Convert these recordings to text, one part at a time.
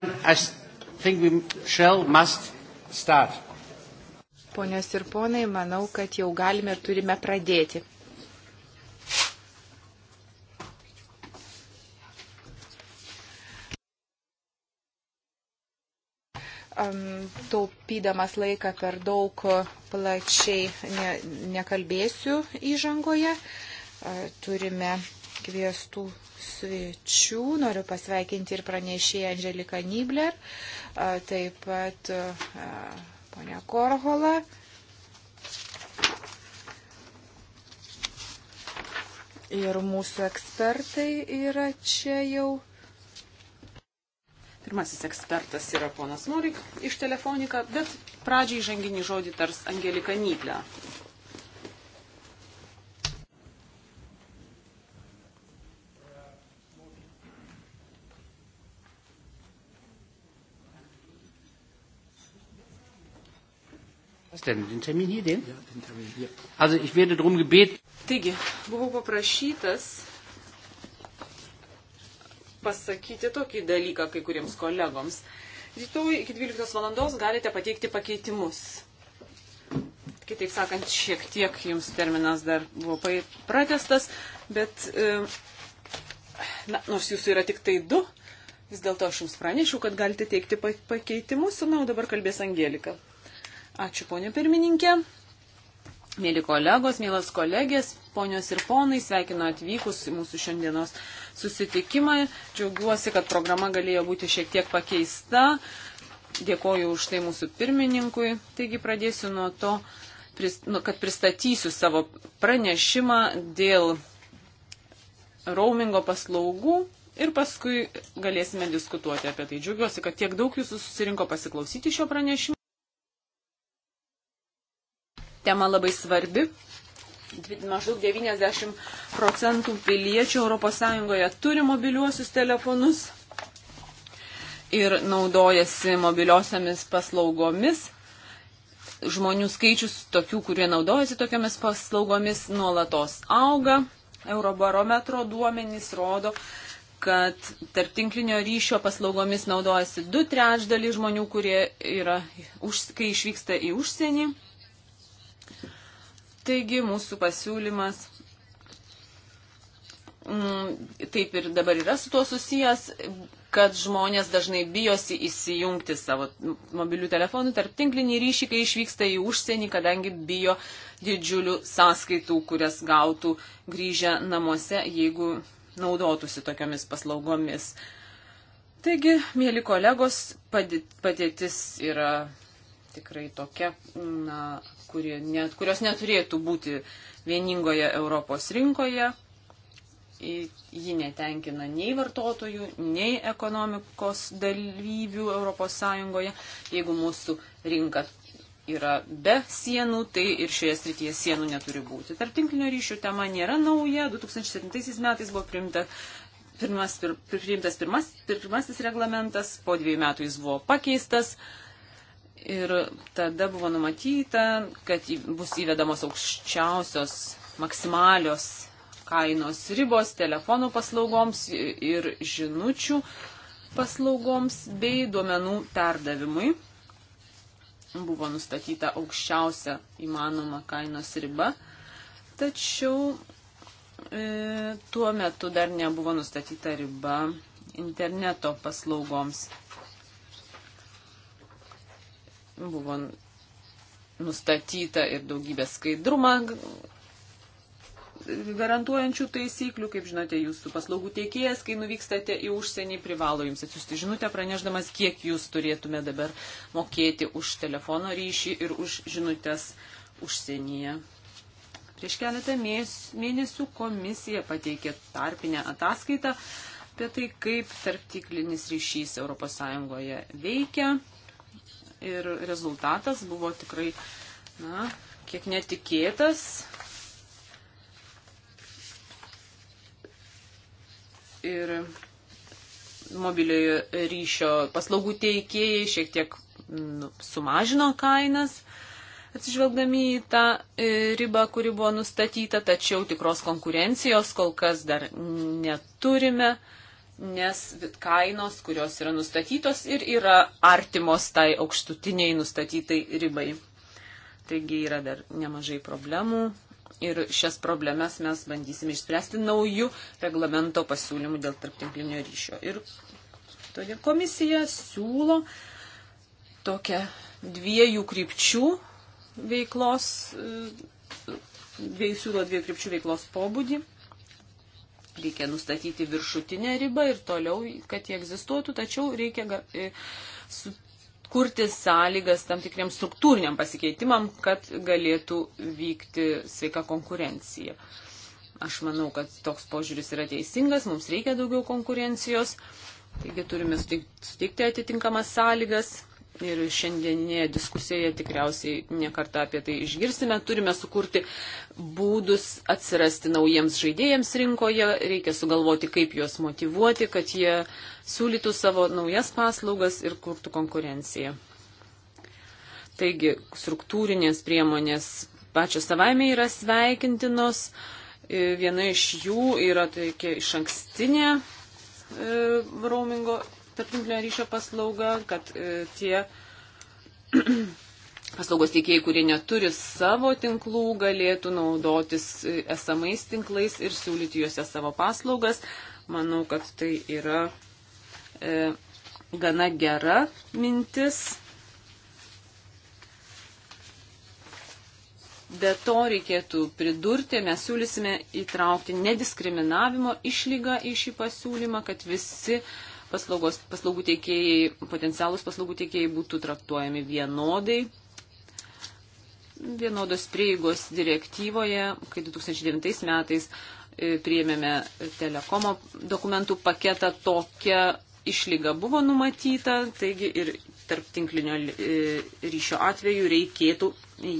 I think we shall, must start. Ponios ir ponai, manau, kad jau galime ir turime pradėti. taupydamas laiką per daug plačiai ne, nekalbėsiu įžangoje. Turime pakviestų svečių. Noriu pasveikinti ir pranešėją Angeliką Nibler, taip pat ponia Korhola. Ir mūsų ekspertai yra čia jau. Pirmasis ekspertas yra ponas Norik iš telefonika, bet pradžiai žanginį žodį tars Angelika Nyplė. denn? Den Termin hier, den? Ja, den Termin hier. Also ich werde darum gebeten. Taigi, buvau paprašytas pasakyti tokį dalyką kai kuriems kolegoms. Rytoj iki 12 valandos galite pateikti pakeitimus. Kitaip sakant, šiek tiek jums terminas dar buvo pratestas, bet e, na, nors jūsų yra tik tai du, vis dėlto aš jums pranešiau, kad galite teikti pakeitimus, na, o dabar kalbės Angelika. Ačiū, ponė pirmininkė. Mėly kolegos, mielas kolegės, ponios ir ponai, sveikinu atvykus į mūsų šiandienos susitikimą. Džiaugiuosi, kad programa galėjo būti šiek tiek pakeista. Dėkoju už tai mūsų pirmininkui. Taigi pradėsiu nuo to, nu, kad pristatysiu savo pranešimą dėl roamingo paslaugų ir paskui galėsime diskutuoti apie tai. Džiaugiuosi, kad tiek daug jūsų susirinko pasiklausyti šio pranešimo tema labai svarbi. Maždaug 90 procentų piliečių ES turi mobiliuosius telefonus ir naudojasi mobiliosiamis paslaugomis. Žmonių skaičius tokių, kurie naudojasi tokiamis paslaugomis, nuolatos auga. Eurobarometro duomenys rodo, kad tarp tinklinio ryšio paslaugomis naudojasi du trečdaliai žmonių, kurie yra, už, kai išvyksta į užsienį. Taigi mūsų pasiūlymas mm, taip ir dabar yra su tuo susijęs, kad žmonės dažnai bijosi įsijungti savo mobilių telefonų tarp tinklinį ryšį, kai išvyksta į užsienį, kadangi bijo didžiulių sąskaitų, kurias gautų grįžę namuose, jeigu naudotųsi tokiomis paslaugomis. Taigi, mėly kolegos, padėtis yra tikrai tokia, na, kuri net, kurios neturėtų būti vieningoje Europos rinkoje. Ji netenkina nei vartotojų, nei ekonomikos dalyvių ES. Jeigu mūsų rinka yra be sienų, tai ir šioje srityje sienų neturi būti. Tarptinklinio ryšių tema nėra nauja. 2007 metais buvo priimta, pirmas, pir, priimtas pirmas, pirmasis reglamentas, po dviejų metų jis buvo pakeistas. Uh, Ir tada buvo numatyta, kad bus įvedamos aukščiausios maksimalios kainos ribos telefonų paslaugoms ir žinučių paslaugoms bei duomenų perdavimui. Buvo nustatyta aukščiausia įmanoma kainos riba, tačiau e, tuo metu dar nebuvo nustatyta riba interneto paslaugoms Buvo nustatyta ir daugybė skaidrumą garantuojančių taisyklių, kaip žinote, jūsų paslaugų teikėjas, kai nuvykstate į užsienį, privalo jums atsiųsti žinutę pranešdamas, kiek jūs turėtume dabar mokėti už telefono ryšį ir už žinutės užsienyje. Prieš keletą mėnesių komisija pateikė tarpinę ataskaitą apie tai, kaip tarptiklinis ryšys ES veikia ir rezultatas buvo tikrai, na, kiek netikėtas. Ir mobiliojo ryšio paslaugų teikėjai šiek tiek nu, sumažino kainas, atsižvelgdami į tą e, ribą, kuri buvo nustatyta, tačiau tikros konkurencijos kol kas dar neturime. Uh, nes kainos, kurios yra nustatytos ir yra artimos tai aukštutiniai nustatytai ribai. Taigi yra dar nemažai problemų ir šias problemas mes bandysime išspręsti naujų reglamento pasiūlymų dėl tarptinklinio ryšio. Ir toje komisija siūlo tokią dviejų krypčių veiklos, e, dviejų siūlo dviejų krypčių veiklos pobūdį reikia nustatyti viršutinę ribą ir toliau, kad jie egzistuotų, tačiau reikia e, kurti sąlygas tam tikriam struktūriniam pasikeitimam, kad galėtų vykti sveika konkurencija. Aš manau, kad toks požiūris yra teisingas, mums reikia daugiau konkurencijos, taigi turime suteikti atitinkamas sąlygas Ir šiandienėje diskusijoje tikriausiai nekartą apie tai išgirsime. Turime sukurti būdus atsirasti naujiems žaidėjams rinkoje. Reikia sugalvoti, kaip juos motivuoti, kad jie siūlytų savo naujas paslaugas ir kurtų konkurenciją. Taigi, struktūrinės priemonės pačios savaime yra sveikintinos. E, viena iš jų yra tokia iš ankstinė e, roamingo tarptinklinio ryšio paslauga, kad e, tie paslaugos teikėjai, kurie neturi savo tinklų, galėtų naudotis e, esamais tinklais ir siūlyti juose savo paslaugas. Manau, kad tai yra e, gana gera mintis. Be to reikėtų pridurti, mes siūlysime įtraukti nediskriminavimo išlygą į šį pasiūlymą, kad visi uh, paslaugos, paslaugų teikėjai, potencialus paslaugų teikėjai būtų traktuojami vienodai. Vienodos prieigos direktyvoje, kai 2009 metais e, priėmėme telekomo dokumentų paketą, tokia išlyga buvo numatyta, taigi ir tarp tinklinio e, ryšio atveju reikėtų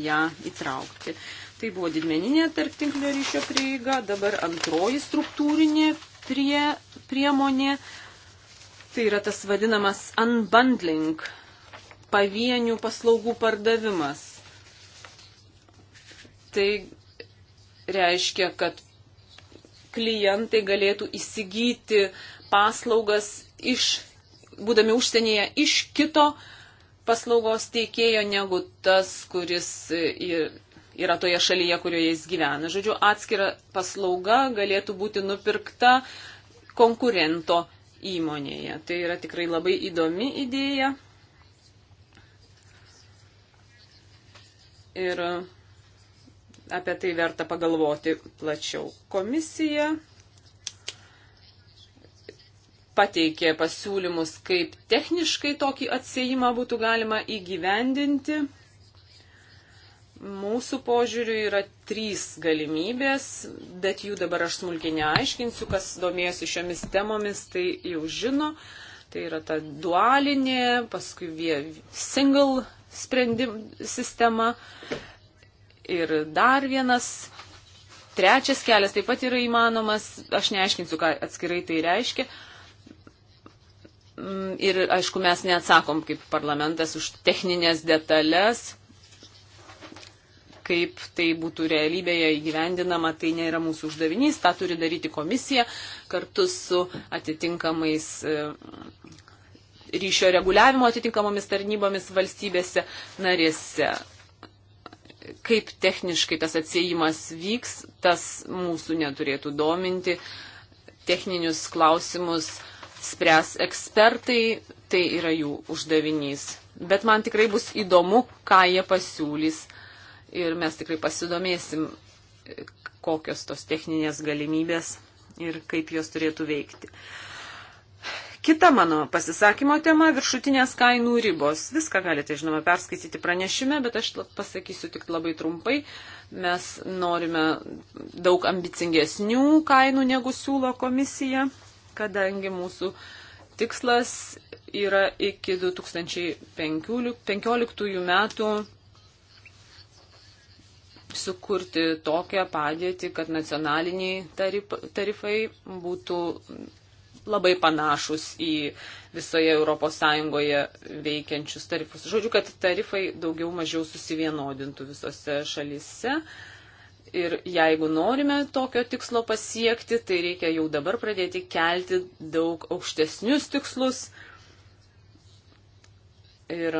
ją įtraukti. Tai buvo didmeninė tarp tinklinio ryšio prieiga, dabar antroji struktūrinė prie, priemonė Tai yra tas vadinamas unbundling, pavienių paslaugų pardavimas. Tai reiškia, kad klientai galėtų įsigyti paslaugas iš, būdami užsienyje iš kito paslaugos teikėjo negu tas, kuris yra toje šalyje, kurioje jis gyvena. Žodžiu, atskira paslauga galėtų būti nupirkta konkurento įmonėje. Tai yra tikrai labai įdomi idėja. Ir apie tai verta pagalvoti plačiau. Komisija pateikė pasiūlymus, kaip techniškai tokį atsėjimą būtų galima įgyvendinti. Mūsų požiūriu yra trys galimybės, bet jų dabar aš smulkiai neaiškinsiu, kas domėjosi šiomis temomis, tai jau žino. Tai yra ta dualinė, paskui single sprendim sistema ir dar vienas. Trečias kelias taip pat yra įmanomas, aš neaiškinsiu, ką atskirai tai reiškia, mm, ir, aišku, mes neatsakom kaip parlamentas už techninės detalės, kaip tai būtų realybėje įgyvendinama, tai nėra mūsų uždavinys, tą turi daryti komisija kartu su atitinkamais e, ryšio reguliavimo atitinkamomis tarnybomis valstybėse narėse. Kaip techniškai tas atsiejimas vyks, tas mūsų neturėtų dominti. Techninius klausimus spręs ekspertai, tai yra jų uždavinys. Bet man tikrai bus įdomu, ką jie pasiūlys ir mes tikrai pasidomėsim, kokios tos techninės galimybės ir kaip jos turėtų veikti. Kita mano pasisakymo tema - viršutinės kainų ribos. Viską galite, žinoma, perskaityti pranešime, bet aš pasakysiu tik labai trumpai. Mes norime daug ambicingesnių kainų negu siūlo komisija, kadangi mūsų tikslas yra iki 2015 metų sukurti tokią padėtį, kad nacionaliniai tarif, tarifai būtų labai panašus į visoje ES veikiančius tarifus. Žodžiu, kad tarifai daugiau mažiau susivienodintų visose šalise. Ir jeigu norime tokio tikslo pasiekti, tai reikia jau dabar pradėti kelti daug aukštesnius tikslus. Ir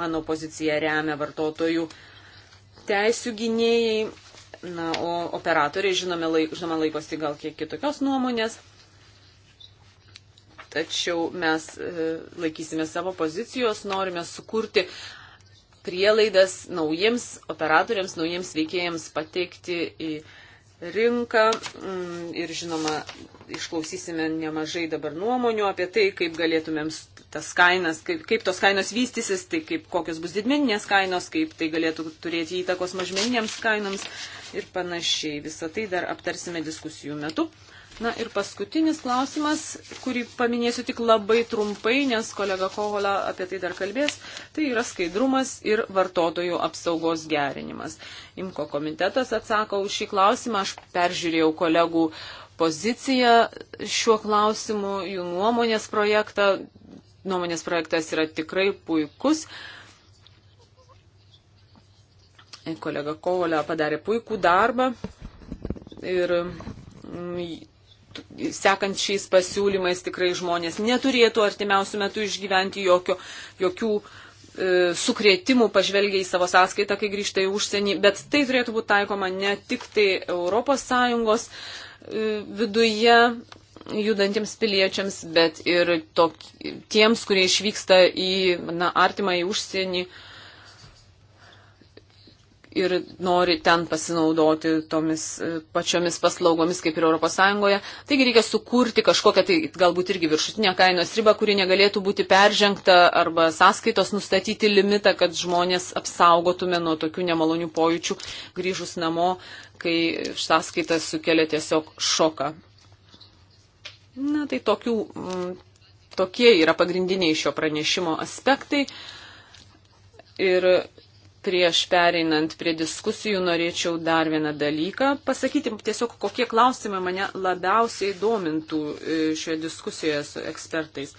mano pozicija remia vartotojų teisų gynėjai, na, o operatoriai, žinome, laik, žinoma, laikosi gal kiek kitokios nuomonės. Tačiau mes e, laikysime savo pozicijos, norime sukurti prielaidas naujiems operatoriams, naujiems veikėjams pateikti į rinką mm, ir žinoma, išklausysime nemažai dabar nuomonių apie tai, kaip galėtumėm tas kainas, kaip, kaip tos kainos vystysis, tai kaip kokios bus didmeninės kainos, kaip tai galėtų turėti įtakos mažmeninėms kainoms ir panašiai. Visą tai dar aptarsime diskusijų metu. Na ir paskutinis klausimas, kurį paminėsiu tik labai trumpai, nes kolega Kohola apie tai dar kalbės, tai yra skaidrumas ir vartotojų apsaugos gerinimas. Imko komitetas atsako už šį klausimą, aš peržiūrėjau kolegų poziciją šiuo klausimu, jų nuomonės projektą. Nuomonės projektas yra tikrai puikus. Kolega Kovola padarė puikų darbą ir mm, sekant šiais pasiūlymais tikrai žmonės neturėtų artimiausių metų išgyventi jokio, jokių e, sukrėtimų pažvelgia į savo sąskaitą, kai grįžta į užsienį, bet tai turėtų būti taikoma ne tik tai ES e, viduje judantiems piliečiams, bet ir tok, tiems, kurie išvyksta į na, artimą į užsienį, uh, ir nori ten pasinaudoti tomis e, pačiomis paslaugomis kaip ir ES. Taigi reikia sukurti kažkokią tai galbūt irgi viršutinę kainos ribą, kuri negalėtų būti peržengta arba sąskaitos nustatyti limitą, kad žmonės apsaugotume nuo tokių nemalonių pojūčių grįžus namo, kai sąskaita sukelia tiesiog šoką. Na tai tokių, tokie yra pagrindiniai šio pranešimo aspektai. Ir prieš pereinant prie diskusijų norėčiau dar vieną dalyką pasakyti, tiesiog kokie klausimai mane labiausiai domintų e, šioje diskusijoje su ekspertais.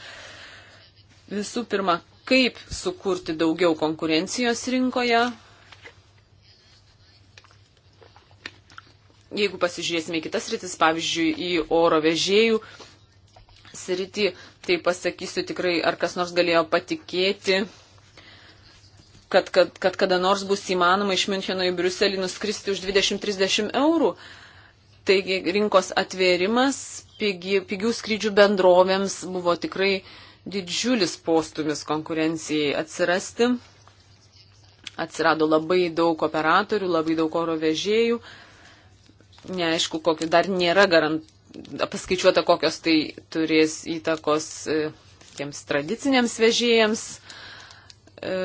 Visų pirma, kaip sukurti daugiau konkurencijos rinkoje. Jeigu pasižiūrėsime į kitas rytis, pavyzdžiui, į oro vežėjų sritį, tai pasakysiu tikrai, ar kas nors galėjo patikėti kad, kad, kad kada nors bus įmanoma iš Müncheno į Briuselį nuskristi už 20-30 eurų. Taigi rinkos atvėrimas pigi, pigių skrydžių bendrovėms buvo tikrai didžiulis postumis konkurencijai atsirasti. Atsirado labai daug operatorių, labai daug oro vežėjų. Neaišku, kokiu dar nėra garant, paskaičiuota, kokios tai turės įtakos e, tiems tradiciniams vežėjams e,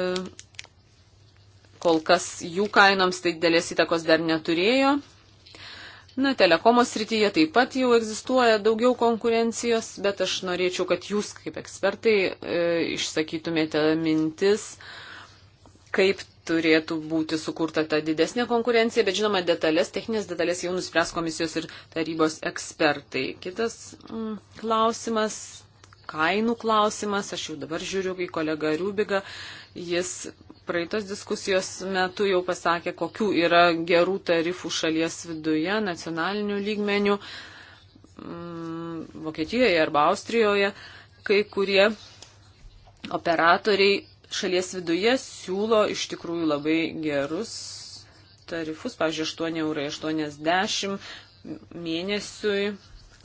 Kol kas jų kainoms tai dėlės įtakos dar neturėjo. Na, telekomos srityje taip pat jau egzistuoja daugiau konkurencijos, bet aš norėčiau, kad jūs kaip ekspertai e, išsakytumėte mintis, kaip turėtų būti sukurta ta didesnė konkurencija, bet žinoma, detalės, techninės detalės jau nuspręs komisijos ir tarybos ekspertai. Kitas mm, klausimas, kainų klausimas, aš jau dabar žiūriu į kolegą Rūbigą, jis praeitos diskusijos metu jau pasakė, kokių yra gerų tarifų šalies viduje, nacionalinių lygmenių, mm, Vokietijoje arba Austrijoje, kai kurie operatoriai šalies viduje siūlo iš tikrųjų labai gerus tarifus, pavyzdžiui, 8,80 eurų mėnesiui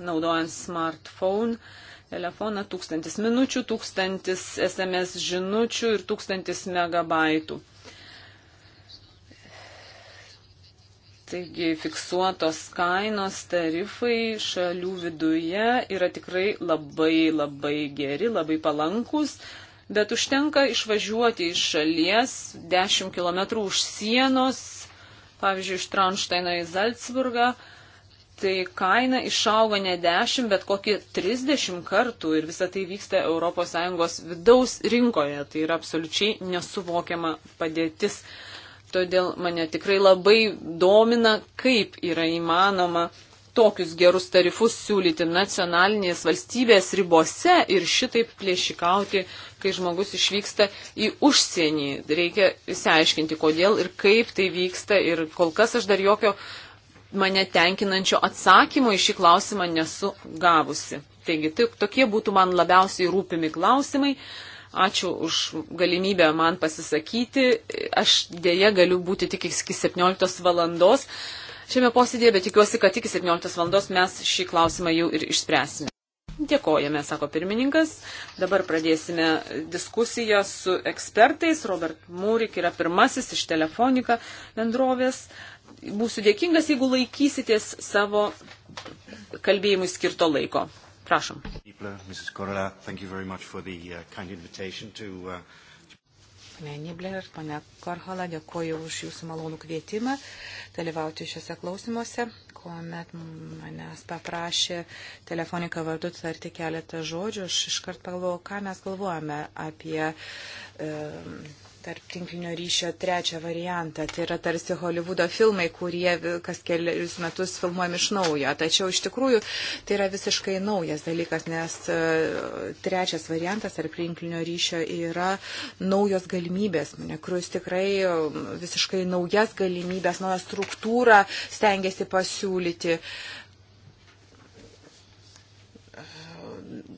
naudojant smartphone. Uh, telefoną tūkstantis minučių, tūkstantis SMS žinučių ir tūkstantis megabaitų. Taigi fiksuotos kainos tarifai šalių viduje yra tikrai labai labai geri, labai palankus, bet užtenka išvažiuoti iš šalies 10 km už sienos, pavyzdžiui, iš Tranšteino į Zalcburgą tai kaina išauga ne 10, bet kokį 30 kartų ir visa tai vyksta ES vidaus rinkoje. Tai yra absoliučiai nesuvokiama padėtis. Todėl mane tikrai labai domina, kaip yra įmanoma tokius gerus tarifus siūlyti nacionalinės valstybės ribose ir šitaip plėšikauti, kai žmogus išvyksta į užsienį. Reikia įsiaiškinti, kodėl ir kaip tai vyksta ir kol kas aš dar jokio uh, mane tenkinančio atsakymo į šį klausimą nesu gavusi. Taigi, taip, tokie būtų man labiausiai rūpimi klausimai. Ačiū už galimybę man pasisakyti. Aš dėja galiu būti tik iki 17 valandos šiame posėdėje, bet tikiuosi, kad iki 17 valandos mes šį klausimą jau ir išspręsime. Dėkojame, sako pirmininkas. Dabar pradėsime diskusiją su ekspertais. Robert Mūrik yra pirmasis iš telefonika bendrovės būsiu dėkingas, jeigu laikysitės savo kalbėjimui skirto laiko. Prašom. Uh, uh, pane Nibler ir pane Korhola, dėkoju už jūsų malonų kvietimą dalyvauti šiuose klausimuose, kuomet manęs paprašė telefoniką vardu tarti keletą žodžių. Aš iškart pagalvojau, ką mes galvojame apie. Um, e, tarp tinklinio ryšio trečią variantą. Tai yra tarsi Hollywoodo filmai, kurie kas kelius metus filmuojami iš naujo. Tačiau iš tikrųjų tai yra visiškai naujas dalykas, nes e, trečias variantas tarp tinklinio ryšio yra naujos galimybės, kuris tikrai e, visiškai naujas galimybės, naują struktūrą stengiasi pasiūlyti. Uh,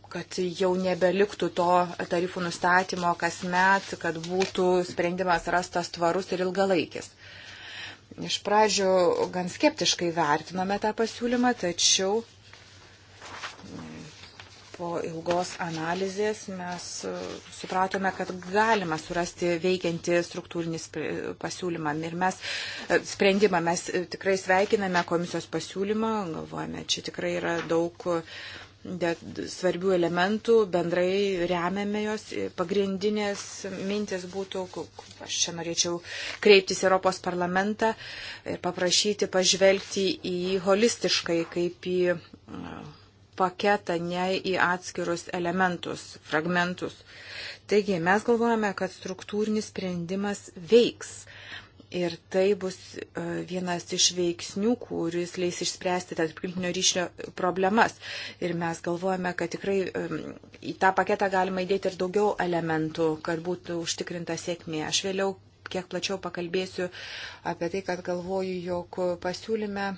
kad jau nebeliktų to tarifų nustatymo kasmet, kad būtų sprendimas rastas tvarus ir ilgalaikis. Iš pradžių gan skeptiškai vertinome tą pasiūlymą, tačiau mm, po ilgos analizės mes e, supratome, kad galima surasti veikiantį struktūrinį pasiūlymą. Ir mes e, sprendimą mes e, tikrai sveikiname komisijos pasiūlymą, galvojame, čia tikrai yra daug svarbių elementų, bendrai remiame jos. Pagrindinės mintis būtų, aš čia norėčiau kreiptis Europos parlamentą ir paprašyti pažvelgti į holistiškai, kaip į paketą, ne į atskirus elementus, fragmentus. Taigi, mes galvojame, kad struktūrinis sprendimas veiks. Uh, Ir tai bus e, vienas iš veiksnių, kuris leis išspręsti tą tarptinklinio ryšio problemas. Ir mes galvojame, kad tikrai e, į tą paketą galima įdėti ir daugiau elementų, kad būtų užtikrinta sėkmė. Aš vėliau kiek plačiau pakalbėsiu apie tai, kad galvoju, jog pasiūlyme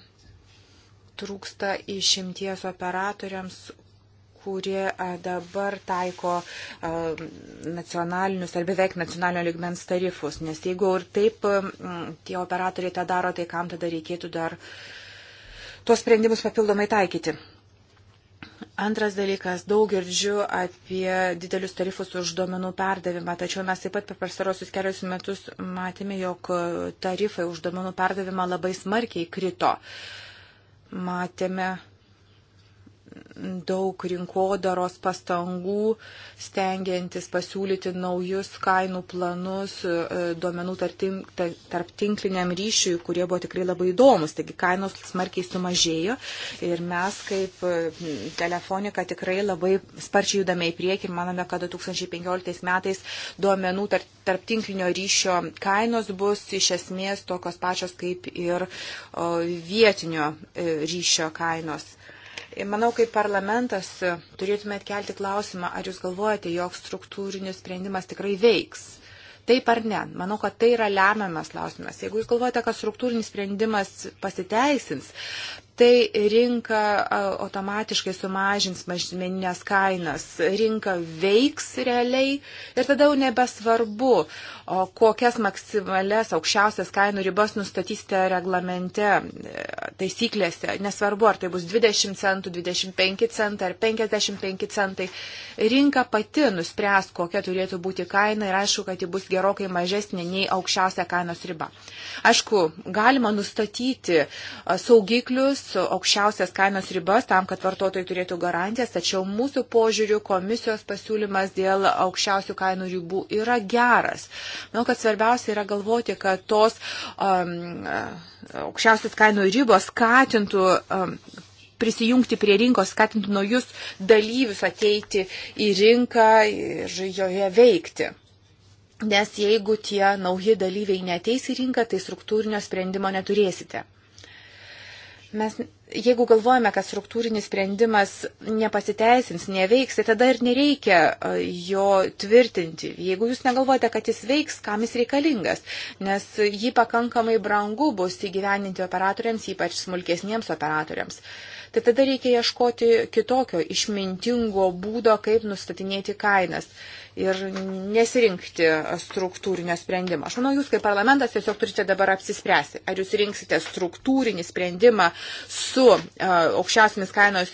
trūksta išimties operatoriams, kuri dabar taiko nacionalinius ar beveik nacionalinio ligmens tarifus. Nes jeigu ir taip tie operatoriai tą daro, tai kam tada reikėtų dar tuos sprendimus papildomai taikyti? Antras dalykas, daug girdžiu apie didelius tarifus už duomenų perdavimą, tačiau mes taip pat per pastarosius kelius metus matėme, jog tarifai už duomenų perdavimą labai smarkiai krito. Matėme, daug rinkodaros pastangų, stengiantis pasiūlyti naujus kainų planus e, duomenų tarp tinkliniam ryšiui, kurie buvo tikrai labai įdomus. Taigi kainos smarkiai sumažėjo ir mes kaip e, telefonika tikrai labai sparčiai judame į priekį ir manome, kad 2015 metais duomenų tarp tinklinio ryšio kainos bus iš esmės tokios pačios kaip ir vietinio e, ryšio kainos. Manau, kaip parlamentas turėtumėt kelti klausimą, ar jūs galvojate, jog struktūrinis sprendimas tikrai veiks. Taip ar ne? Manau, kad tai yra lemiamas klausimas. Jeigu jūs galvojate, kad struktūrinis sprendimas pasiteisins, tai rinka automatiškai sumažins mažmeninės kainas. Rinka veiks realiai ir tada jau nebesvarbu, kokias maksimales aukščiausias kainų ribas nustatysite reglamente, e, taisyklėse. Nesvarbu, ar tai bus 20 centų, 25 centai ar 55 centai. Rinka pati nuspręs, kokia turėtų būti kaina ir aišku, kad ji bus gerokai mažesnė nei aukščiausia kainos riba. Aišku, galima nustatyti saugiklius, nustatytas aukščiausias kainos ribas tam, kad vartotojai turėtų garantijas, tačiau mūsų požiūrių komisijos pasiūlymas dėl aukščiausių kainų ribų yra geras. Manau, kad svarbiausia yra galvoti, kad tos um, aukščiausios kainų ribos skatintų um, prisijungti prie rinkos, skatinti naujus dalyvius ateiti į rinką ir joje veikti. Nes jeigu tie nauji dalyviai neteis į rinką, tai struktūrinio sprendimo neturėsite. Mes, jeigu galvojame, kad struktūrinis sprendimas nepasiteisins, neveiks, tai tada ir nereikia e, jo tvirtinti. Jeigu jūs negalvojate, kad jis veiks, kam jis reikalingas, nes jį pakankamai brangu bus įgyveninti operatoriams, ypač smulkesniems operatoriams tai tada reikia ieškoti kitokio išmintingo būdo, kaip nustatinėti kainas ir nesirinkti struktūrinio sprendimo. Aš manau, jūs kaip parlamentas tiesiog turite dabar apsispręsti, ar jūs rinksite struktūrinį sprendimą su uh, aukščiausiamis kainos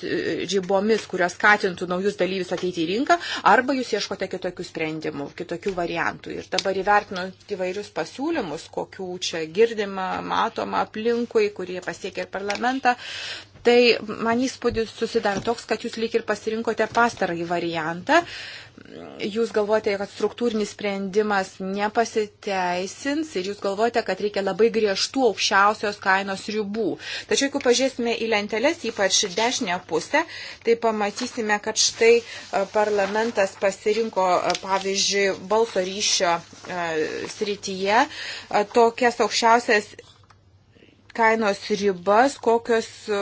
žybomis, e, kurios skatintų naujus dalyvius ateiti į rinką, arba jūs ieškote kitokių sprendimų, kitokių variantų. Ir dabar įvertinu įvairius pasiūlymus, kokių čia girdima, matoma aplinkui, kurie pasiekia ir parlamentą tai man įspūdis susidaro toks, kad jūs lyg ir pasirinkote pastarąjį variantą. Jūs galvojate, kad struktūrinis sprendimas nepasiteisins ir jūs galvojate, kad reikia labai griežtų aukščiausios kainos ribų. Tačiau jeigu pažiūrėsime į lenteles, ypač dešinę pusę, tai pamatysime, kad štai e, parlamentas pasirinko, e, pavyzdžiui, balso ryšio e, srityje tokias aukščiausias kainos ribas, kokios e,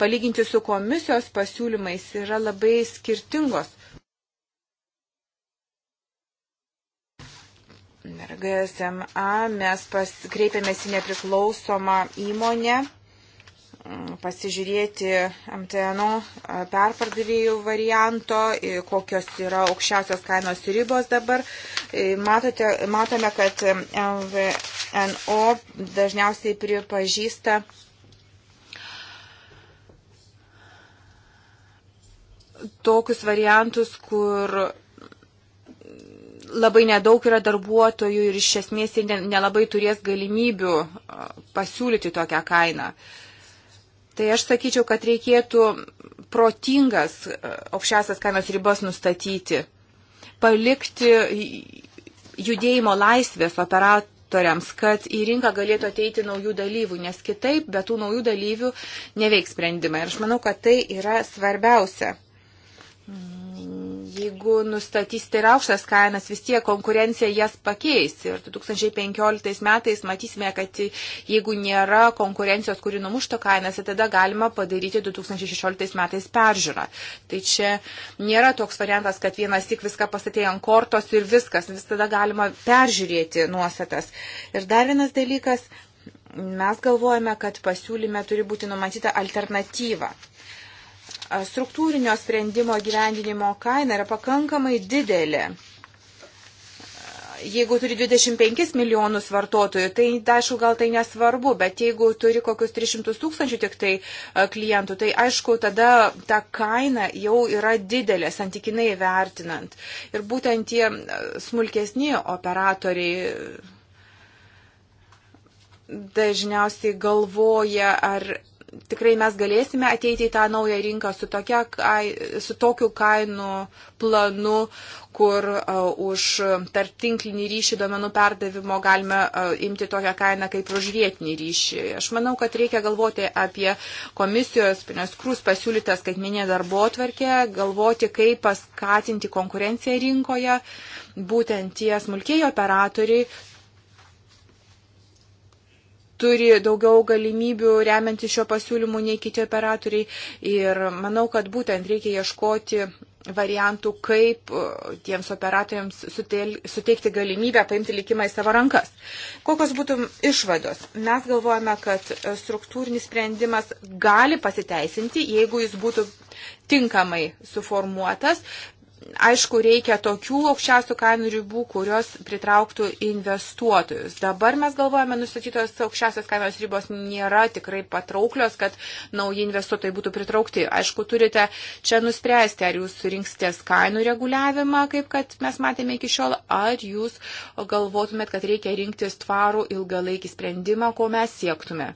palyginti su komisijos pasiūlymais yra labai skirtingos. GSMA mes pasikreipėmės į nepriklausomą įmonę Mm, pasižiūrėti MTNO e, perpardavėjų varianto, kokios yra aukščiausios kainos ribos dabar. Matote, matome, kad MVNO dažniausiai pripažįsta tokius variantus, kur labai nedaug yra darbuotojų ir iš esmės jie nelabai turės galimybių e, pasiūlyti tokią kainą. Uh, Tai aš sakyčiau, kad reikėtų protingas e, aukščiausias kainos ribas nustatyti, palikti judėjimo laisvės operatoriams, kad į rinką galėtų ateiti naujų dalyvių, nes kitaip be tų naujų dalyvių neveiks sprendimai. Ir aš manau, kad tai yra svarbiausia. Mm jeigu nustatysite tai ir aukštas kainas, vis tiek konkurencija jas pakeis. Ir 2015 metais matysime, kad jeigu nėra konkurencijos, kuri numušto kainas, tai tada galima padaryti 2016 metais peržiūrą. Tai čia nėra toks variantas, kad vienas tik viską pastatė ant kortos ir viskas. Vis tada galima peržiūrėti nuostatas. Ir dar vienas dalykas. Mes galvojame, kad pasiūlyme turi būti numatyta alternatyva struktūrinio sprendimo gyvendinimo kaina yra pakankamai didelė. Jeigu turi 25 milijonus vartotojų, tai, tai aišku, gal tai nesvarbu, bet jeigu turi kokius 300 tūkstančių tik tai klientų, tai aišku, tada ta kaina jau yra didelė, santykinai vertinant. Ir būtent tie smulkesni operatoriai dažniausiai galvoja, ar tikrai mes galėsime ateiti į tą naują rinką su, tokia, su tokiu kainų planu, kur uh, už tarptinklinį ryšį duomenų perdavimo galime uh, imti tokią kainą kaip už vietinį ryšį. Aš manau, kad reikia galvoti apie komisijos, pinios krus pasiūlytą skaitminę darbo atvarkę, galvoti, kaip paskatinti konkurenciją rinkoje. Būtent tie smulkiai operatoriai turi daugiau galimybių remianti šio pasiūlymu nei kiti operatoriai. Ir manau, kad būtent reikia ieškoti variantų, kaip uh, tiems operatoriams suteikti galimybę paimti likimą į savo rankas. Kokios būtų išvados? Mes galvojame, kad uh, struktūrinis sprendimas gali pasiteisinti, jeigu jis būtų tinkamai suformuotas, aišku, reikia tokių aukščiausių kainų ribų, kurios pritrauktų investuotojus. Dabar mes galvojame, nustatytos aukščiausios kainos ribos nėra tikrai patrauklios, kad nauji investuotojai būtų pritraukti. Aišku, turite čia nuspręsti, ar jūs rinksitės kainų reguliavimą, kaip kad mes matėme iki šiol, ar jūs galvotumėt, kad reikia rinktis tvarų ilgalaikį sprendimą, ko mes siektume.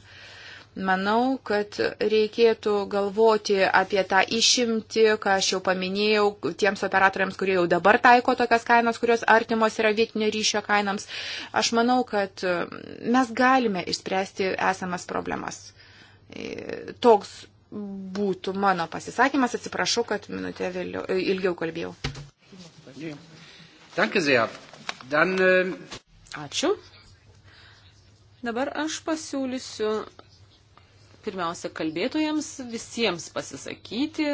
Manau, kad reikėtų galvoti apie tą išimti, ką aš jau paminėjau, tiems operatoriams, kurie jau dabar taiko tokias kainas, kurios artimos yra vietinio ryšio kainams. Aš manau, kad mes galime išspręsti esamas problemas. E, toks būtų mano pasisakymas. Atsiprašau, kad minutę vėliau, e, ilgiau kalbėjau. Äh, Ačiū. Dabar aš pasiūlysiu pirmiausia kalbėtojams visiems pasisakyti,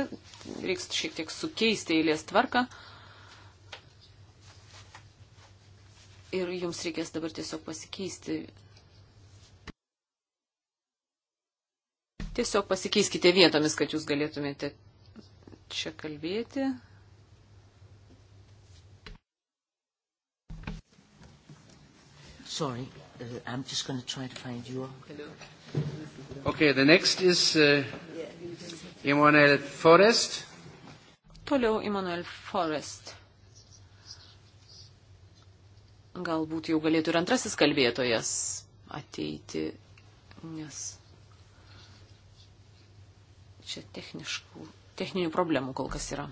reiks šiek tiek sukeisti eilės tvarką. Ir jums reikės dabar tiesiog pasikeisti. Tiesiog pasikeiskite vietomis, kad jūs galėtumėte čia kalbėti. Sorry, uh, I'm just going to try to find you. Hello. Okay, the next is uh, Immanuel Forest. Toliau Immanuel Forest. Galbūt jau galėtų ir antrasis kalbėtojas ateiti, nes čia techniškų, techninių problemų kol kas yra.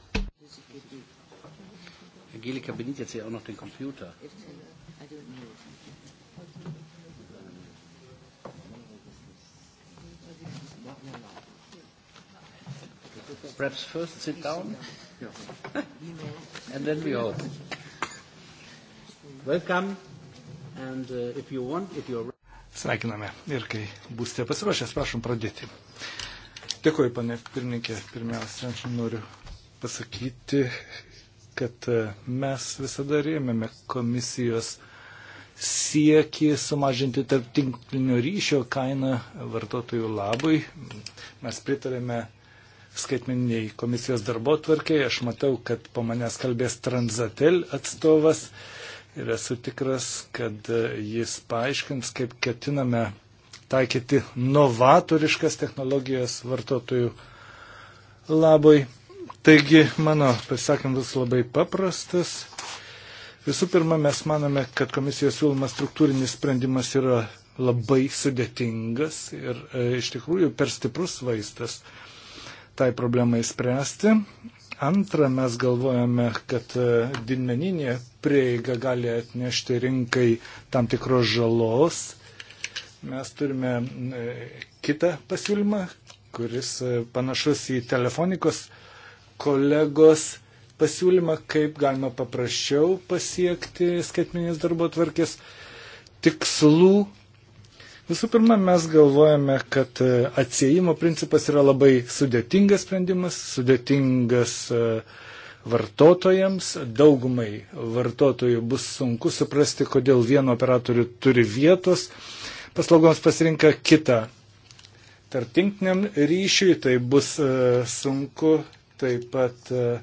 Angelika Benitė, jau nuo tai kompiuterio. Perhaps first sit down and then we hope. Welcome and uh, if you want, if you're... Sveikiname ir kai būsite pasiruošęs, prašom pradėti. Dėkuoju, pane pirmininkė. Pirmiausia, aš noriu pasakyti, kad uh, mes visada rėmėme komisijos uh, sieki sumažinti tarp tinklinio ryšio kainą vartotojų labui. Mes pritarėme skaitmeniniai komisijos darbo tvarkiai. Aš matau, kad po manęs kalbės Transatel atstovas ir esu tikras, kad jis paaiškins, kaip ketiname taikyti novatoriškas technologijas vartotojų labui. Taigi mano pasakymas labai paprastas. Visų pirma, mes manome, kad komisijos siūlomas struktūrinis sprendimas yra labai sudėtingas ir e, iš tikrųjų per stiprus vaistas tai problemai spręsti. Antra, mes galvojame, kad e, didmeninė prieiga gali atnešti rinkai tam tikros žalos. Mes turime e, kitą pasiūlymą, kuris e, panašus į telefonikos kolegos pasiūlymą, kaip galima paprasčiau pasiekti skaitminės darbo tvarkės tikslų. Visų pirma, mes galvojame, kad e, atsiejimo principas yra labai sudėtingas sprendimas, sudėtingas e, vartotojams, daugumai vartotojų bus sunku suprasti, kodėl vieno operatorių turi vietos, paslaugoms pasirinka kitą. Tartinktiniam ryšiui tai bus e, sunku taip pat uh,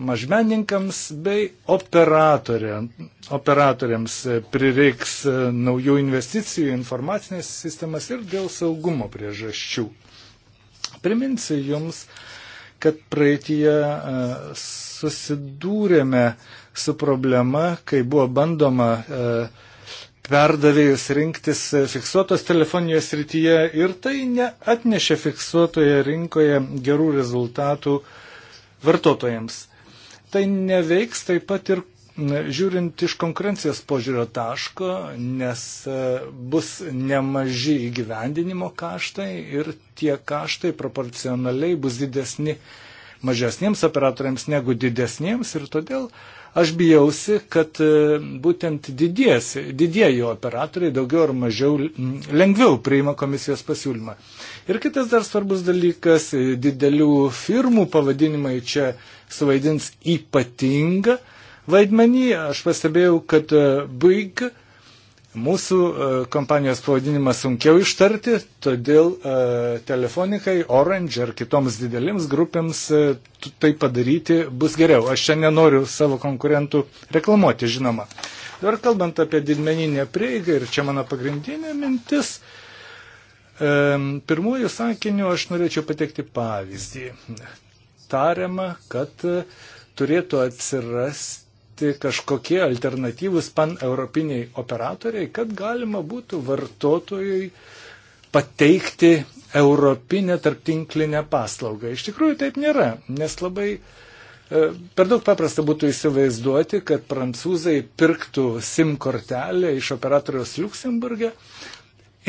mažmeninkams bei operatoriams e, prireiks e, naujų investicijų informacinės sistemas ir dėl saugumo priežasčių. Priminsiu Jums, kad praeitie e, susidūrėme su problema, kai buvo bandoma perdavėjus rinktis fiksuotos telefonijos rytyje ir tai neatnešė fiksuotoje rinkoje gerų rezultatų vartotojams tai neveiks taip pat ir žiūrint iš konkurencijos požiūrio taško, nes e, bus nemaži įgyvendinimo kaštai ir tie kaštai proporcionaliai bus didesni mažesniems operatoriams negu didesniems ir todėl aš bijausi, kad e, būtent didies, didieji operatoriai daugiau ar mažiau lengviau priima komisijos pasiūlymą. Ir kitas dar svarbus dalykas e, - didelių firmų pavadinimai čia suvaidins ypatingą vaidmenį. Aš pastebėjau, kad e, BIG mūsų e, kompanijos pavadinimą sunkiau ištarti, todėl e, telefonikai, Orange ar kitoms didelėms grupėms tai padaryti bus geriau. Aš čia nenoriu savo konkurentų reklamuoti, žinoma. Dabar kalbant apie didmeninę prieigą ir čia mano pagrindinė mintis, e, pirmųjų sakinių aš norėčiau patekti pavyzdį tariama, kad e, turėtų atsirasti kažkokie alternatyvūs paneuropiniai operatoriai, kad galima būtų vartotojui pateikti europinę tarptinklinę paslaugą. Iš tikrųjų taip nėra, nes labai e, Per daug paprasta būtų įsivaizduoti, kad prancūzai pirktų SIM kortelę iš operatoriaus Luksemburgė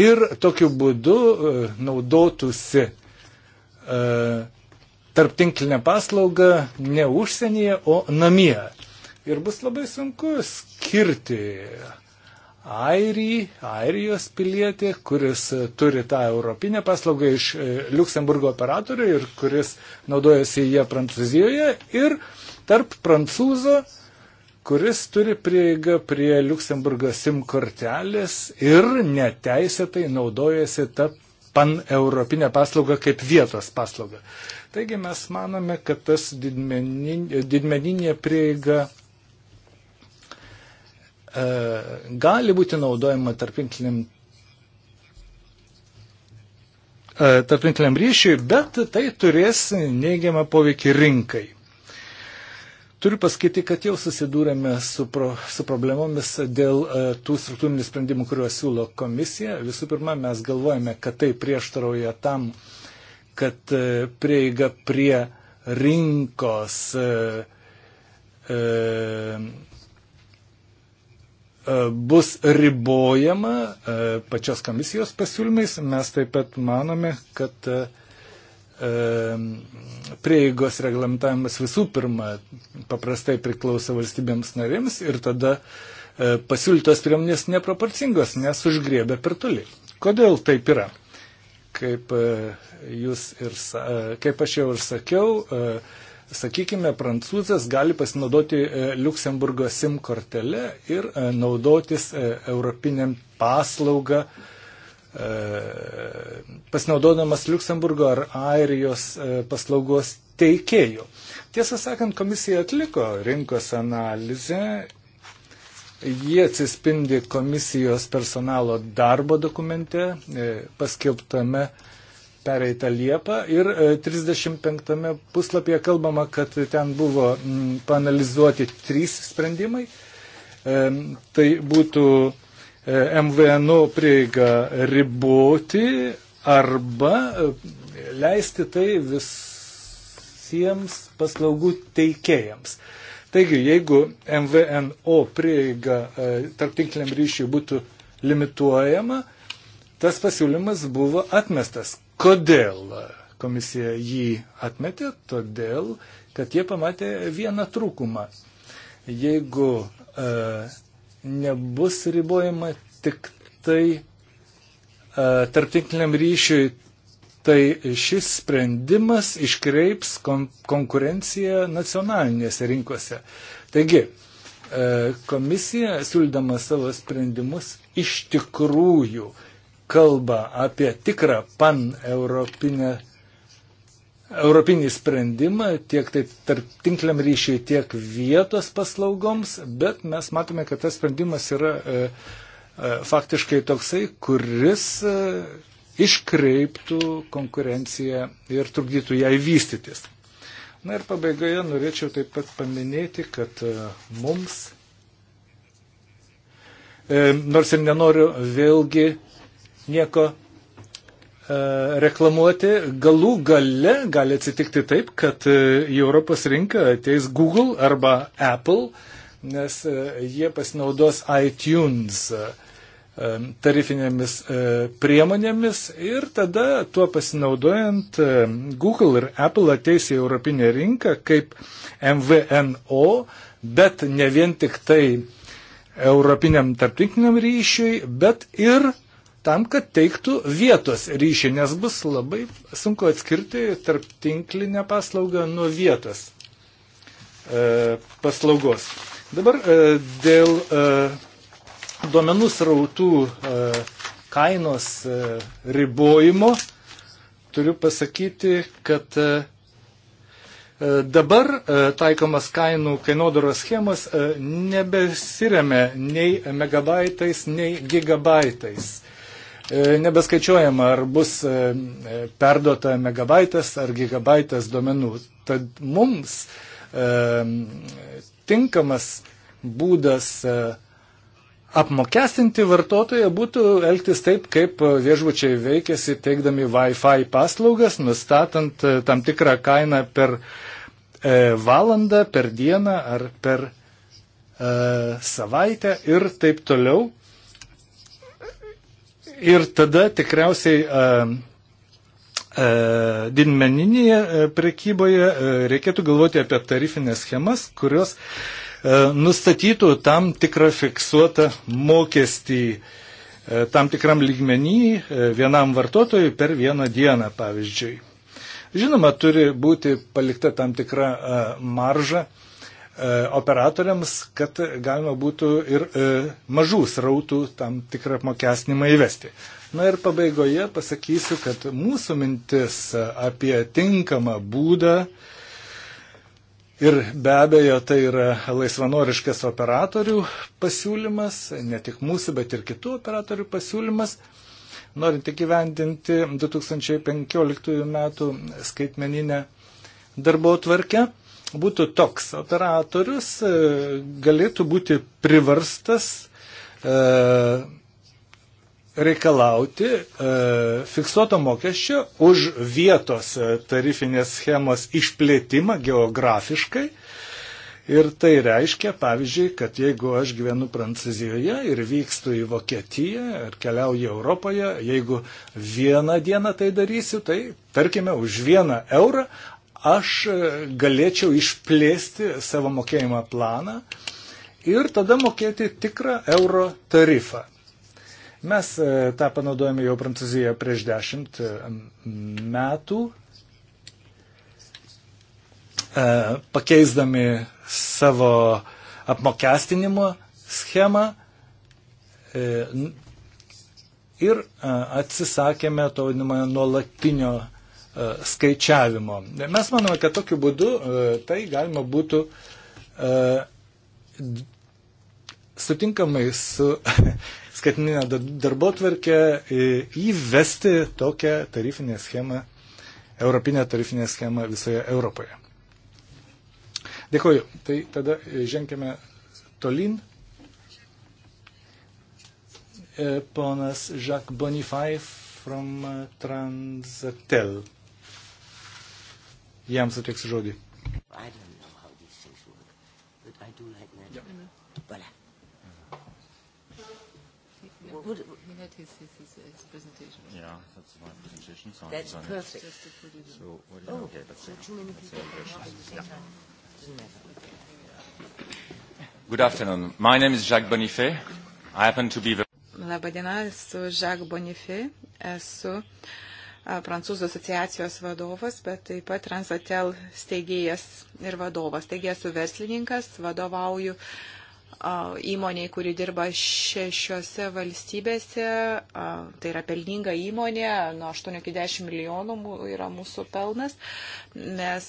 ir tokiu būdu e, naudotųsi uh, tarptinklinę paslaugą ne užsienyje, o namie. Ir bus labai sunku skirti Airį, Airijos pilietį, kuris turi tą europinę paslaugą iš e, Luksemburgo operatorių ir kuris naudojasi ją Prancūzijoje ir tarp prancūzo, kuris turi prieigą prie Luksemburgo SIM kortelės ir neteisėtai naudojasi tą pan europinę paslaugą kaip vietos paslaugą. Taigi mes manome, kad tas didmeninė, didmeninė prieiga e, gali būti naudojama tarpinkliniam e, tarpinkliniam ryšiui, bet tai turės neigiamą poveikį rinkai. Turiu pasakyti, kad jau susidūrėme su, pro, su problemomis dėl e, tų struktūrinių sprendimų, kuriuos siūlo komisija. Visų pirma, mes galvojame, kad tai prieštarauja tam, e, kad e, prieiga prie rinkos e, e, bus ribojama pačios komisijos pasiūlymais. Mes taip pat manome, kad prieigos reglamentavimas visų pirma paprastai priklauso valstybėms narėms ir tada pasiūlytos priemonės neproporcingos, nes užgriebia per toli. Kodėl taip yra? Kaip, e, jūs ir, e, kaip aš jau ir sakiau, e, sakykime, prancūzas gali pasinaudoti Luksemburgo SIM kortelę ir naudotis europiniam paslaugą, pasinaudodamas Luksemburgo ar Airijos paslaugos teikėjų. Tiesą sakant, komisija atliko rinkos analizę Jie atsispindi komisijos personalo darbo dokumente e, paskelbtame pereitą Liepą ir 35 e, puslapyje kalbama, kad ten buvo panalizuoti trys sprendimai. E, tai būtų MVNO prieiga riboti arba leisti tai visiems paslaugų teikėjams. Taigi, jeigu MVNO prieiga e, tarptinkliniam ryšiui būtų limituojama, tas pasiūlymas buvo atmestas. Kodėl komisija jį atmetė? Todėl, kad jie pamatė vieną trūkumą. Jeigu e, nebus ribojama tik tai e, tarptinkliniam ryšiui tai šis sprendimas iškreips kon konkurenciją nacionalinėse rinkose. Taigi, e, komisija, siūlydama savo sprendimus, iš tikrųjų kalba apie tikrą pan-europinę. Europinį sprendimą tiek tai tarp tinkliam ryšiui, tiek vietos paslaugoms, bet mes matome, kad tas sprendimas yra e, e faktiškai toksai, kuris e, iškreiptų konkurenciją ir trukdytų jai vystytis. Na ir pabaigoje norėčiau taip pat paminėti, kad e, mums, e, nors ir nenoriu vėlgi nieko e, reklamuoti, galų gale gali atsitikti taip, kad į Europos rinką ateis Google arba Apple, nes jie pasinaudos iTunes uh, tarifinėmis e, priemonėmis ir tada tuo pasinaudojant e, Google ir Apple ateis į Europinę rinką kaip MVNO, bet ne vien tik tai Europiniam tarptinkliniam ryšiui, bet ir tam, kad teiktų vietos ryšį, nes bus labai sunku atskirti tarptinklinę paslaugą nuo vietos e, paslaugos. Dabar dėl duomenų srautų e, kainos e, ribojimo turiu pasakyti, kad e, dabar taikomas kainų kainodaros schemas nebesiriame nei megabaitais, nei gigabaitais. Nebeskaičiuojama, ar bus perduota megabaitas ar gigabaitas duomenų. Tad mums tinkamas būdas uh, apmokestinti vartotoją būtų elgtis taip, kaip viešbučiai veikėsi teikdami Wi-Fi paslaugas, nustatant e, tam tikrą kainą per e, valandą, per dieną ar per e, savaitę ir taip toliau. Ir tada tikriausiai e, e, didmeninėje e, prekyboje e, reikėtų galvoti apie tarifinės schemas, kurios e, E, nustatytų tam tikrą fiksuotą mokestį e, tam tikram lygmenį e, vienam vartotojui per vieną dieną, pavyzdžiui. Žinoma, turi būti palikta tam tikra marža operatoriams, kad galima būtų ir mažų srautų tam tikrą apmokestinimą įvesti. Na ir pabaigoje pasakysiu, kad mūsų mintis apie tinkamą būdą uh, Ir be abejo, tai yra laisvanoriškas operatorių pasiūlymas, ne tik mūsų, bet ir kitų operatorių pasiūlymas, norint įgyvendinti 2015 metų skaitmeninę darbo tvarkę. Būtų toks operatorius, e, galėtų būti priverstas e, reikalauti e, fiksuoto mokesčio už vietos e, tarifinės schemos išplėtimą geografiškai. Ir tai reiškia, pavyzdžiui, kad jeigu aš gyvenu Prancūzijoje ir vykstu į Vokietiją ir keliauju Europoje, jeigu vieną dieną tai darysiu, tai tarkime už vieną eurą aš e, galėčiau išplėsti savo mokėjimo planą ir tada mokėti tikrą euro tarifą. Mes e, tą panaudojame jau Prancūzijoje prieš dešimt e, metų, e, pakeisdami savo apmokestinimo schemą ir atsisakėme to vadinamojo nuolatinio skaičiavimo. Mes manome, kad tokiu būdu tai galima būtų sutinkamai su skaitminę darbo tvarkę e, įvesti tokią tarifinę schemą, europinę tarifinę schemą visoje Europoje. Dėkuoju. Tai tada e, ženkime tolin. E, ponas Jacques Bonifay from Transatel. Jam suteiksiu žodį. I don't know. would, he had his, his, his, his presentation. Yeah, that's my presentation. So that's I'm perfect. Just to put it so, what oh, okay, that's so it. too many that's people at the same yeah. time. Doesn't matter. Good afternoon. My name is Jacques Bonifay. I happen to be the... Labadiena, esu Jacques Bonifay. Esu Prancūzų asociacijos vadovas, bet taip pat Transatel steigėjas ir vadovas. Taigi esu verslininkas, vadovauju uh, įmoniai, kuri dirba šešiose valstybėse, tai yra pelninga įmonė, nuo 8 iki 10 milijonų yra mūsų pelnas. Mes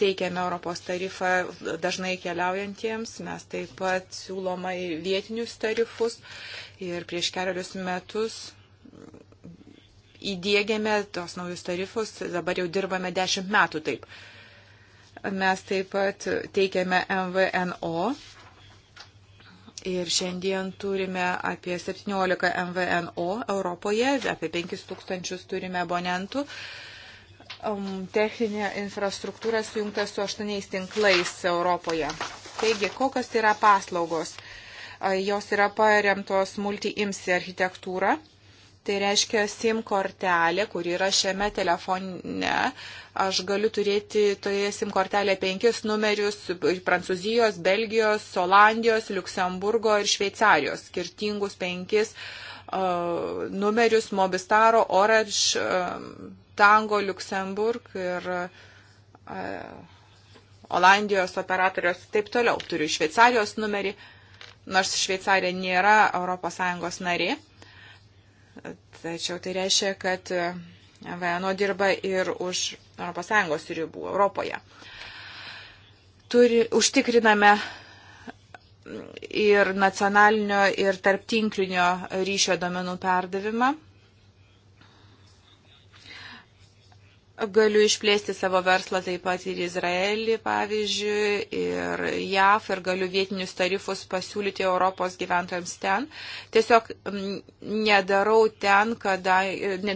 teikiame Europos tarifą dažnai keliaujantiems, mes taip pat siūloma vietinius tarifus ir prieš keliarius metus įdėgėme tos naujus tarifus, dabar jau dirbame 10 metų taip. Mes taip pat teikiame MVNO Ir šiandien turime apie 17 MVNO Europoje, apie 5 tūkstančius turime abonentų. Um, techninė infrastruktūra sujungta su 8 tinklais Europoje. Taigi, kokios yra paslaugos? Jos yra paremtos multi-imsi architektūra Tai reiškia, SIM kortelė, kuri yra šiame telefone, aš galiu turėti toje SIM kortelėje penkis numerius Prancūzijos, Belgijos, Olandijos, Luksemburgo ir Šveicarijos, skirtingus penkis uh, numerius Mobistaro, Orange, uh, Tango, Luksemburg ir uh, Olandijos operatorios ir taip toliau. Turiu Šveicarijos numerį, nors Šveicarija nėra ES narė. Tačiau tai reiškia, kad VNO dirba ir už ES ribų Europoje. Turi, užtikriname ir nacionalinio, ir tarptinklinio ryšio domenų perdavimą Galiu išplėsti savo verslą taip pat ir Izraelį, pavyzdžiui, ir JAF, ir galiu vietinius tarifus pasiūlyti Europos gyventojams ten. Tiesiog mm, nedarau ten, kada,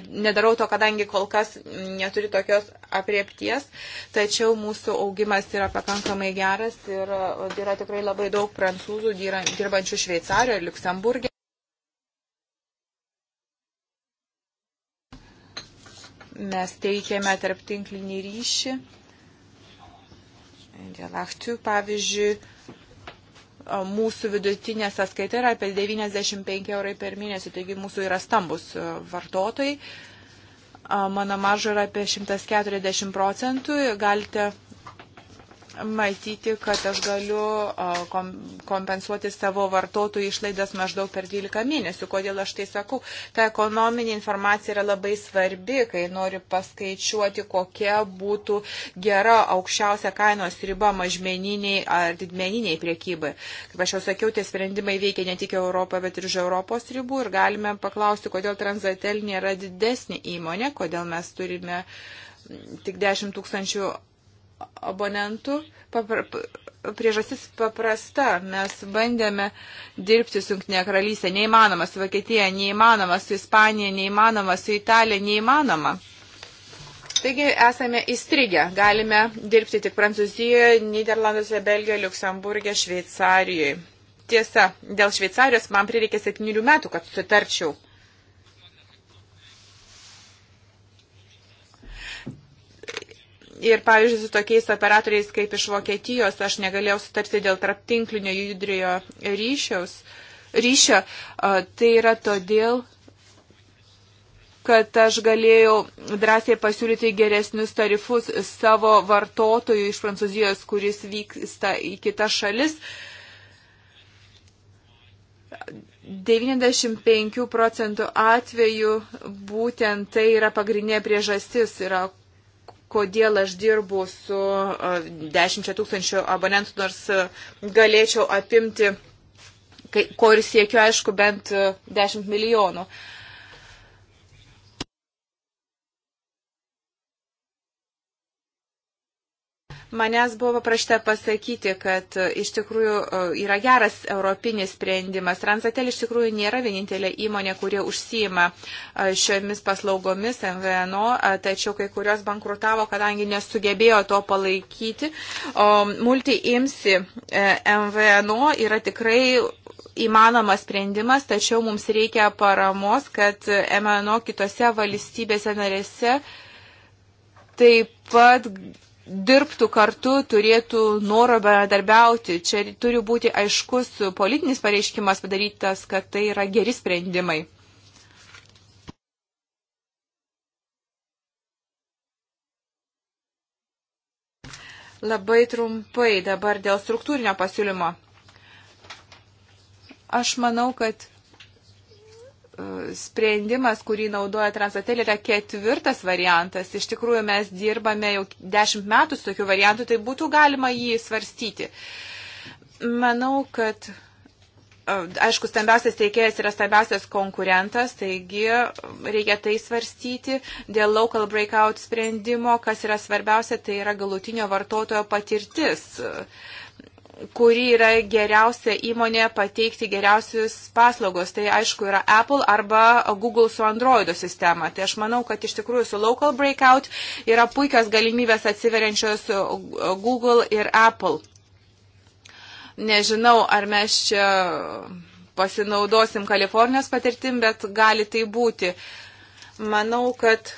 nedarau to, kadangi kol kas neturi tokios apriepties, tačiau mūsų augimas yra pakankamai geras ir yra tikrai labai daug prancūzų dirbančių Šveicarijoje ir Luksemburgė. Mes teikėme tarptinklinį ryšį. Dėl aktų, pavyzdžiui, mūsų vidutinė sąskaita yra apie 95 eurai per mėnesį, taigi mūsų yra stambus vartotojai. Mano marža yra apie 140 procentų. Galite matyti, kad aš galiu kompensuoti savo vartotojų išlaidas maždaug per 12 mėnesių. Kodėl aš tai sakau? Ta ekonominė informacija yra labai svarbi, kai nori paskaičiuoti, kokia būtų gera aukščiausia kainos riba mažmeniniai ar didmeniniai priekybai. Kaip aš jau sakiau, tie sprendimai veikia ne tik Europoje, bet ir už Europos ribų ir galime paklausti, kodėl Transatel nėra didesnė įmonė, kodėl mes turime tik 10 tūkstančių abonentų. Papra, priežastis paprasta. Mes bandėme dirbti su Junktinė karalystė. Neįmanoma su Vokietija, neįmanoma su Ispanija, neįmanoma su Italija, neįmanoma. Taigi esame įstrigę. Galime dirbti tik Prancūzijoje, Niderlanduose, Belgijoje, Luksemburgė, Šveicarijoje. Tiesa, dėl Šveicarijos man prireikė septynių metų, kad sutarčiau. Ir, pavyzdžiui, su tokiais operatoriais kaip iš Vokietijos aš negalėjau sutarti dėl traptinklinio judriojo ryšiaus, ryšio. Tai yra todėl, kad aš galėjau drąsiai pasiūlyti geresnius tarifus savo vartotojui iš Prancūzijos, kuris vyksta į kitas šalis. 95 procentų atveju būtent tai yra pagrindinė priežastis, yra kodėl aš dirbu su 10 tūkstančių abonentų, nors galėčiau apimti, ko ir siekiu, aišku, bent 10 milijonų. Uh, Manęs buvo paprašta pasakyti, kad e, iš tikrųjų e, yra geras europinis sprendimas. Transatel iš tikrųjų nėra vienintelė įmonė, kurie užsijima e, šiomis paslaugomis MVNO, tačiau kai kurios bankrutavo, kadangi nesugebėjo to palaikyti. Multi-imsi MVNO yra tikrai įmanomas sprendimas, tačiau mums reikia paramos, kad MNO kitose valstybėse narėse taip pat dirbtų kartu, turėtų norą bendarbiauti. Čia turi būti aiškus politinis pareiškimas padarytas, kad tai yra geri sprendimai. Labai trumpai dabar dėl struktūrinio pasiūlymo. Aš manau, kad E, sprendimas, kurį naudoja Transatel, yra ketvirtas variantas. Iš tikrųjų, mes dirbame jau dešimt metų su tokiu variantu, tai būtų galima jį svarstyti. Manau, kad e, aišku, stambiausias teikėjas yra stambiausias konkurentas, taigi reikia tai svarstyti. Dėl local breakout sprendimo, kas yra svarbiausia, tai yra galutinio vartotojo patirtis. Uh, kuri yra geriausia įmonė pateikti geriausius paslaugos. Tai aišku yra Apple arba Google su Android sistema. Tai aš manau, kad iš tikrųjų su Local Breakout yra puikios galimybės atsiveriančios Google ir Apple. Nežinau, ar mes čia pasinaudosim Kalifornijos patirtim, bet gali tai būti. Manau, kad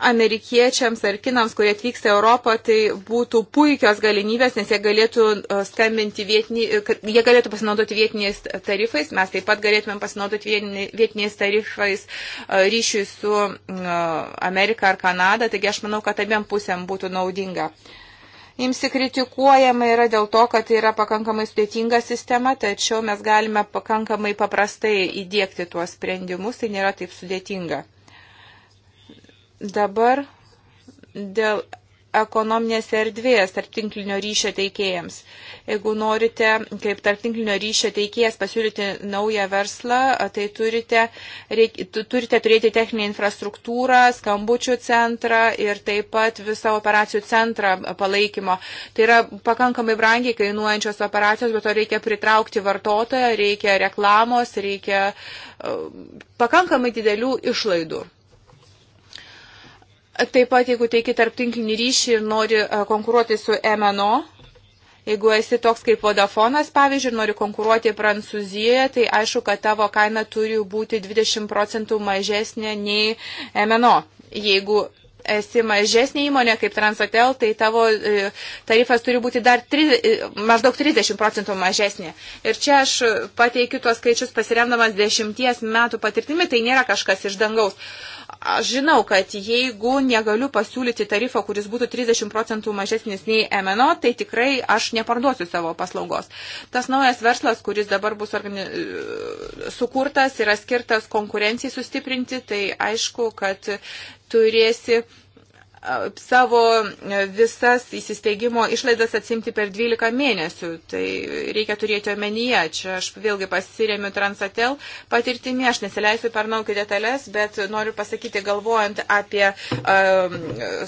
amerikiečiams ar kinams, kurie atvyksta Europą, tai būtų puikios galimybės, nes jie galėtų e, skambinti vietinį, e, jie galėtų pasinaudoti vietiniais tarifais, mes taip pat galėtumėm pasinaudoti vietiniais tarifais e, ryšiui su Amerika ar Kanada, taigi aš manau, kad abiem pusėm būtų naudinga. Imsi kritikuojama yra dėl to, kad tai yra pakankamai sudėtinga sistema, tačiau mes galime pakankamai paprastai įdėkti tuos sprendimus, tai nėra taip sudėtinga. Dabar dėl ekonominės erdvės tarptinklinio ryšio teikėjams. Jeigu norite, kaip tarptinklinio ryšio teikėjas pasiūlyti naują verslą, tai turite, reik, turite turėti techninę infrastruktūrą, skambučių centrą ir taip pat visą operacijų centrą palaikymo. Tai yra pakankamai brangiai kainuojančios operacijos, bet to reikia pritraukti vartotoją, reikia reklamos, reikia uh, pakankamai didelių išlaidų. Taip pat, jeigu teiki tarptinkinį ryšį ir nori e, konkuruoti su MNO, jeigu esi toks kaip Vodafonas, pavyzdžiui, ir nori konkuruoti Prancūzijoje, tai aišku, kad tavo kaina turi būti 20 procentų mažesnė nei MNO. Jeigu esi mažesnė įmonė kaip Transatel, tai tavo e, tarifas turi būti dar 30, e, maždaug 30 procentų mažesnė. Ir čia aš pateikiu tuos skaičius pasiremdamas dešimties metų patirtimi, tai nėra kažkas iš dangaus. Uh, Aš žinau, kad jeigu negaliu pasiūlyti tarifą, kuris būtų 30 procentų mažesnis nei MNO, tai tikrai aš neparduosiu savo paslaugos. Tas naujas verslas, kuris dabar bus organi... E, sukurtas, yra skirtas konkurencijai sustiprinti, tai aišku, kad turėsi savo visas įsisteigimo išlaidas atsimti per 12 mėnesių. Tai reikia turėti omenyje. Čia aš vėlgi pasiremiu Transatel patirtimi, aš nesileisiu per naukį detalės, bet noriu pasakyti, galvojant apie um,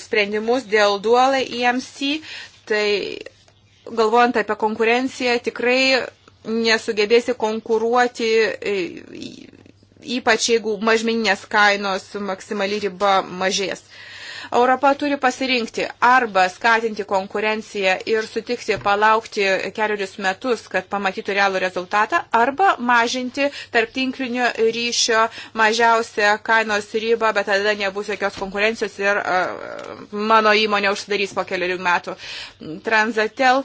sprendimus dėl duolai EMC, tai galvojant apie konkurenciją, tikrai nesugebėsi konkuruoti e, ypač jeigu mažmeninės kainos maksimali riba mažės. Uh, Europa turi pasirinkti arba skatinti konkurenciją ir sutikti palaukti keliarius metus, kad pamatytų realų rezultatą, arba mažinti tarptinklinio ryšio mažiausią kainos ribą, bet tada nebus jokios konkurencijos ir uh, mano įmonė užsidarys po keliarių metų. Transatel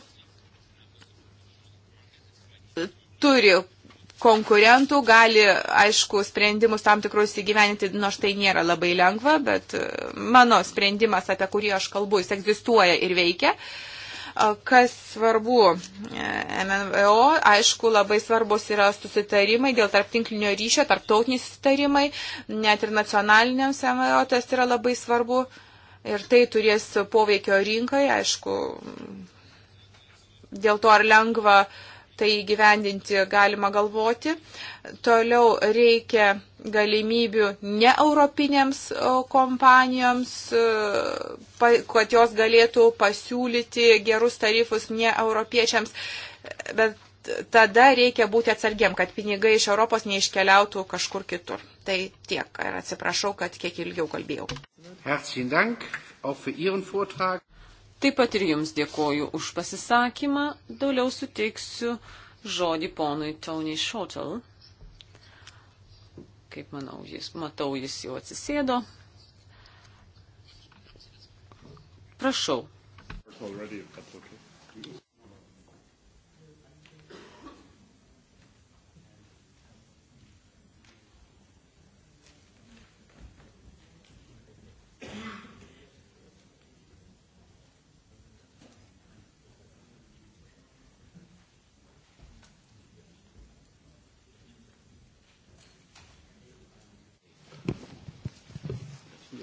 turi konkurentų, gali, aišku, sprendimus tam tikrus įgyveninti, nors tai nėra labai lengva, bet e, mano sprendimas, apie kurį aš kalbu, jis egzistuoja ir veikia. Kas svarbu, e, MNVO, aišku, labai svarbus yra susitarimai dėl tarptinklinio ryšio, tarptautiniai susitarimai, net ir nacionaliniams MNVO tas yra labai svarbu ir tai turės poveikio rinkai, aišku, dėl to ar lengva uh, tai įgyvendinti galima galvoti. Toliau reikia galimybių ne europinėms kompanijoms, e, kad jos galėtų pasiūlyti gerus tarifus ne europiečiams, bet tada reikia būti atsargiam, kad pinigai iš Europos neiškeliautų kažkur kitur. Tai tiek ir atsiprašau, kad kiek ilgiau kalbėjau. Taip pat ir jums dėkoju už pasisakymą. Daugiau suteiksiu žodį ponui Tony Shotel. Kaip manau, jis, matau, jis jau atsisėdo. Prašau. Already, but...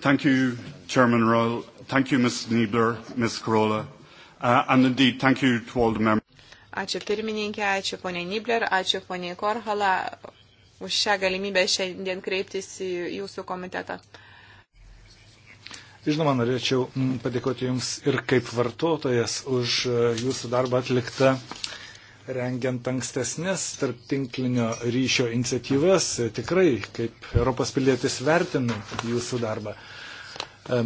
Thank you, Chairman Royal. Thank you, Ms. Niebler, Ms. Corolla. Uh, and indeed, thank you to all the members. Ačiū pirmininkė, ačiū ponė Nibler, ačiū ponė Korhala už šią galimybę šiandien kreiptis į jūsų komitetą. Žinoma, norėčiau mm, padėkoti Jums ir kaip vartotojas už uh, Jūsų darbą atliktą uh, rengiant ankstesnės tarptinklinio ryšio iniciatyvas, tikrai kaip Europos pilietis vertinu jūsų darbą.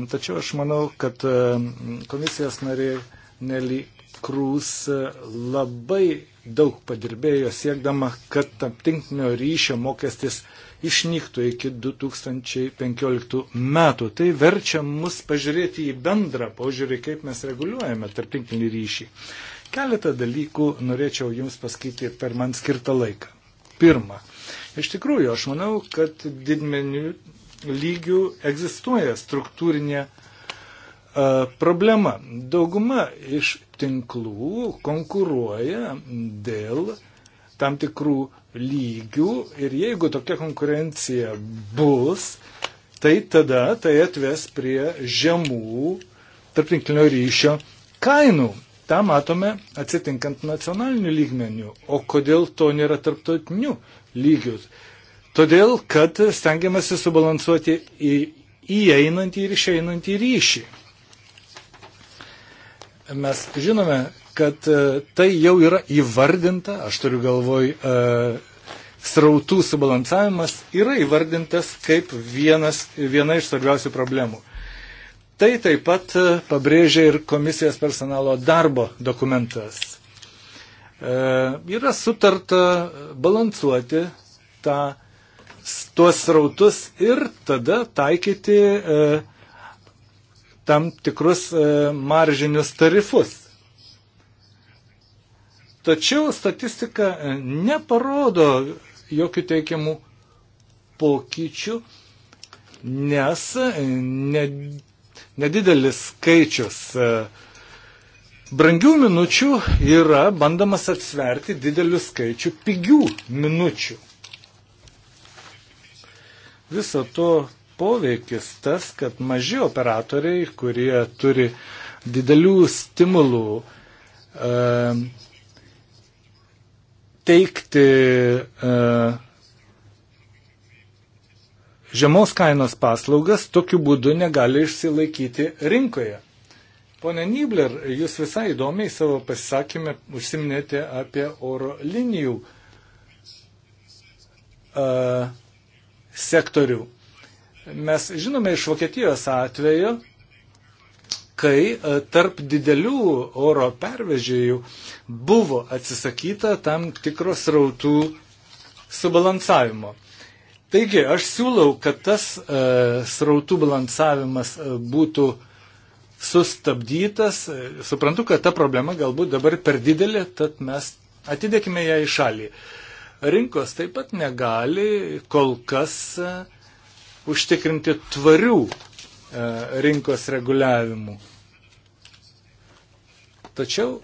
Tačiau aš manau, kad komisijos nariai Nelly Krūs e, labai daug padirbėjo siekdama, kad tarptinklinio ryšio mokestis išnyktų iki 2015 metų. Tai verčia mus pažiūrėti į bendrą požiūrį, kaip mes reguliuojame tarptinklinį ryšį. Keletą dalykų norėčiau Jums pasakyti per man skirtą laiką. Pirma, iš tikrųjų, aš manau, kad didmenių lygių egzistuoja struktūrinė problema. Dauguma iš tinklų konkuruoja dėl tam tikrų lygių ir jeigu tokia konkurencija bus, tai tada tai atves prie žemų tarptinklinio ryšio kainų tą matome atsitinkant nacionaliniu lygmeniu. O kodėl to nėra tarptautiniu lygiu? Todėl, kad stengiamasi subalansuoti į įeinantį ir išeinantį ryšį. Mes žinome, kad e, tai jau yra įvardinta, aš turiu galvoj, e, srautų subalansavimas yra įvardintas kaip vienas, viena iš svarbiausių problemų. Tai taip pat e, pabrėžia ir komisijos personalo darbo dokumentas. E, yra sutarta balansuoti tą, tuos srautus ir tada taikyti e, tam tikrus e, maržinius tarifus. Tačiau statistika e, neparodo jokių teikiamų pokyčių, nes e, ne, nedidelis skaičius e, brangių minučių yra bandamas atsverti didelių skaičių pigių minučių. Viso to poveikis tas, kad maži operatoriai, kurie turi didelių stimulų e, teikti e, žemos kainos paslaugas, tokiu būdu negali išsilaikyti rinkoje. Pone Nibler, jūs visai įdomiai savo pasisakymę užsiminėte apie oro linijų uh, sektorių. Mes žinome iš Vokietijos atvejo, kai tarp didelių oro pervežėjų buvo atsisakyta tam tikros rautų subalansavimo. Taigi, aš siūlau, kad tas e, srautų balansavimas e, būtų sustabdytas. E, suprantu, kad ta problema galbūt dabar per didelė, tad mes atidėkime ją į šalį. Rinkos taip pat negali kol kas e, užtikrinti tvarių e, rinkos reguliavimų. Tačiau,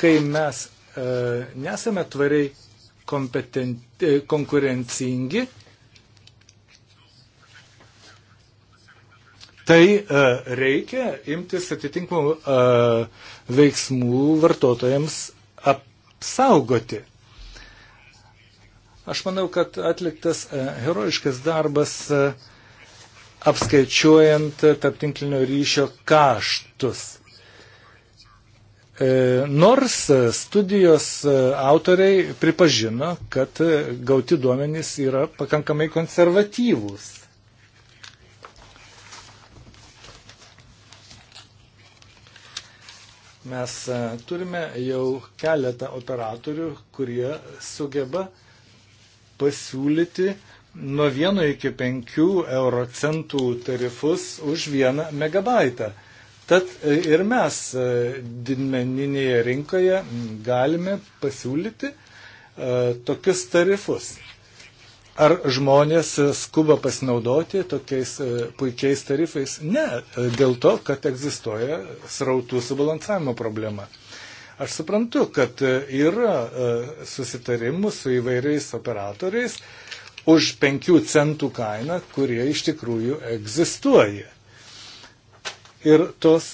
kai mes e, nesame tvariai e, konkurencingi, tai e, reikia imtis atitinkamų e, veiksmų vartotojams apsaugoti. Aš manau, kad atliktas e, herojiškas darbas apskaičiuojant taptinklinio ryšio kaštus. Nors studijos autoriai pripažino, kad gauti duomenys yra pakankamai konservatyvūs. Mes e, turime jau keletą operatorių, kurie sugeba pasiūlyti nuo 1 iki 5 euro centų tarifus už 1 megabaitą. Tad e, ir mes e, didmeninėje rinkoje galime pasiūlyti tokius tarifus. Ar žmonės e, skuba pasinaudoti tokiais e, puikiais tarifais? Ne, e, dėl to, kad egzistuoja srautų subalansavimo problema. Aš suprantu, kad yra susitarimų su įvairiais operatoriais už 5 centų kainą, kurie iš tikrųjų egzistuoja. Ir tos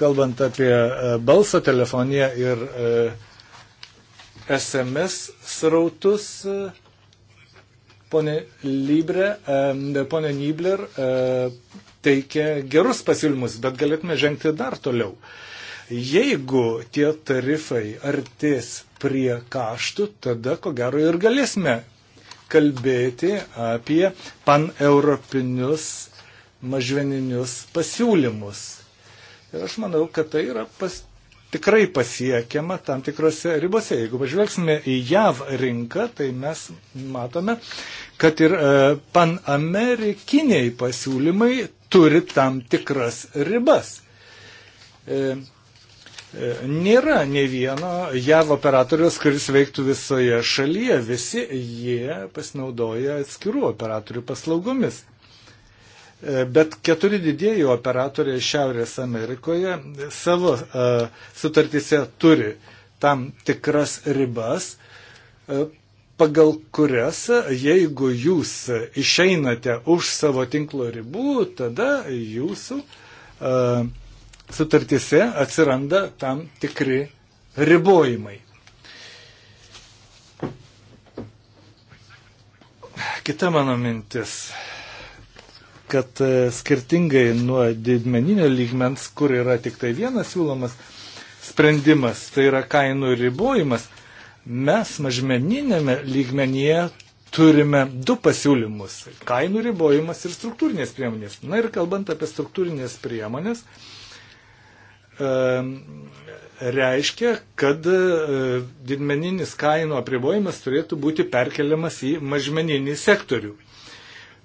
kalbant apie balso telefoniją ir e, SMS srautus. E, pone Libre, e, e, pone Nibler teikia gerus pasiūlymus, bet galėtume žengti dar toliau. Jeigu tie tarifai artės prie kaštų, tada ko gero ir galėsime kalbėti apie paneuropinius mažveninius pasiūlymus. Ir aš manau, kad tai yra pas, tikrai pasiekiama tam tikrose ribose. Jeigu pažvelgsime į JAV rinką, tai mes matome, kad ir e, panamerikiniai pasiūlymai turi tam tikras ribas. E, e, nėra ne vieno JAV operatorius, kuris veiktų visoje šalyje. Visi jie pasinaudoja atskirų operatorių paslaugomis. E, bet keturi didieji operatoriai Šiaurės Amerikoje savo e, sutartyse turi tam tikras ribas, e, pagal kurias, jeigu jūs išeinate už savo tinklo ribų, tada jūsų sutartyse atsiranda tam tikri ribojimai. Kita mano mintis kad e, skirtingai nuo didmeninio lygmens, kur yra tik tai vienas siūlomas sprendimas, tai yra kainų ribojimas, mes mažmeninėme lygmenyje turime du pasiūlymus - kainų ribojimas ir struktūrinės priemonės. Na ir kalbant apie struktūrinės priemonės, e, reiškia, kad e, didmeninis kainų apribojimas turėtų būti perkeliamas į mažmeninį sektorių.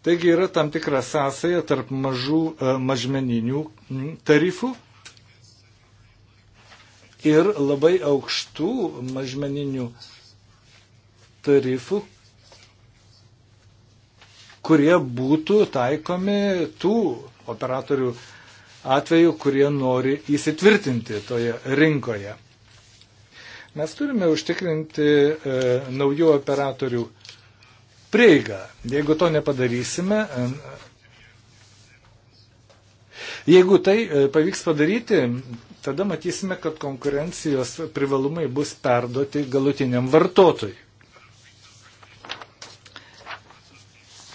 Taigi yra tam tikra sąsaja tarp mažų e, mažmeninių tarifų ir labai aukštų mažmeninių tarifų, kurie būtų taikomi tų operatorių atveju, kurie nori įsitvirtinti toje rinkoje. Mes turime užtikrinti e, naujų operatorių prieigą. Jeigu to nepadarysime, jeigu tai e, pavyks padaryti, tada matysime, kad konkurencijos privalumai bus perduoti galutiniam vartotojui.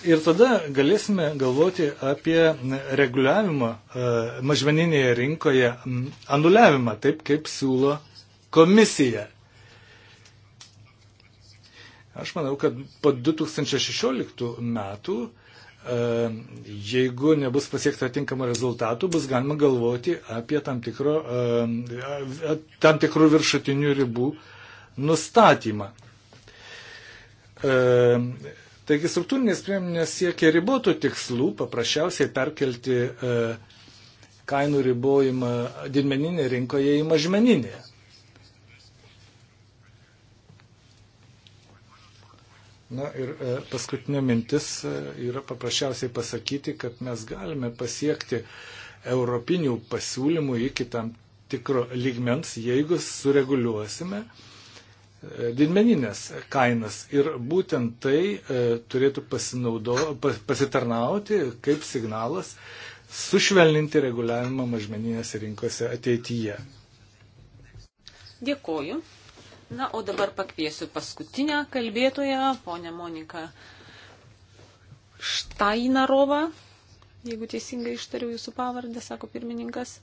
Ir tada galėsime galvoti apie reguliavimo e, mažmeninėje rinkoje anuliavimą, taip kaip siūlo komisija. Aš manau, kad po 2016 metų, e, jeigu nebus pasiekta tinkamų rezultatų, bus galima galvoti apie tam, tikro, e, tam tikrų viršutinių ribų nustatymą. E, taigi struktūrinės priemonės siekia ribotų tikslų, paprasčiausiai perkelti kainų ribojimą didmeninė rinkoje į mažmeninę. Na ir e, paskutinė mintis e, yra paprasčiausiai pasakyti, kad mes galime pasiekti europinių pasiūlymų iki tam tikro lygmens, jeigu sureguliuosime e, didmeninės kainas. Ir būtent tai turėtų pasinaudo, pasitarnauti kaip signalas sušvelninti reguliavimą mažmeninėse rinkose ateityje. Dėkoju. Na, o dabar pakviesiu paskutinę kalbėtoją, ponę Moniką Štainarovą, jeigu teisingai ištariu jūsų pavardę, sako pirmininkas.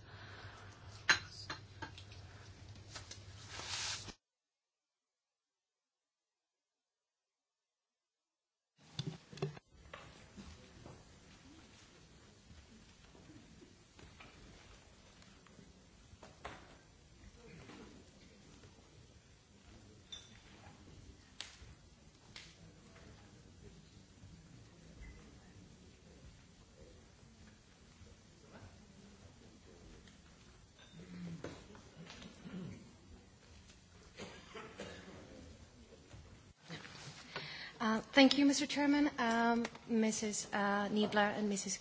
Thank you, Mr. Chairman, um, Mrs. Uh, Niebler and Mrs.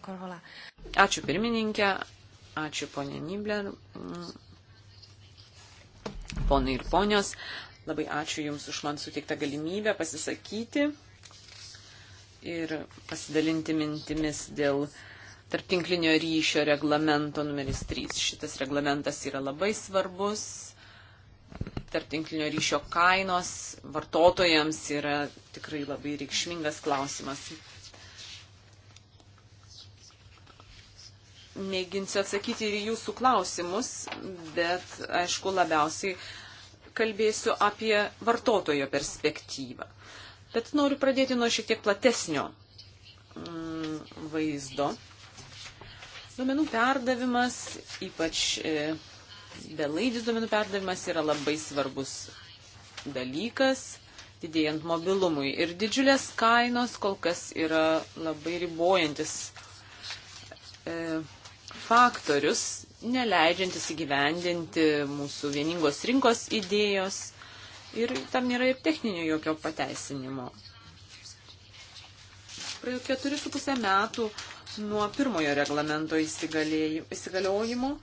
Korhola. Uh, ačiū pirmininkė, ačiū ponė Niebler, mm. ponai ir ponios. Labai ačiū Jums už man suteiktą galimybę pasisakyti ir pasidalinti mintimis dėl tarptinklinio ryšio reglamento numeris 3. Šitas reglamentas yra labai svarbus tarptinklinio ryšio kainos vartotojams yra tikrai labai reikšmingas klausimas. Mėginsiu atsakyti ir jūsų klausimus, bet aišku labiausiai kalbėsiu apie vartotojo perspektyvą. Bet noriu pradėti nuo šiek tiek platesnio mm, vaizdo. Duomenų perdavimas, ypač e, Belaidis duomenų perdavimas yra labai svarbus dalykas, didėjant mobilumui. Ir didžiulės kainos kol kas yra labai ribojantis e, faktorius, neleidžiantis įgyvendinti mūsų vieningos rinkos idėjos. Ir tam nėra ir techninio jokio pateisinimo. Praėjo keturi su pusę metų nuo pirmojo reglamento įsigaliojimo. įsigaliojimo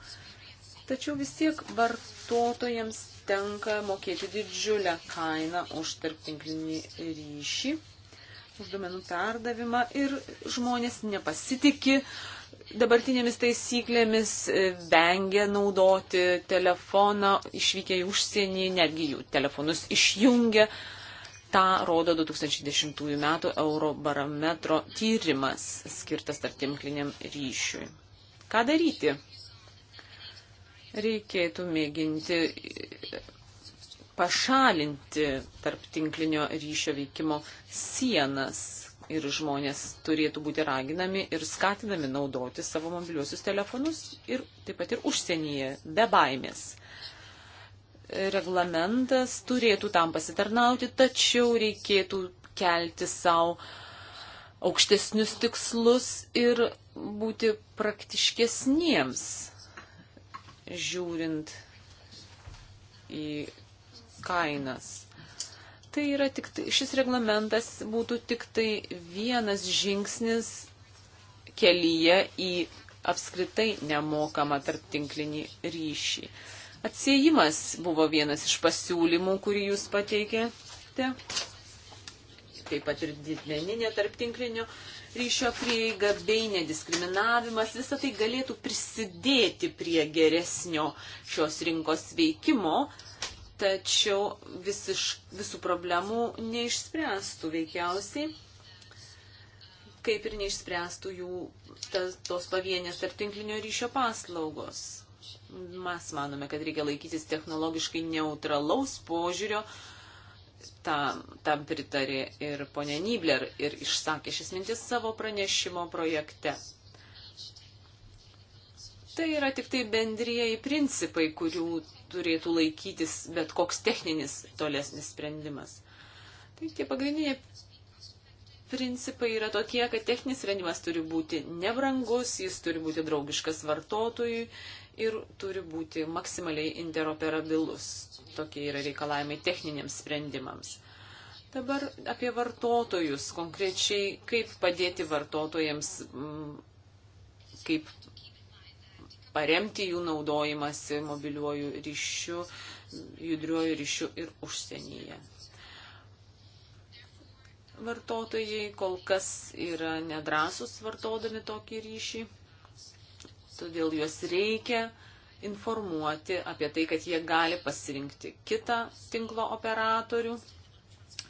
Tačiau vis tiek vartotojams tenka mokėti didžiulę kainą už tarptinklinį ryšį, už duomenų perdavimą ir žmonės nepasitikė dabartinėmis taisyklėmis vengia naudoti telefoną, išvykę į užsienį, netgi jų telefonus išjungia. Ta rodo 2010 m. Eurobarometro tyrimas skirtas tarptinkliniam ryšiui. Ką daryti? reikėtų mėginti pašalinti tarp tinklinio ryšio veikimo sienas ir žmonės turėtų būti raginami ir skatinami naudoti savo mobiliuosius telefonus ir taip pat ir užsienyje be baimės. Reglamentas turėtų tam pasitarnauti, tačiau reikėtų kelti savo aukštesnius tikslus ir būti praktiškesniems žiūrint į kainas. Tai yra tik, šis reglamentas būtų tik tai vienas žingsnis kelyje į apskritai nemokamą tarptinklinį ryšį. Atsiejimas buvo vienas iš pasiūlymų, kurį jūs pateikėte. Taip pat ir didmeninė tarptinklinio ryšio ryšio prieiga bei nediskriminavimas, visa tai galėtų prisidėti prie geresnio šios rinkos veikimo, tačiau visiš, visų problemų neišspręstų veikiausiai, kaip ir neišspręstų jų tas, tos pavienės tarp tinklinio ryšio paslaugos. Mes manome, kad reikia laikytis technologiškai neutralaus požiūrio, tam, tam pritarė ir ponė Nibler ir išsakė šis mintis savo pranešimo projekte. Tai yra tik tai bendrieji principai, kurių turėtų laikytis bet koks techninis tolesnis sprendimas. Tai tie pagrindiniai principai yra tokie, kad techninis sprendimas turi būti nebrangus, jis turi būti draugiškas vartotojui ir turi būti maksimaliai interoperabilus. Tokie yra reikalavimai techniniams sprendimams. Dabar apie vartotojus, konkrečiai kaip padėti vartotojams, mm, kaip paremti jų naudojimąsi mobiliuoju ryšiu, judriuoju ryšiu ir užsienyje. Vartotojai kol kas yra nedrasus vartodami tokį ryšį todėl juos reikia informuoti apie tai, kad jie gali pasirinkti kitą tinklo operatorių,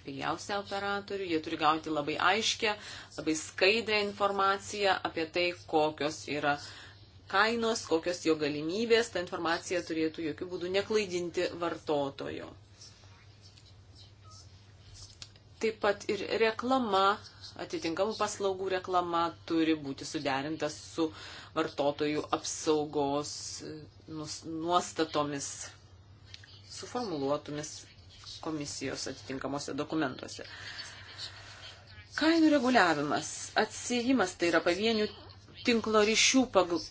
pigiausią operatorių, jie turi gauti labai aiškę, labai skaidrę informaciją apie tai, kokios yra kainos, kokios jo galimybės, ta informacija turėtų jokių būdų neklaidinti vartotojo. Taip pat ir reklama atitinkamų paslaugų reklama turi būti suderinta su vartotojų apsaugos nuostatomis suformuluotomis komisijos atitinkamuose dokumentuose. Kainų reguliavimas, atsijimas, tai yra pavienių tinklo ryšių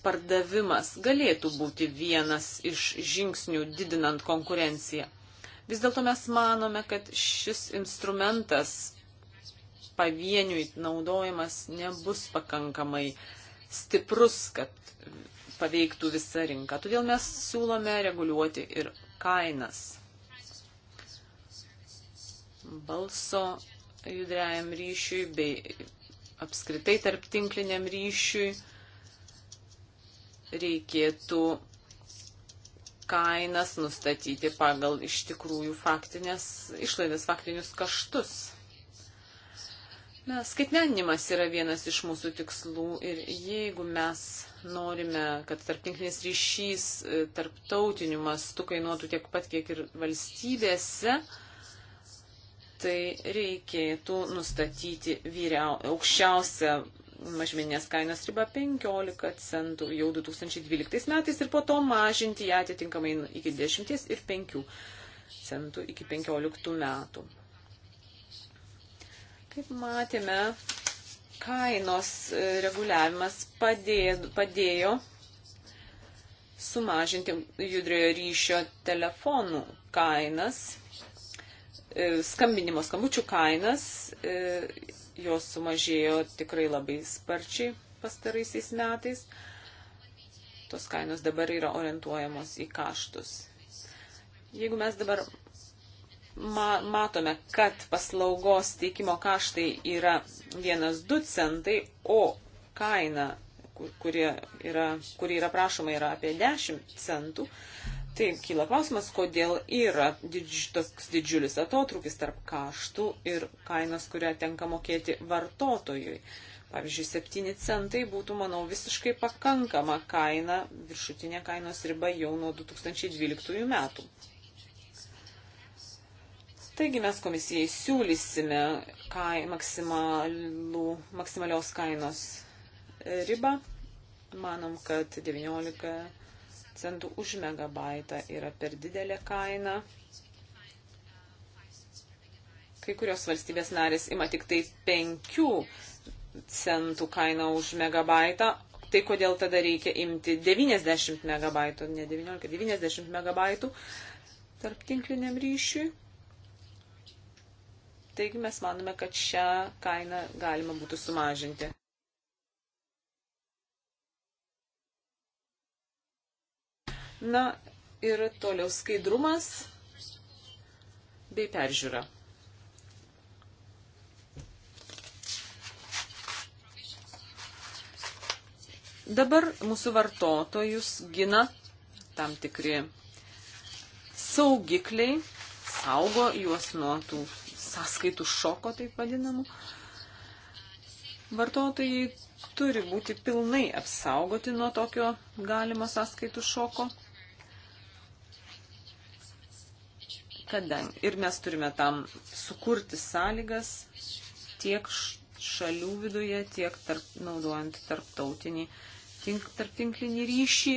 pardavimas galėtų būti vienas iš žingsnių didinant konkurenciją. Vis dėlto mes manome, kad šis instrumentas pavieniui naudojimas nebus pakankamai stiprus, kad paveiktų visą rinką. Todėl mes siūlome reguliuoti ir kainas. Balso judriajam ryšiui bei apskritai tarptinkliniam ryšiui reikėtų kainas nustatyti pagal iš tikrųjų faktinės išlaidas, faktinius kaštus. Na, skaitmeninimas yra vienas iš mūsų tikslų ir jeigu mes norime, kad tarptinklinis ryšys e, tarptautiniu mastu kainuotų tiek pat, kiek ir valstybėse, tai reikėtų nustatyti vyriau, aukščiausią mažmeninės kainos ribą 15 centų jau 2012 metais ir po to mažinti ją atitinkamai iki 10 ir 5 centų iki 15 metų. Kaip matėme, kainos e, reguliavimas padėjo, padėjo sumažinti judriojo ryšio telefonų kainas, e, skambinimo skambučių kainas, e, jos sumažėjo tikrai labai sparčiai pastaraisiais metais. Tos kainos dabar yra orientuojamos į kaštus. Jeigu mes dabar ma matome, kad paslaugos teikimo kaštai yra vienas du centai, o kaina, kur, kuri, yra, kuri yra prašoma, yra apie 10 centų. Tai kyla klausimas, kodėl yra didž, toks didžiulis atotrukis tarp kaštų ir kainos, kurią tenka mokėti vartotojui. Pavyzdžiui, 7 centai būtų, manau, visiškai pakankama kaina, viršutinė kainos riba jau nuo 2012 metų. Taigi mes komisijai siūlysime kai, maksimalų, maksimalios kainos ribą. Manom, kad 19 centų už megabaitą yra per didelė kaina. Kai kurios valstybės narės ima tik tai 5 centų kainą už megabaitą. Tai kodėl tada reikia imti 90 megabaitų, ne 19, 90 megabaitų tarp tinkliniam ryšiui? Taigi mes manome, kad šią kainą galima būtų sumažinti. Na ir toliau skaidrumas bei peržiūra. Dabar mūsų vartotojus gina tam tikri saugikliai, saugo juos nuo tų sąskaitų šoko, taip vadinamų. Vartotojai turi būti pilnai apsaugoti nuo tokio galimo sąskaitų šoko. Kadangi ir mes turime tam sukurti sąlygas tiek šalių viduje, tiek tarp, naudojant tarptautinį tink, tarptinklinį ryšį,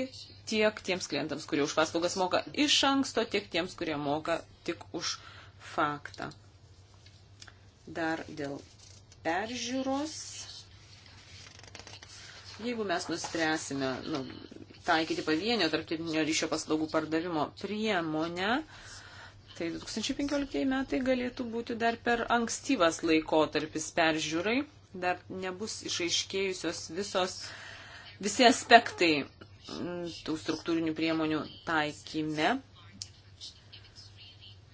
tiek tiems klientams, kurie už paslaugas moka iš anksto, tiek tiems, kurie moka tik už faktą dar dėl peržiūros. Jeigu mes nuspręsime nu, taikyti pavienio tarptautinio ryšio paslaugų pardavimo priemonę, tai 2015 metai galėtų būti dar per ankstyvas laikotarpis peržiūrai, dar nebus išaiškėjusios visos, visi aspektai mm, tų struktūrinių priemonių taikyme.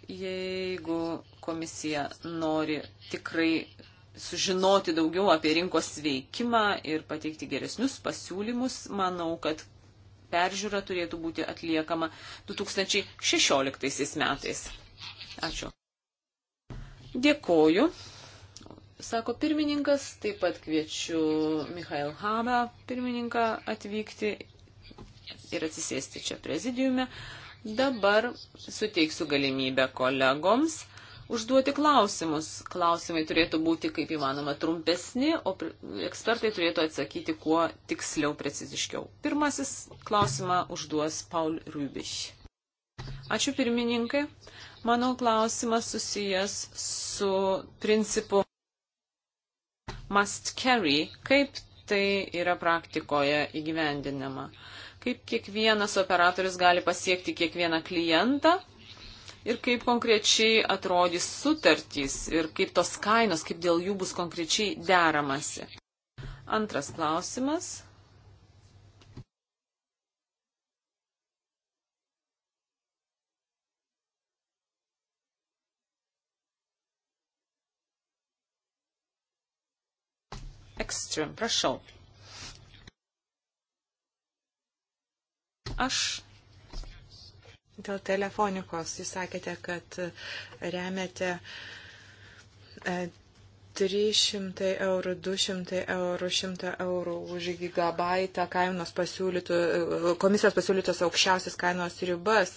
Jeigu komisija nori tikrai sužinoti daugiau apie rinkos veikimą ir pateikti geresnius pasiūlymus. Manau, kad peržiūra turėtų būti atliekama 2016 metais. Ačiū. Dėkoju. Sako pirmininkas, taip pat kviečiu Michael Habą, pirmininką, atvykti ir atsisėsti čia prezidiume. Dabar suteiksiu galimybę kolegoms užduoti klausimus. Klausimai turėtų būti kaip įmanoma trumpesni, o ekspertai turėtų atsakyti kuo tiksliau, preciziškiau. Pirmasis klausimą užduos Paul Rubiš. Ačiū pirmininkai. Manau, klausimas susijęs su principu must carry, kaip tai yra praktikoje įgyvendinama. Kaip kiekvienas operatorius gali pasiekti kiekvieną klientą, ir kaip konkrečiai atrodys sutartys ir kaip tos kainos, kaip dėl jų bus konkrečiai deramasi. Antras klausimas. Ekstrem, prašau. Aš Dėl telefonikos jūs sakėte, kad remiate 300 e, eurų, 200 eurų, 100 eurų už gigabaitą kainos pasiūlytų, e, komisijos pasiūlytos aukščiausias kainos ribas.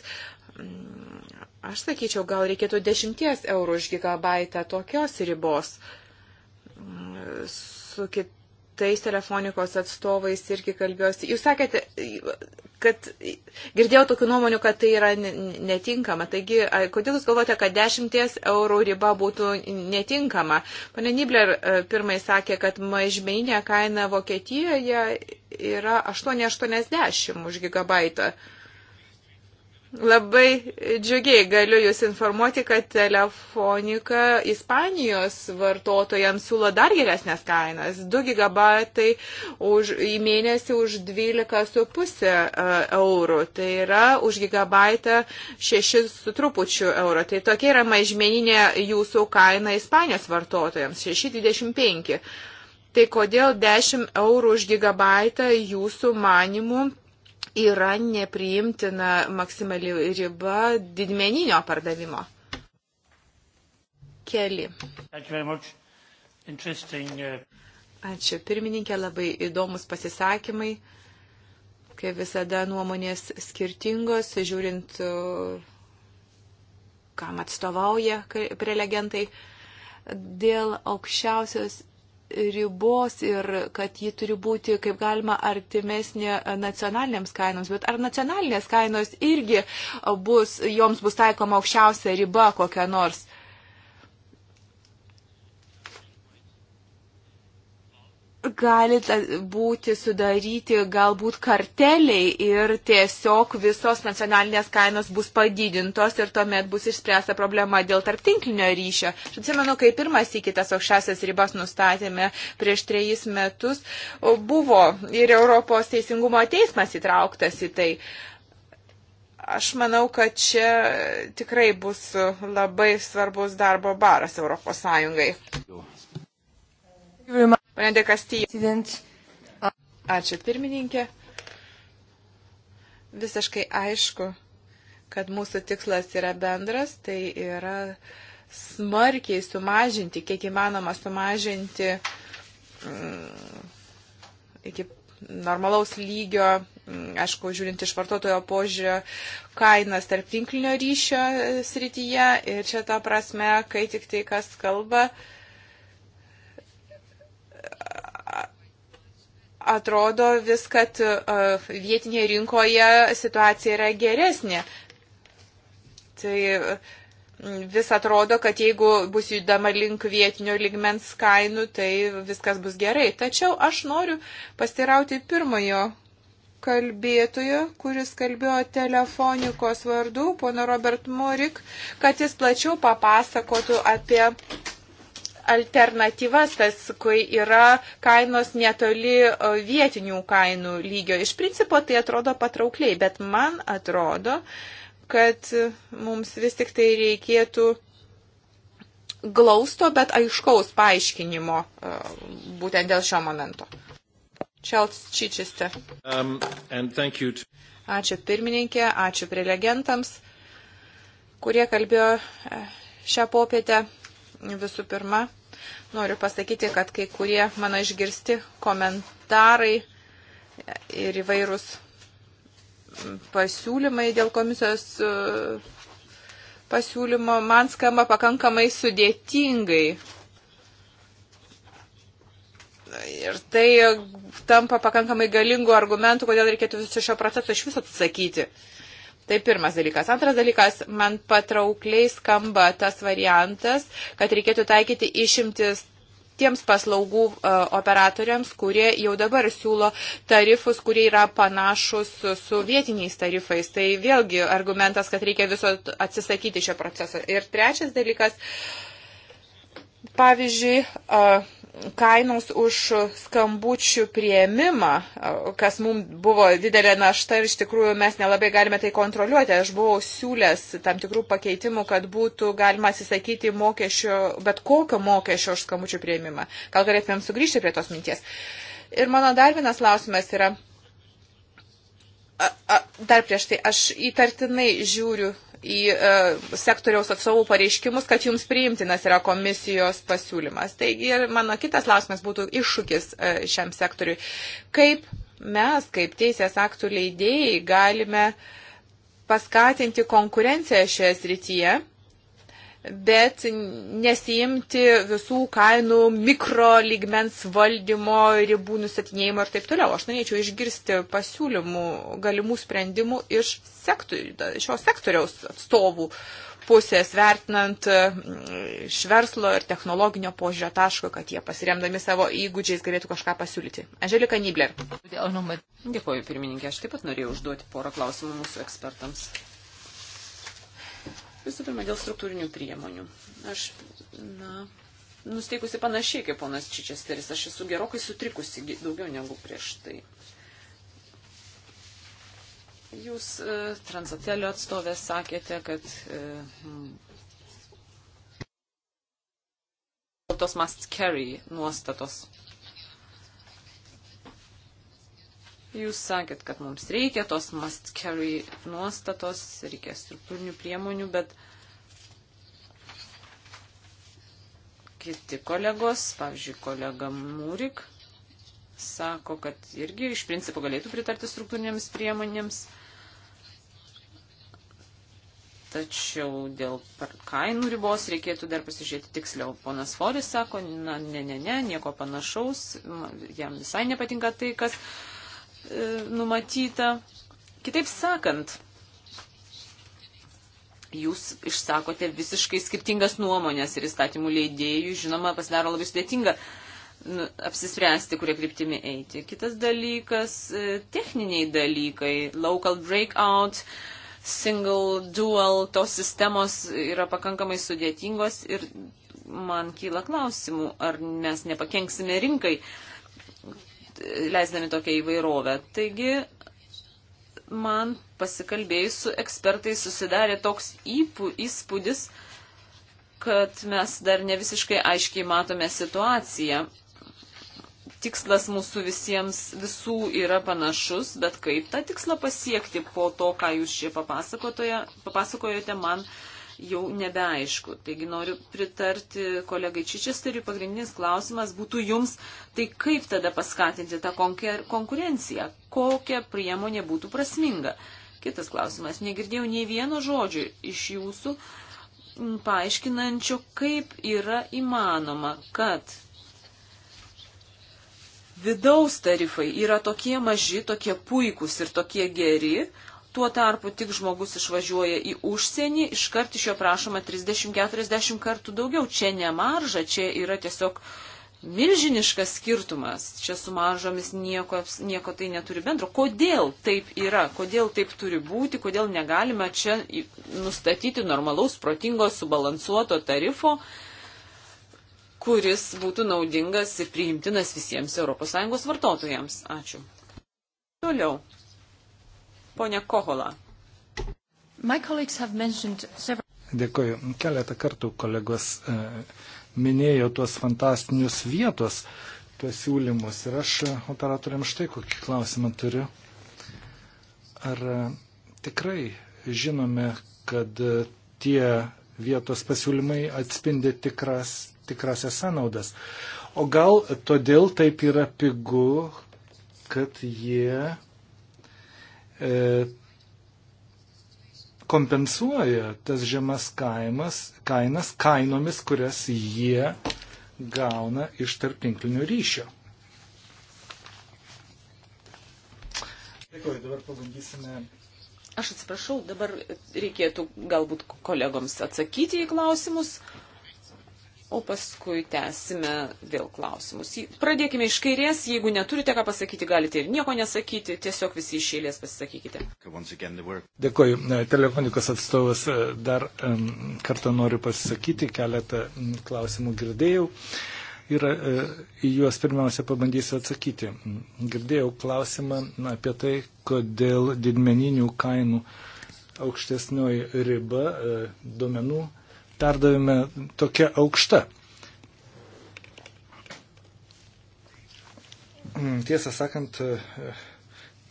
Mm, aš sakyčiau, gal reikėtų 10 eurų už gigabaitą tokios ribos mm, su kitais kitais telefonikos atstovais irgi kalbėjosi. Jūs sakėte, kad girdėjau tokių nuomonių, kad tai yra netinkama. Taigi, kodėl jūs galvojate, kad 10 eurų riba būtų netinkama? Pane Nibler e, pirmai sakė, kad mažmeninė kaina Vokietijoje yra 8,80 už gigabaitą. Labai džiugiai galiu Jūs informuoti, kad telefonika Ispanijos vartotojams siūlo dar geresnės kainas. 2 gigabatai už, į mėnesį už 12,5 e, eurų. Tai yra už gigabaitą 6 su trupučiu eurų. Tai tokia yra mažmeninė Jūsų kaina Ispanijos vartotojams - 6,25. Tai kodėl 10 eurų už gigabaitą jūsų manimų yra nepriimtina maksimali riba didmeninio pardavimo. Keli. Uh, Ačiū. Pirmininkė, labai įdomus pasisakymai. Kaip visada nuomonės skirtingos, žiūrint, kam atstovauja prelegentai. Dėl aukščiausios ribos ir kad ji turi būti kaip galima artimesnė nacionalinėms kainoms, bet ar nacionalinės kainos irgi bus, joms bus taikoma aukščiausia riba kokia nors. gali būti sudaryti galbūt karteliai ir tiesiog visos nacionalinės kainos bus padidintos ir tuomet bus išspręsta problema dėl tarptinklinio ryšio. Aš atsimenu, kai pirmas iki tas aukščiausias ribas nustatėme prieš trejus metus, buvo ir Europos teisingumo teismas įtrauktas į tai. Aš manau, kad čia tikrai bus labai svarbus darbo baras Europos Sąjungai. Pane Dekastyje. Ačiū pirmininkė. Visiškai aišku, kad mūsų tikslas yra bendras, tai yra smarkiai sumažinti, kiek įmanoma sumažinti mm, iki normalaus lygio, mm, aišku, žiūrint iš vartotojo požiūrio, kainas tarp tinklinio ryšio srityje. Ir čia ta prasme, kai tik tai kas kalba, uh, atrodo vis, kad vietinėje rinkoje situacija yra geresnė. Tai vis atrodo, kad jeigu bus judama link vietinio ligmens kainų, tai viskas bus gerai. Tačiau aš noriu pastirauti pirmojo kalbėtojo, kuris kalbėjo telefonikos vardu, pono Robert Morik, kad jis plačiau papasakotų apie alternatyvas, tas, kai yra kainos netoli e, vietinių kainų lygio. Iš principo tai atrodo patraukliai, bet man atrodo, kad mums vis tik tai reikėtų glausto, bet aiškaus paaiškinimo e, būtent dėl šio momento. Čelts Čičiste. Um, ačiū pirmininkė, ačiū prelegentams, kurie kalbėjo e, šią popietę visų pirma. Noriu pasakyti, kad kai kurie mano išgirsti komentarai ir įvairūs pasiūlymai dėl komisijos e, pasiūlymo man skamba pakankamai sudėtingai. Ir tai tampa pakankamai galingų argumentų, kodėl reikėtų viso šio proceso iš viso atsakyti. Uh, Tai pirmas dalykas. Antras dalykas, man patraukliai skamba tas variantas, kad reikėtų taikyti išimtis tiems paslaugų e, operatoriams, kurie jau dabar siūlo tarifus, kurie yra panašus su vietiniais tarifais. Tai vėlgi argumentas, kad reikia viso atsisakyti šio proceso. Ir trečias dalykas, pavyzdžiui, e, kainos už skambučių prieimimą, kas mums buvo didelė našta ir iš tikrųjų mes nelabai galime tai kontroliuoti. Aš buvau siūlęs tam tikrų pakeitimų, kad būtų galima atsisakyti mokesčio, bet kokio mokesčio už skambučių prieimimą. Gal galėtumėm sugrįžti prie tos minties. Ir mano dar vienas klausimas yra, a, a, dar prieš tai aš įtartinai žiūriu į e, sektoriaus atstovų pareiškimus, kad jums priimtinas yra komisijos pasiūlymas. Taigi ir mano kitas klausimas būtų iššūkis e, šiam sektoriui. Kaip mes, kaip teisės aktų leidėjai, galime paskatinti konkurenciją šioje srityje? bet nesijimti visų kainų mikro lygmens valdymo, ribų nustatinėjimo ir taip toliau. Aš norėčiau išgirsti pasiūlymų, galimų sprendimų iš sektori, šio sektoriaus atstovų pusės, vertinant mm, iš verslo ir technologinio požiūrio taško, kad jie pasiremdami savo įgūdžiais galėtų kažką pasiūlyti. Anželika Nibler. Dėkuoju, pirmininkė. Aš taip pat norėjau užduoti porą klausimų mūsų ekspertams. Visų pirma, dėl struktūrinių priemonių. Aš, na, nusteikusi panašiai kaip ponas Čičesteris, aš esu gerokai sutrikusi daugiau negu prieš tai. Jūs e, transatelio atstovė sakėte, kad e, tos must carry nuostatos Jūs sakėt, kad mums reikia tos must carry nuostatos, reikia struktūrinių priemonių, bet kiti kolegos, pavyzdžiui, kolega Mūrik, sako, kad irgi iš principo galėtų pritarti struktūrinėms priemonėms. Tačiau dėl kainų ribos reikėtų dar pasižiūrėti tiksliau. Ponas Foris sako, na, ne, ne, ne, nieko panašaus, jam visai nepatinka tai, kas E, numatyta. Kitaip sakant, jūs išsakote visiškai skirtingas nuomonės ir įstatymų leidėjų, žinoma, pasidaro labai sudėtinga nu, apsispręsti, kurie kryptimi eiti. Kitas dalykas e, - techniniai dalykai, local breakout, single, dual, tos sistemos yra pakankamai sudėtingos ir man kyla klausimų, ar mes nepakenksime rinkai. Uh, leisdami tokią įvairovę. Taigi, man pasikalbėjus su ekspertais susidarė toks įpū, įspūdis, kad mes dar ne visiškai aiškiai matome situaciją. Tikslas mūsų visiems visų yra panašus, bet kaip tą tikslą pasiekti po to, ką jūs čia papasakojote, man jau nebeaišku. Taigi noriu pritarti kolegai Čičesteriui, pagrindinis klausimas būtų jums, tai kaip tada paskatinti tą konkurenciją, kokia priemonė būtų prasminga. Kitas klausimas, negirdėjau nei vieno žodžio iš jūsų paaiškinančio, kaip yra įmanoma, kad vidaus tarifai yra tokie maži, tokie puikūs ir tokie geri, Tuo tarpu tik žmogus išvažiuoja į užsienį, iškart iš jo prašoma 30-40 kartų daugiau. Čia ne marža, čia yra tiesiog milžiniškas skirtumas. Čia su maržomis nieko, nieko tai neturi bendro. Kodėl taip yra, kodėl taip turi būti, kodėl negalime čia nustatyti normalaus, protingo, subalansuoto tarifo, kuris būtų naudingas ir priimtinas visiems ES vartotojams. Ačiū. Toliau. Pone Kohola. Several... Dėkoju. Keletą kartų kolegos e, minėjo tuos fantastinius vietos, tuos siūlymus. Ir aš e, operatoriam štai kokį klausimą turiu. Ar e, tikrai žinome, kad tie vietos pasiūlymai atspindi tikras, tikrasias sąnaudas? O gal todėl taip yra pigu, kad jie E, kompensuoja tas žemas kaimas, kainas kainomis, kurias jie gauna iš tarptinklinio ryšio. Dėkuoju, dabar pabandysime. Aš atsiprašau, dabar reikėtų galbūt kolegoms atsakyti į klausimus o paskui tęsime vėl klausimus. Pradėkime iš kairės, jeigu neturite ką pasakyti, galite ir nieko nesakyti, tiesiog visi iš eilės pasisakykite. Dėkoju. Telefonikos atstovas e, dar kartą noriu pasisakyti, keletą klausimų girdėjau ir e, į juos pirmiausia pabandysiu atsakyti. Girdėjau klausimą apie tai, kodėl didmeninių kainų aukštesnioji riba e, duomenų perdavime tokia aukšta. Hmm, tiesą sakant,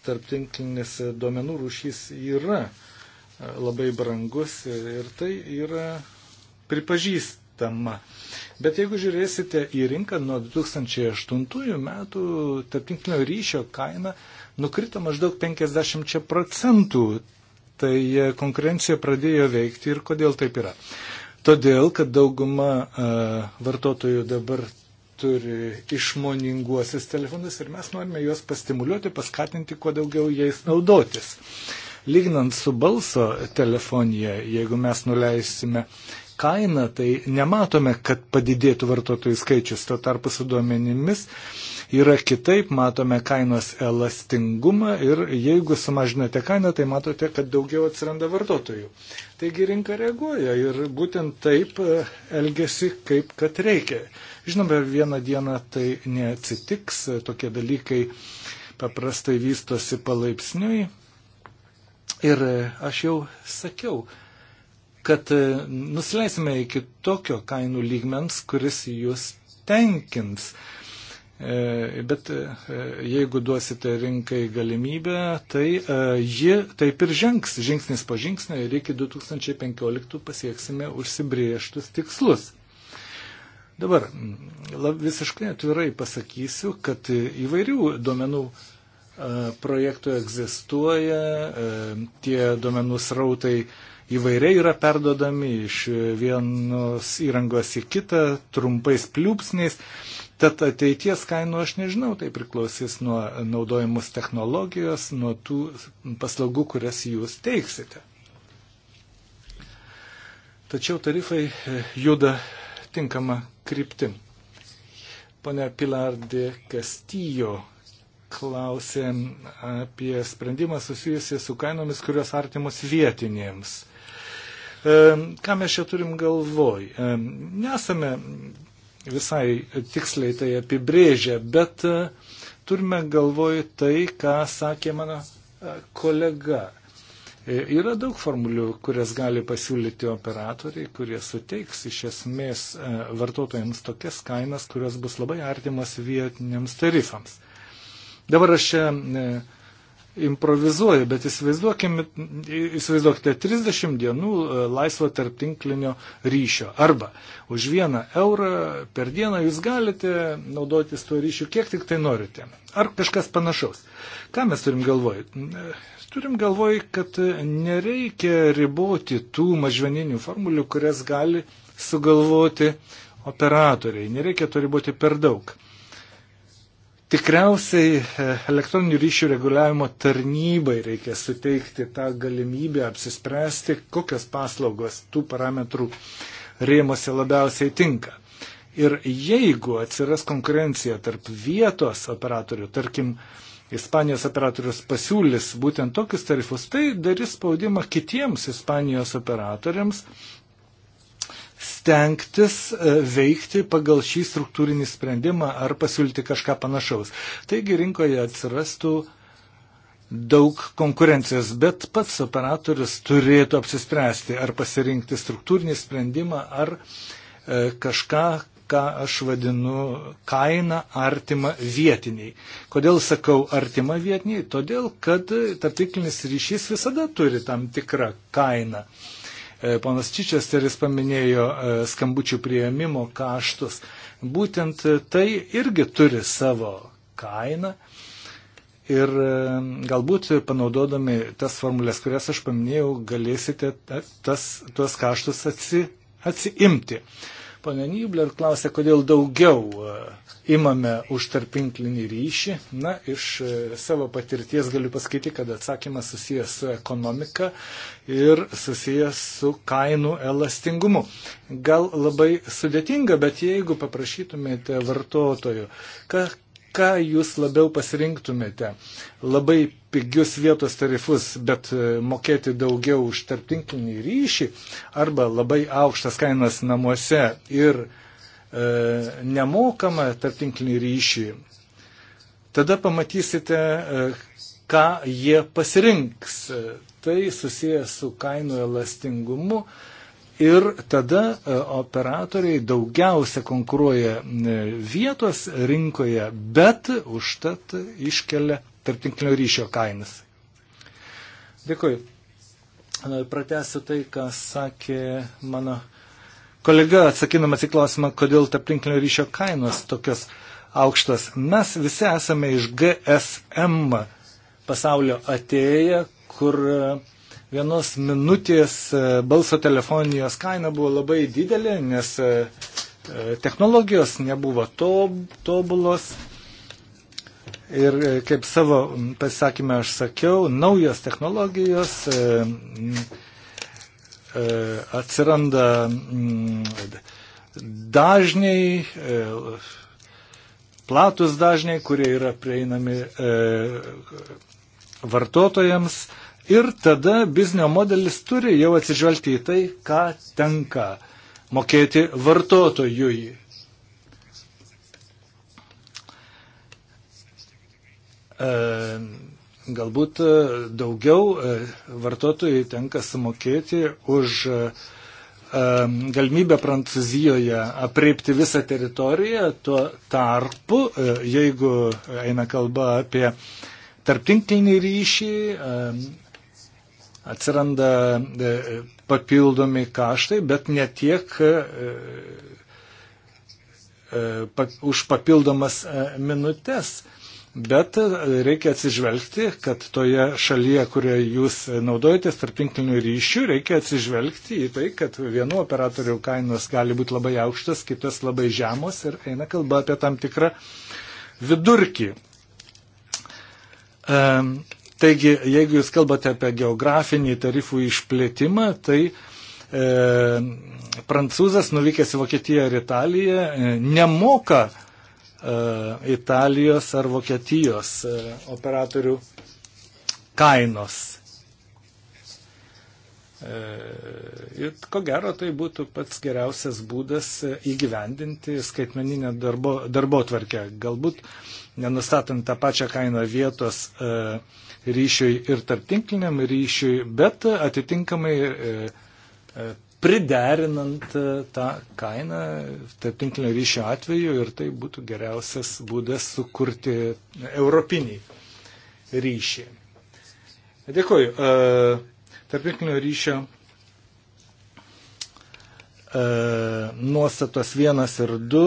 tarptinklinis duomenų rūšys yra e, labai brangus ir tai yra pripažįstama. Bet jeigu žiūrėsite į rinką nuo 2008 metų, tarptinklinio ryšio kaina nukrito maždaug 50 procentų. Tai e, konkurencija pradėjo veikti ir kodėl taip yra. Todėl, kad dauguma e, vartotojų dabar turi išmoninguosius telefonus ir mes norime juos pastimuliuoti, paskatinti kuo daugiau jais naudotis. Lyginant su balso telefonija, jeigu mes nuleisime kainą, tai nematome, kad padidėtų vartotojų skaičius. Tuo tarpu su duomenimis uh, yra kitaip, matome kainos elastingumą ir jeigu sumažinate kainą, tai matote, kad daugiau atsiranda vartotojų. Taigi rinka reaguoja ir būtent taip e, elgesi, kaip kad reikia. Žinoma, vieną dieną tai neatsitiks, e, tokie dalykai paprastai vystosi palaipsniui. Ir e, aš jau sakiau, kad nusileisime iki tokio kainų lygmens, kuris jūs tenkins. E, bet e, jeigu duosite rinkai galimybę, tai e, ji taip ir žengs žingsnis po žingsnio ir iki 2015 pasieksime užsibrieštus tikslus. Dabar lab, visiškai atvirai pasakysiu, kad įvairių duomenų projektų egzistuoja, tie duomenų srautai įvairiai yra perdodami iš vienos įrangos į kitą, trumpais pliūpsniais. Tad ateities kainų aš nežinau, tai priklausys nuo naudojimus technologijos, nuo tų paslaugų, kurias jūs teiksite. Tačiau tarifai e, juda tinkama kryptim. Pone Pilardė Kastijo klausė apie sprendimą susijusį su kainomis, kurios artimos vietinėms. E, ką mes čia turim galvoj? E, nesame visai tiksliai tai apibrėžia, bet e, turime galvoj tai, ką sakė mano e, kolega. E, yra daug formulių, kurias gali pasiūlyti operatoriai, kurie suteiks iš esmės vartotojams tokias kainas, kurios bus labai artimas vietiniams tarifams. Dabar aš čia improvizuoju, bet įsivaizduokite 30 dienų e, laisvo tarptinklinio ryšio. Arba už vieną eurą per dieną jūs galite naudotis tuo ryšiu kiek tik tai norite. Ar kažkas panašaus. Ką mes turim galvoj? E, turim galvoj, kad nereikia riboti tų mažmeninių formulių, kurias gali sugalvoti operatoriai. Nereikia to riboti per daug. Tikriausiai e, elektroninių ryšių reguliavimo tarnybai reikia suteikti tą galimybę apsispręsti, kokios paslaugos tų parametrų rėmose labiausiai tinka. Ir jeigu atsiras konkurencija tarp vietos operatorių, tarkim, Ispanijos operatorius pasiūlys būtent tokius tarifus, tai darys spaudimą kitiems Ispanijos operatoriams stengtis e, veikti pagal šį struktūrinį sprendimą ar pasiūlyti kažką panašaus. Taigi rinkoje atsirastų daug konkurencijos, bet pats operatorius turėtų apsispręsti ar pasirinkti struktūrinį sprendimą ar e, kažką, ką aš vadinu kaina artima vietiniai. Kodėl sakau artima vietiniai? Todėl, kad tarptiklinis ryšys visada turi tam tikrą kainą. E, E, ponas Čičesteris paminėjo e, skambučių prieimimo kaštus. Būtent e, tai irgi turi savo kainą. Ir galbūt panaudodami tas formulės, kurias aš paminėjau, galėsite tas, tuos kaštus atsi, atsiimti. Uh, Pane Nybler klausė, kodėl daugiau e, imame už tarpinklinį ryšį. Na, iš e, savo patirties galiu pasakyti, kad atsakymas susijęs su ekonomika ir susijęs su kainų elastingumu. Gal labai sudėtinga, bet jeigu paprašytumėte vartotojų, ką jūs labiau pasirinktumėte? Labai pigius vietos tarifus, bet e, mokėti daugiau už tarptinklinį ryšį arba labai aukštas kainas namuose ir e, nemokamą tarptinklinį ryšį. Tada pamatysite, e, ką jie pasirinks. E, tai susijęs su kainų elastingumu. E, Ir tada e, operatoriai daugiausia konkuruoja e, vietos rinkoje, bet užtat iškelia tarptinklinio ryšio kainas. Dėkui. E, pratęsiu tai, ką sakė mano kolega, atsakydamas į klausimą, kodėl tarptinklinio ryšio kainos tokios aukštas. Mes visi esame iš GSM pasaulio atėję, kur uh, vienos minutės e, balso telefonijos kaina buvo labai didelė, nes e, e, technologijos nebuvo tobulos. Ir kaip savo pasakymę aš sakiau, naujos technologijos atsiranda dažniai, platus dažniai, kurie yra prieinami vartotojams ir tada biznio modelis turi jau atsižvelgti į tai, ką tenka mokėti vartotojui. E, galbūt e, daugiau e, vartotojai tenka sumokėti už galimybę Prancūzijoje apreipti visą teritoriją, tuo tarpu, jeigu eina kalba apie tarptinklinį ryšį, atsiranda e, papildomi kaštai, bet ne tiek e, e, už papildomas minutės. Bet reikia atsižvelgti, kad toje šalyje, kurioje jūs naudojatės tarptinklinių ryšių, reikia atsižvelgti į tai, kad vienu operatorių kainos gali būti labai aukštas, kitas labai žemos ir eina kalba apie tam tikrą vidurkį. Taigi, jeigu jūs kalbate apie geografinį tarifų išplėtimą, tai e, prancūzas nuvykęs į Vokietiją ar Italiją e, nemoka e, Italijos ar Vokietijos e, operatorių kainos. E, ir ko gero tai būtų pats geriausias būdas e, įgyvendinti skaitmeninę darbo, darbo tvarkę. Galbūt nenustatant tą pačią kainą vietos. E, ryšiui ir tarptinkliniam ryšiui, bet atitinkamai e, e, priderinant e, tą kainą tarptinklinio ryšio atveju ir tai būtų geriausias būdas sukurti europinį ryšį. Dėkuoju. Tarptinklinio ryšio nuostatos 1 ir 2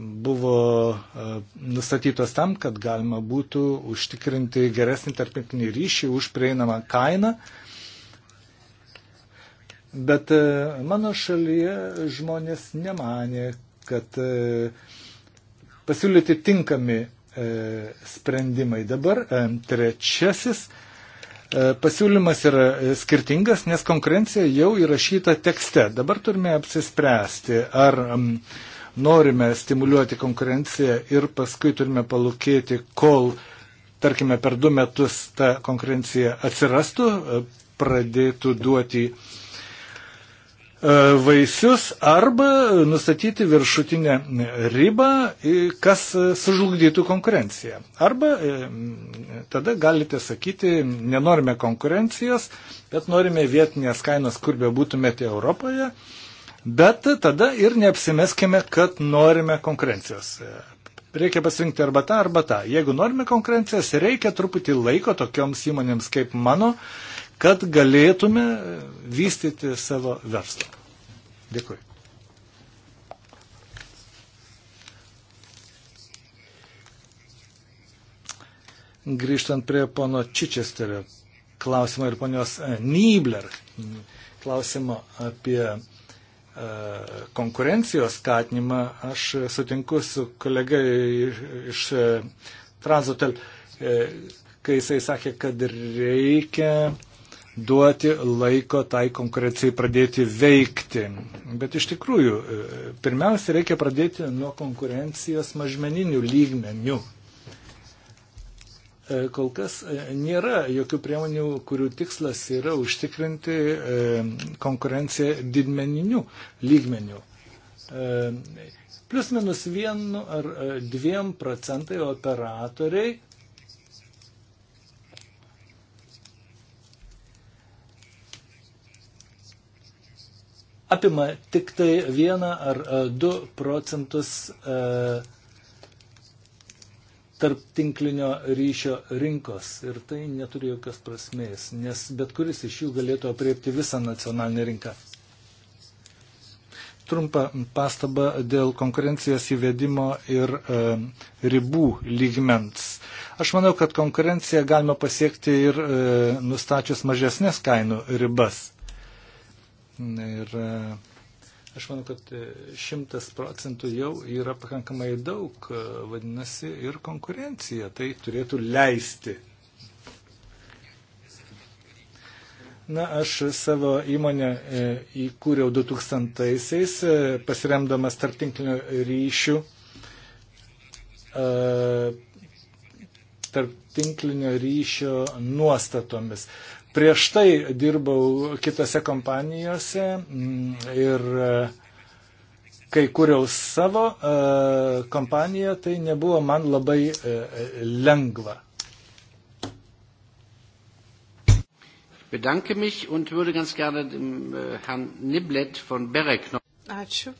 buvo e, nustatytos tam, kad galima būtų užtikrinti geresnį tarptautinį ryšį už prieinamą kainą. Bet e, mano šalyje žmonės nemanė, kad e, pasiūlyti tinkami sprendimai. Dabar trečiasis pasiūlymas yra skirtingas, nes konkurencija jau įrašyta tekste. Dabar turime apsispręsti, ar norime stimuliuoti konkurenciją ir paskui turime palūkėti, kol, tarkime, per du metus ta konkurencija atsirastų, e, pradėtų duoti e, vaisius arba nustatyti viršutinę ribą, kas sužlugdytų konkurenciją. Arba e, tada galite sakyti, nenorime konkurencijos, bet norime vietinės kainos, kur be būtumėte Europoje Bet tada ir neapsimeskime, kad norime konkurencijos. Reikia pasirinkti arba tą, arba tą. Jeigu norime konkurencijos, reikia truputį laiko tokioms įmonėms kaip mano, kad galėtume vystyti savo verslą. Dėkui. Grįžtant prie pono Čičesterio klausimo ir ponios Nibler klausimo apie konkurencijos skatinimą, aš sutinku su kolega iš e, Transotel, e, kai jisai sakė, kad reikia duoti laiko tai konkurencijai pradėti veikti. Bet iš tikrųjų, e, pirmiausia, reikia pradėti nuo konkurencijos mažmeninių lygmenių. E, kol kas e, nėra jokių priemonių, kurių tikslas yra užtikrinti e, konkurenciją didmeninių lygmenių. Plius minus vienu ar dviem procentai operatoriai apima tik tai vieną ar du procentus uh, tarp tinklinio ryšio rinkos. Ir tai neturi jokios prasmės, nes bet kuris iš jų galėtų apriepti visą nacionalinę rinką. Trumpa pastaba dėl konkurencijos įvedimo ir e, ribų lygmens. Aš manau, kad konkurenciją galima pasiekti ir e, nustačius mažesnės kainų ribas. Ir e, Aš manau, kad e, šimtas procentų jau yra pakankamai daug, e, vadinasi, ir konkurencija tai turėtų leisti. Na, aš savo įmonę e, įkūriau 2000-aisiais, pasiremdamas tarptinklinio ryšių, tarptinklinio ryšio nuostatomis. Prieš tai dirbau kitose kompanijose mm, ir e, kai kūriau savo e, kompaniją, tai nebuvo man labai e, lengva. bedanke mich und würde ganz gerne dem äh, Herrn Niblet von Berek noch. Ačiū.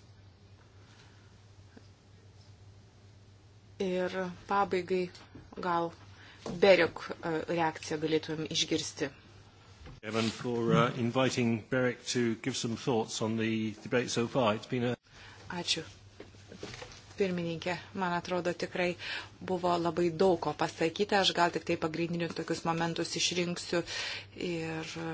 Ir pabaigai gal Berek äh, reakciją galėtumėm išgirsti. Chairman, for uh, inviting Beric to give some thoughts on the debate so far. It's been a... Ačiū. Pirmininkė, man atrodo, tikrai buvo labai daug ko pasakyti. Aš gal tik tai pagrindinius tokius momentus išrinksiu. Ir e,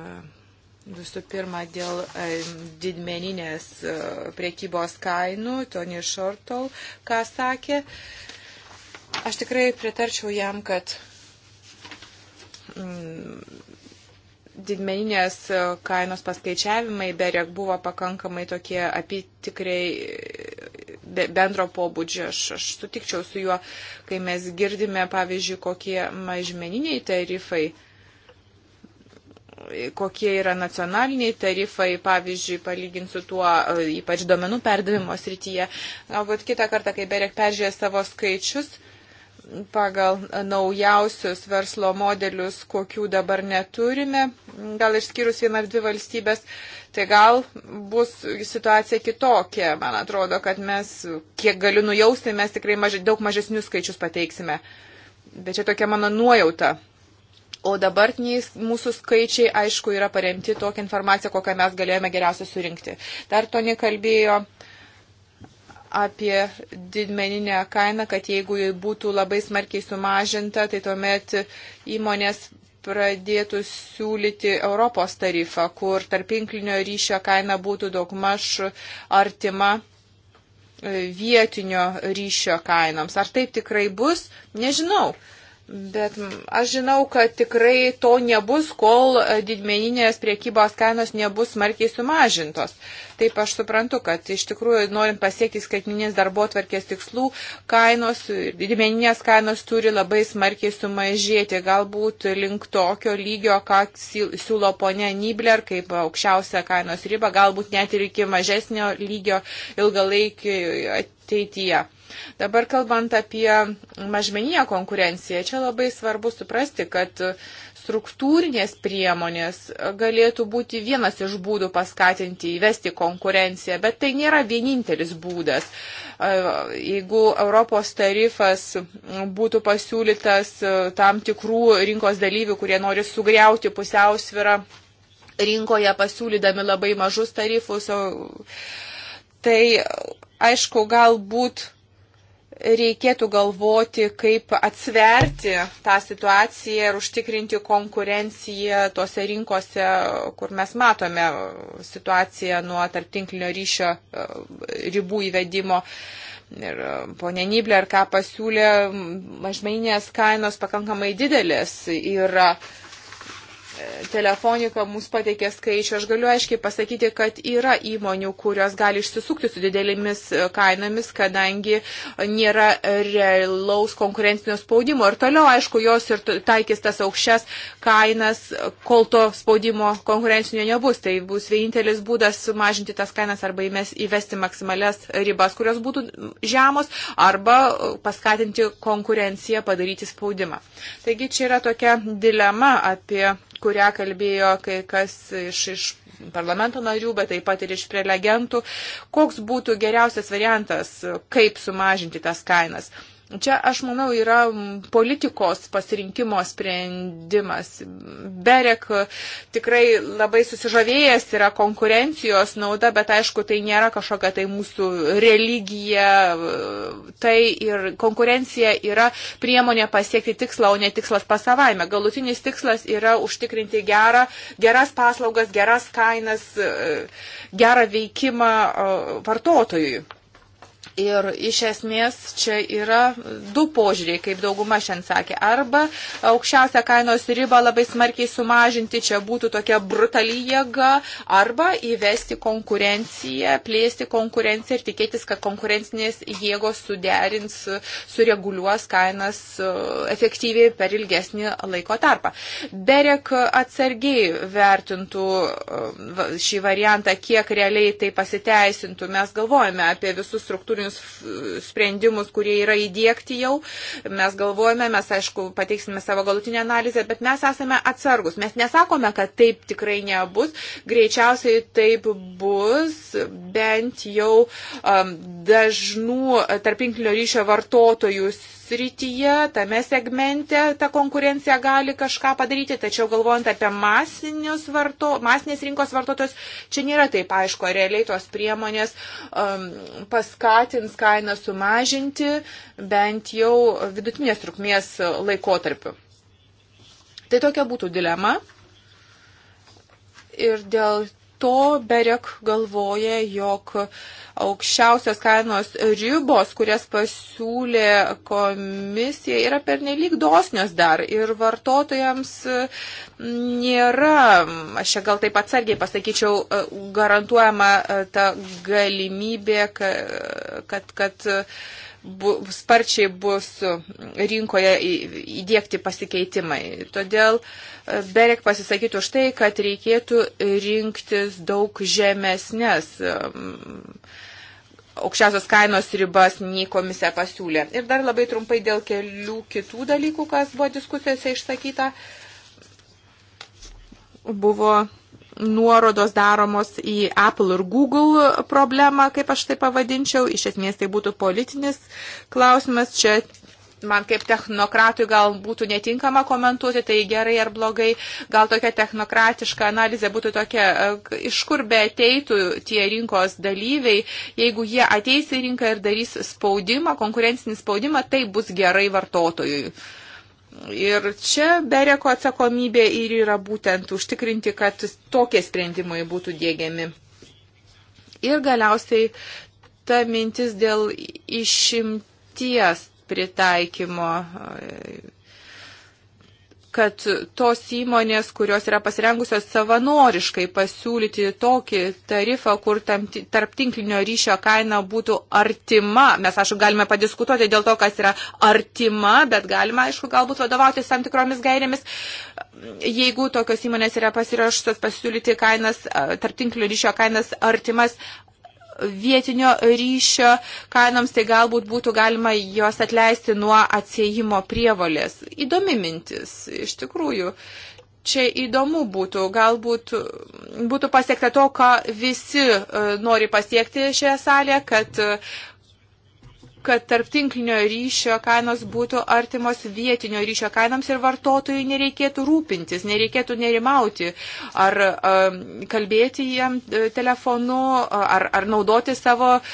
visų pirma, dėl e, didmeninės e, priekybos kainų, Tony Shortall, ką sakė. Aš tikrai pritarčiau jam, kad mm, didmeninės e, kainos paskaičiavimai berek buvo pakankamai tokie apitikriai bendro pobūdžio. Aš, aš sutikčiau su juo, kai mes girdime, pavyzdžiui, kokie mažmeniniai tarifai kokie yra nacionaliniai tarifai, pavyzdžiui, palyginti su tuo, e, ypač duomenų perdavimo srityje. Galbūt kitą kartą, kai Berek peržiūrė savo skaičius, uh, pagal naujausius verslo modelius, kokių dabar neturime, gal išskyrus vieną ar dvi valstybės, tai gal bus situacija kitokia. Man atrodo, kad mes, kiek galiu nujausti, mes tikrai mažai, daug mažesnius skaičius pateiksime. Bet čia tokia mano nuojauta. O dabartiniai mūsų skaičiai, aišku, yra paremti tokią informaciją, kokią mes galėjome geriausiai surinkti. Dar to nekalbėjo apie didmeninę kainą, kad jeigu jį būtų labai smarkiai sumažinta, tai tuomet įmonės pradėtų siūlyti Europos tarifą, kur tarpinklinio ryšio kaina būtų daugmaž artima e, vietinio ryšio kainoms. Ar taip tikrai bus, nežinau. Bet aš žinau, kad tikrai to nebus, kol e, didmeninės priekybos kainos nebus smarkiai sumažintos. Taip aš suprantu, kad iš tikrųjų norint pasiekti skaitminės darbo tvarkės tikslų, kainos, didmeninės kainos turi labai smarkiai sumažėti, galbūt link tokio lygio, ką siūlo ponė Nibler, kaip aukščiausia kainos riba, galbūt net ir iki mažesnio lygio ilgalaikį ateityje. Dabar kalbant apie mažmeninę konkurenciją, čia labai svarbu suprasti, kad struktūrinės priemonės galėtų būti vienas iš būdų paskatinti įvesti konkurenciją, bet tai nėra vienintelis būdas. Jeigu Europos tarifas būtų pasiūlytas tam tikrų rinkos dalyvių, kurie nori sugriauti pusiausvirą rinkoje pasiūlydami labai mažus tarifus, tai aišku, galbūt reikėtų galvoti, kaip atsverti tą situaciją ir užtikrinti konkurenciją tose rinkose, kur mes matome situaciją nuo tarptinklinio ryšio e, ribų įvedimo. Ir e, ponė Nibler, ką pasiūlė, mažmaininės kainos pakankamai didelės yra. Ir telefonika mums pateikė skaičių, aš galiu aiškiai pasakyti, kad yra įmonių, kurios gali išsisukti su didelėmis e, kainomis, kadangi nėra realaus konkurencinio spaudimo. Ir toliau, aišku, jos ir taikys tas aukščias kainas, kol to spaudimo konkurencinio nebus. Tai bus vienintelis būdas sumažinti tas kainas arba įvesti maksimalias ribas, kurios būtų žemos, arba e, paskatinti konkurenciją padaryti spaudimą. Taigi čia yra tokia dilema apie kurią kalbėjo kai kas iš, iš parlamento narių, bet taip pat ir iš prelegentų, koks būtų geriausias variantas, kaip sumažinti tas kainas. Čia, aš manau, yra politikos pasirinkimo sprendimas. Berek e, tikrai labai susižavėjęs yra konkurencijos nauda, bet aišku, tai nėra kažkokia tai mūsų religija. E, tai ir konkurencija yra priemonė pasiekti tikslą, o ne tikslas pasavaime. Galutinis tikslas yra užtikrinti gerą, geras paslaugas, geras kainas, e, gerą veikimą vartotojui. Ir iš esmės čia yra du požiūriai, kaip dauguma šiandien sakė. Arba aukščiausią kainos ribą labai smarkiai sumažinti, čia būtų tokia brutali jėga, arba įvesti konkurenciją, plėsti konkurenciją ir tikėtis, kad konkurencinės jėgos suderins, sureguliuos kainas e, efektyviai per ilgesnį laiko tarpą. Berek atsargiai vertintų e, šį variantą, kiek realiai tai pasiteisintų. Mes galvojame apie visus struktūrų infrastruktūrinius sprendimus, kurie yra įdėkti jau. Mes galvojame, mes aišku pateiksime savo galutinę analizę, bet mes esame atsargus. Mes nesakome, kad taip tikrai nebus. Greičiausiai taip bus bent jau um, dažnų tarpinklinio ryšio vartotojus srityje, tame segmente ta konkurencija gali kažką padaryti, tačiau galvojant apie varto, masinės rinkos vartotojus, čia nėra taip aišku, ar realiai tos priemonės um, paskatins kainą sumažinti bent jau vidutinės trukmės laikotarpiu. Tai tokia būtų dilema. Ir dėl to Berek galvoja, jog aukščiausios kainos ribos, kurias pasiūlė komisija, yra pernelyg dosnios dar ir vartotojams nėra, aš čia gal taip atsargiai pasakyčiau, garantuojama ta galimybė, kad, kad bu, sparčiai bus rinkoje įdėkti pasikeitimai. Todėl e, Berek pasisakytų už tai, kad reikėtų rinktis daug žemesnės e, aukščiausios kainos ribas, nei komisija pasiūlė. Ir dar labai trumpai dėl kelių kitų dalykų, kas buvo diskusijose išsakyta. Buvo nuorodos daromos į Apple ir Google problemą, kaip aš tai pavadinčiau. Iš esmės tai būtų politinis klausimas. Čia man kaip technokratui gal būtų netinkama komentuoti, tai gerai ar blogai. Gal tokia technokratiška analizė būtų tokia, e, iš kur be ateitų tie rinkos dalyviai. Jeigu jie ateis į rinką ir darys spaudimą, konkurencinį spaudimą, tai bus gerai vartotojui. Ir čia Bereko atsakomybė ir yra būtent užtikrinti, kad tokie sprendimai būtų dėgiami. Ir galiausiai ta mintis dėl išimties pritaikymo kad tos įmonės, kurios yra pasirengusios savanoriškai pasiūlyti tokį tarifą, kur tarp tinklinio ryšio kaina būtų artima, mes aišku galime padiskutuoti dėl to, kas yra artima, bet galima aišku galbūt vadovautis tam tikromis gairėmis, jeigu tokios įmonės yra pasiruošusios pasiūlyti kainas, tarp tinklinio ryšio kainas artimas, vietinio ryšio kainoms, tai galbūt būtų galima juos atleisti nuo atsiejimo prievolės. Įdomi mintis, iš tikrųjų. Čia įdomu būtų, galbūt būtų pasiekta to, ką visi e, nori pasiekti šioje salėje, kad kad tarp tinklinio ryšio kainos būtų artimos vietinio ryšio kainams ir vartotojai nereikėtų rūpintis, nereikėtų nerimauti, ar um, kalbėti jam e, telefonu, ar, ar naudoti savo uh,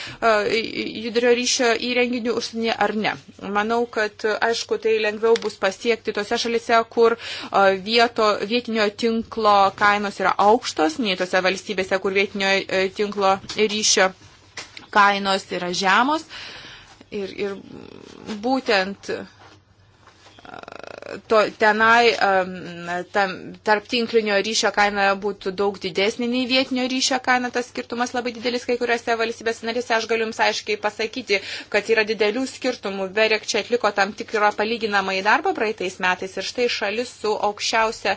judrio ryšio įrenginių užsienį ar ne. Manau, kad aišku, tai lengviau bus pasiekti tose šalise, kur uh, vieto, vietinio tinklo kainos yra aukštos, nei tose valstybėse, kur vietinio uh, tinklo ryšio kainos yra žemos. Uh, Ir, ir būtent e, to, tenai tam, tarp tinklinio ryšio kaina būtų daug didesnė nei vietinio ryšio kaina, tas skirtumas labai didelis kai kuriuose valstybės narėse. Aš galiu Jums aiškiai pasakyti, kad yra didelių skirtumų. Berek čia atliko tam tikrą palyginamą į darbą praeitais metais ir štai šalis su aukščiausia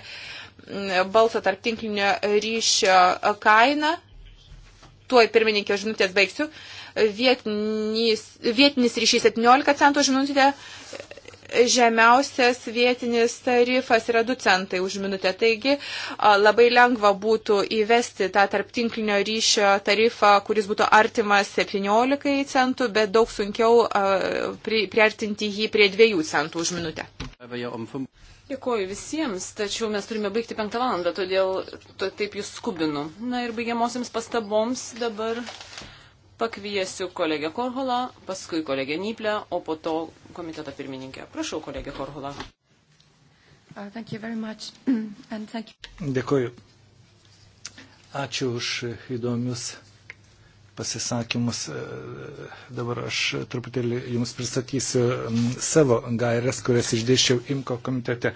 balso tarp tinklinio ryšio kaina. Tuoj pirmininkė žinutės baigsiu. Uh, vietinis, vietinis ryšys 17 centų už minutę, žemiausias vietinis tarifas yra 2 centai už minutę. Taigi labai lengva būtų įvesti tą tarptinklinio ryšio tarifą, kuris būtų artimas 17 centų, bet daug sunkiau priartinti jį prie 2 centų už minutę. Dėkuoju visiems, tačiau mes turime baigti penktą valandą, todėl to, taip jūs skubinu. Na ir baigiamosiams pastaboms dabar pakviesiu kolegę Korholą, paskui kolegę Nyplę, o po to komiteto pirmininkę. Prašau, kolegė Korholą. Uh, Dėkuoju. Ačiū už įdomius pasisakymus. E, dabar aš truputėlį Jums pristatysiu savo gairias, kurias išdėščiau IMKO komitete.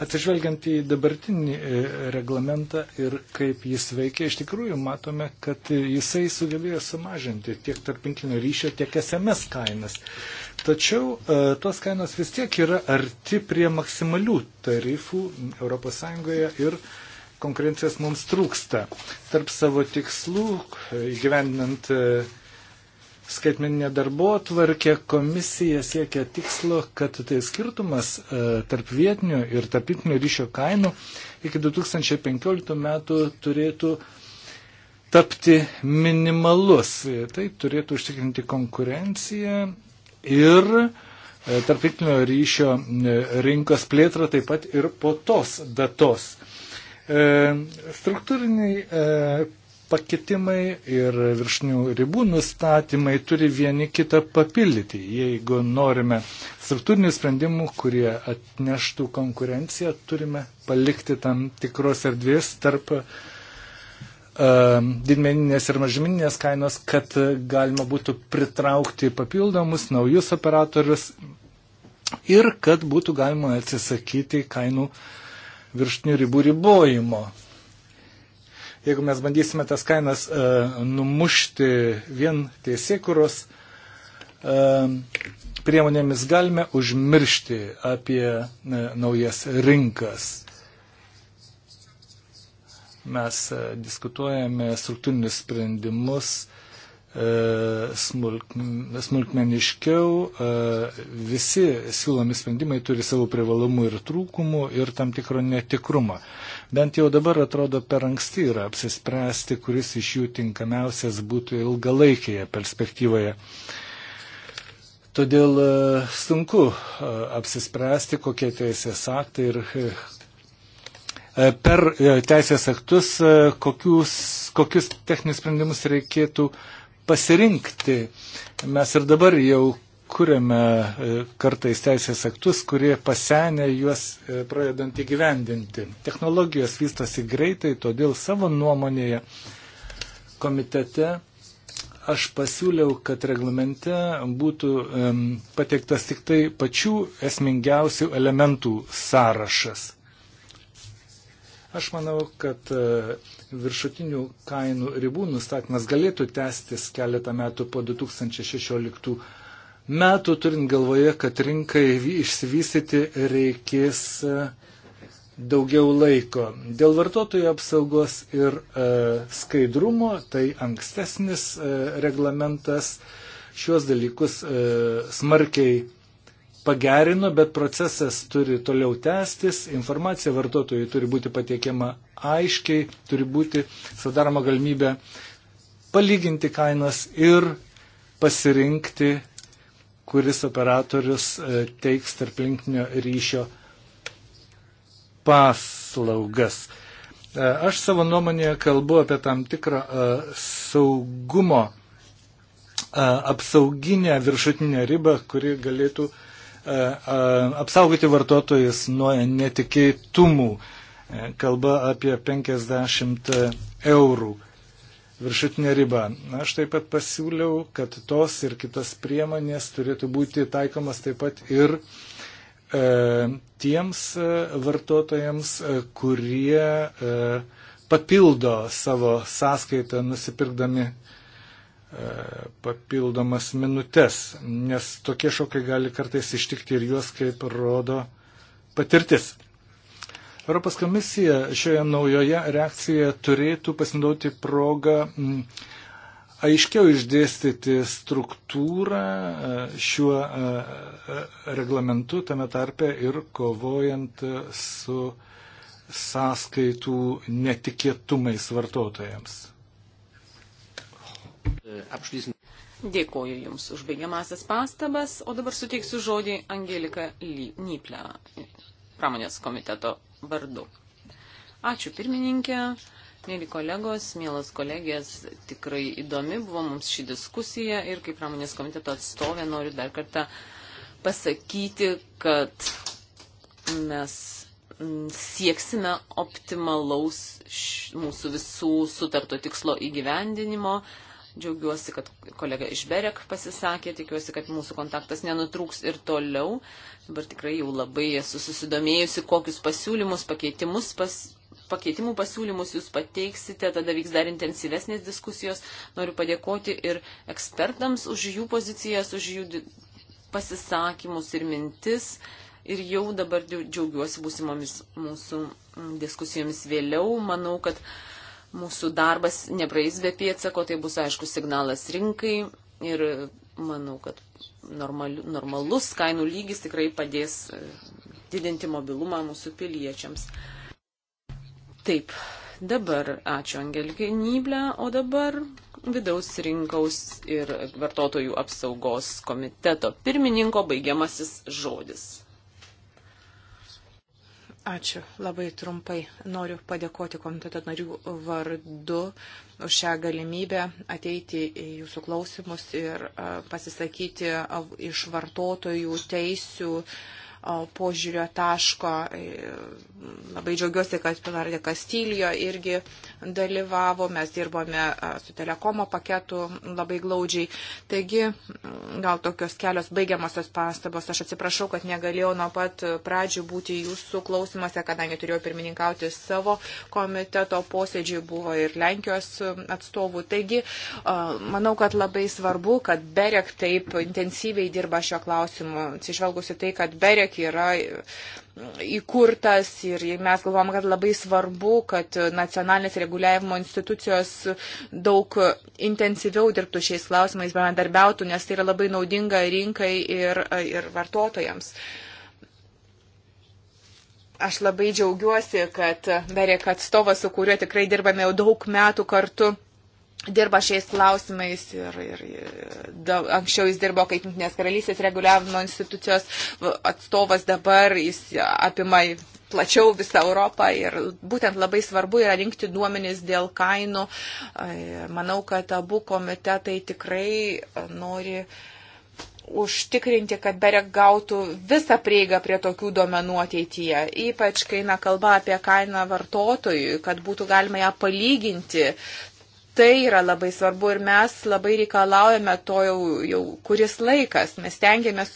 Atsižvelgiant į dabartinį e, reglamentą ir kaip jis veikia, iš tikrųjų matome, kad jisai sugebėjo sumažinti tiek tarpinklinio ryšio, tiek SMS kainas. Tačiau e, tos kainos vis tiek yra arti prie maksimalių tarifų ES ir konkurencijos mums trūksta. Tarp savo tikslų, e, įgyvendinant skaitmeninė darbo tvarkė komisija siekia tikslo, kad tai skirtumas e, tarp vietinių ir tarptautinio ryšio kainų iki 2015 metų turėtų tapti minimalus. Tai turėtų užtikrinti konkurenciją ir e, tarptautinio ryšio e, rinkos plėtrą taip pat ir po tos datos. Struktūriniai pakitimai ir viršnių ribų nustatymai turi vieni kitą papildyti. Jeigu norime struktūrinių sprendimų, kurie atneštų konkurenciją, turime palikti tam tikros erdvės tarp uh, didmeninės ir mažmeninės kainos, kad galima būtų pritraukti papildomus naujus operatorius ir kad būtų galima atsisakyti kainų viršnių ribų ribojimo. Jeigu mes bandysime tas kainas e, numušti vien teisėkuros e, priemonėmis, galime užmiršti apie e, naujas rinkas. Mes e, diskutuojame struktūrinius sprendimus, e, E, smulk, smulkmeniškiau, e, visi siūlomi sprendimai turi savo privalumų ir trūkumų ir tam tikro netikrumą. Bent jau dabar atrodo per anksti yra apsispręsti, kuris iš jų tinkamiausias būtų ilgalaikėje perspektyvoje. Todėl e, sunku apsispręsti, kokie teisės aktai ir per teisės aktus kokius, kokius techninius sprendimus reikėtų uh, pasirinkti. Mes ir dabar jau kuriame e, kartais teisės aktus, kurie pasenę juos e, pradedant įgyvendinti. Technologijos vystosi greitai, todėl savo nuomonėje komitete aš pasiūliau, kad reglamente būtų um, pateiktas tik tai pačių esmingiausių elementų sąrašas. Aš manau, kad uh, viršutinių kainų ribų nustatymas galėtų tęstis keletą metų po 2016 metų, turint galvoje, kad rinkai išsivystyti reikės e, daugiau laiko. Dėl vartotojų apsaugos ir e, skaidrumo, tai ankstesnis e, reglamentas šiuos dalykus e, smarkiai pagerino, bet procesas turi toliau tęstis, informacija vartotojai turi būti patiekiama aiškiai, turi būti sudaroma galimybė palyginti kainas ir pasirinkti, kuris operatorius e, teiks tarp linknio ryšio paslaugas. E, aš savo nuomonėje kalbu apie tam tikrą e, saugumo apsauginę viršutinę ribą, kuri galėtų uh, E, apsaugoti vartotojus nuo netikėtumų. E, kalba apie 50 eurų viršutinė riba. Aš taip pat pasiūliau, kad tos ir kitas priemonės turėtų būti taikomas taip pat ir e, tiems e, vartotojams, kurie e, papildo savo sąskaitą nusipirkdami papildomas minutės, nes tokie šokai gali kartais ištikti ir juos, kaip rodo patirtis. Europos komisija šioje naujoje reakcijoje turėtų pasinaudoti progą mm, aiškiau išdėstyti struktūrą e, šiuo e, e, reglamentu, tame tarpe ir kovojant su sąskaitų netikėtumais vartotojams. Dėkoju Jums už baigiamasias pastabas, o dabar suteiksiu žodį Angelika Nyplę, pramonės komiteto vardu. Ačiū pirmininkė, mėly kolegos, mielas kolegės, tikrai įdomi buvo mums ši diskusija ir kaip pramonės komiteto atstovė noriu dar kartą pasakyti, kad mes sieksime optimalaus mūsų visų sutarto tikslo įgyvendinimo Džiaugiuosi, kad kolega iš Berek pasisakė, tikiuosi, kad mūsų kontaktas nenutrūks ir toliau. Dabar tikrai jau labai esu susidomėjusi, kokius pasiūlymus, pakeitimus pas, pakeitimų pasiūlymus jūs pateiksite, tada vyks dar intensyvesnės diskusijos. Noriu padėkoti ir ekspertams už jų pozicijas, už jų pasisakymus ir mintis. Ir jau dabar džiaugiuosi būsimomis mūsų diskusijomis vėliau. Manau, kad uh, mūsų darbas nepraeis be pėtsako, tai bus aišku signalas rinkai ir manau, kad normal, normalus kainų lygis tikrai padės e, didinti mobilumą mūsų piliečiams. Taip, dabar ačiū Angelikai Nyblę, o dabar vidaus rinkaus ir vartotojų apsaugos komiteto pirmininko baigiamasis žodis. Ačiū. Labai trumpai noriu padėkoti komiteto narių vardu už šią galimybę ateiti į jūsų klausimus ir pasisakyti iš vartotojų teisių požiūrio taško. E, labai džiaugiuosi, kad Pilar de Castillo irgi dalyvavo, mes dirbome su telekomo paketu labai glaudžiai. Taigi, gal tokios kelios baigiamosios pastabos. Aš atsiprašau, kad negalėjau nuo pat pradžių būti jūsų klausimuose, kadangi turėjau pirmininkauti savo komiteto posėdžiui, buvo ir Lenkijos atstovų. Taigi, manau, kad labai svarbu, kad Berek taip intensyviai dirba šio klausimu. Atsižvelgusi tai, kad Berek tiek yra įkurtas ir mes galvom, kad labai svarbu, kad nacionalinės reguliavimo institucijos daug intensyviau dirbtų šiais klausimais, bendarbiautų, nes tai yra labai naudinga rinkai ir, ir vartotojams. Aš labai džiaugiuosi, kad Berek atstovas, su kuriuo tikrai dirbame jau daug metų kartu, dirba šiais klausimais ir, ir, ir da, anksčiau jis dirbo kaip Junktinės karalystės reguliavimo institucijos atstovas, dabar jis apima plačiau visą Europą ir būtent labai svarbu yra rinkti duomenis dėl kainų. Manau, kad abu komitetai tikrai nori užtikrinti, kad Berek gautų visą prieigą prie tokių duomenų ateityje, ypač kai na, kalba apie kainą vartotojui, kad būtų galima ją palyginti tai yra labai svarbu ir mes labai reikalaujame to jau, jau kuris laikas. Mes tengiamės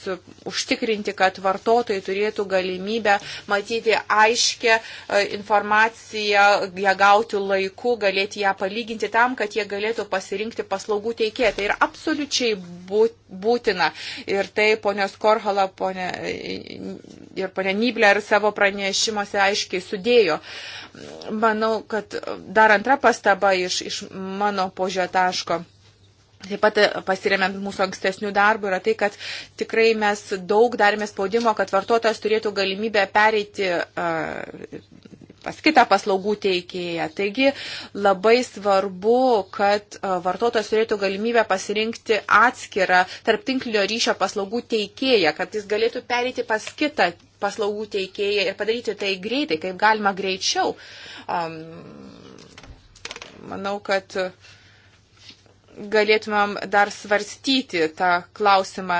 užtikrinti, kad vartotojai turėtų galimybę matyti aiškę e, informaciją, ją gauti laiku, galėti ją palyginti tam, kad jie galėtų pasirinkti paslaugų teikėją. Tai yra absoliučiai būtina. Ir tai ponios Korhala ponė, ir ponė Nyblė ir savo pranešimuose aiškiai sudėjo. Uh, manau, kad dar antra pastaba iš, iš mano požio taško. Taip pat pasiremiant mūsų ankstesnių darbų yra tai, kad tikrai mes daug darėme spaudimo, kad vartotojas turėtų galimybę pereiti uh, pas kitą paslaugų teikėją. Taigi labai svarbu, kad vartotojas turėtų galimybę pasirinkti atskirą tarptinklinio ryšio paslaugų teikėją, kad jis galėtų pereiti pas kitą paslaugų teikėjai ir padaryti tai greitai, kaip galima greičiau. Um, manau, kad galėtumėm dar svarstyti tą klausimą,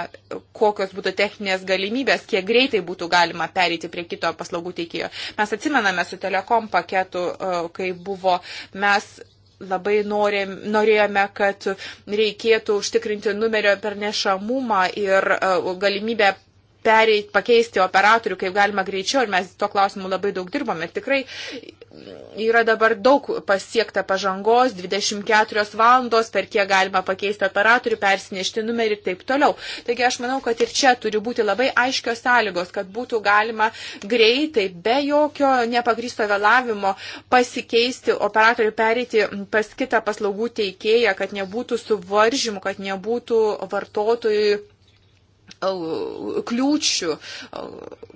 kokios būtų techninės galimybės, kiek greitai būtų galima pereiti prie kito paslaugų teikėjo. Mes atsimename su telekom paketu, e, kai buvo, mes labai norėm, norėjome, kad reikėtų užtikrinti numerio pernešamumą ir e, galimybę pereit, pakeisti operatorių kaip galima greičiau ir mes to klausimu labai daug dirbome. Tikrai yra dabar daug pasiekta pažangos, 24 valandos, per kiek galima pakeisti operatorių, persinešti numerį ir taip toliau. Taigi aš manau, kad ir čia turi būti labai aiškios sąlygos, kad būtų galima greitai, be jokio nepagrysto vėlavimo pasikeisti operatorių, pereiti pas kitą paslaugų teikėją, kad nebūtų suvaržymų, kad nebūtų vartotojų kliūčių,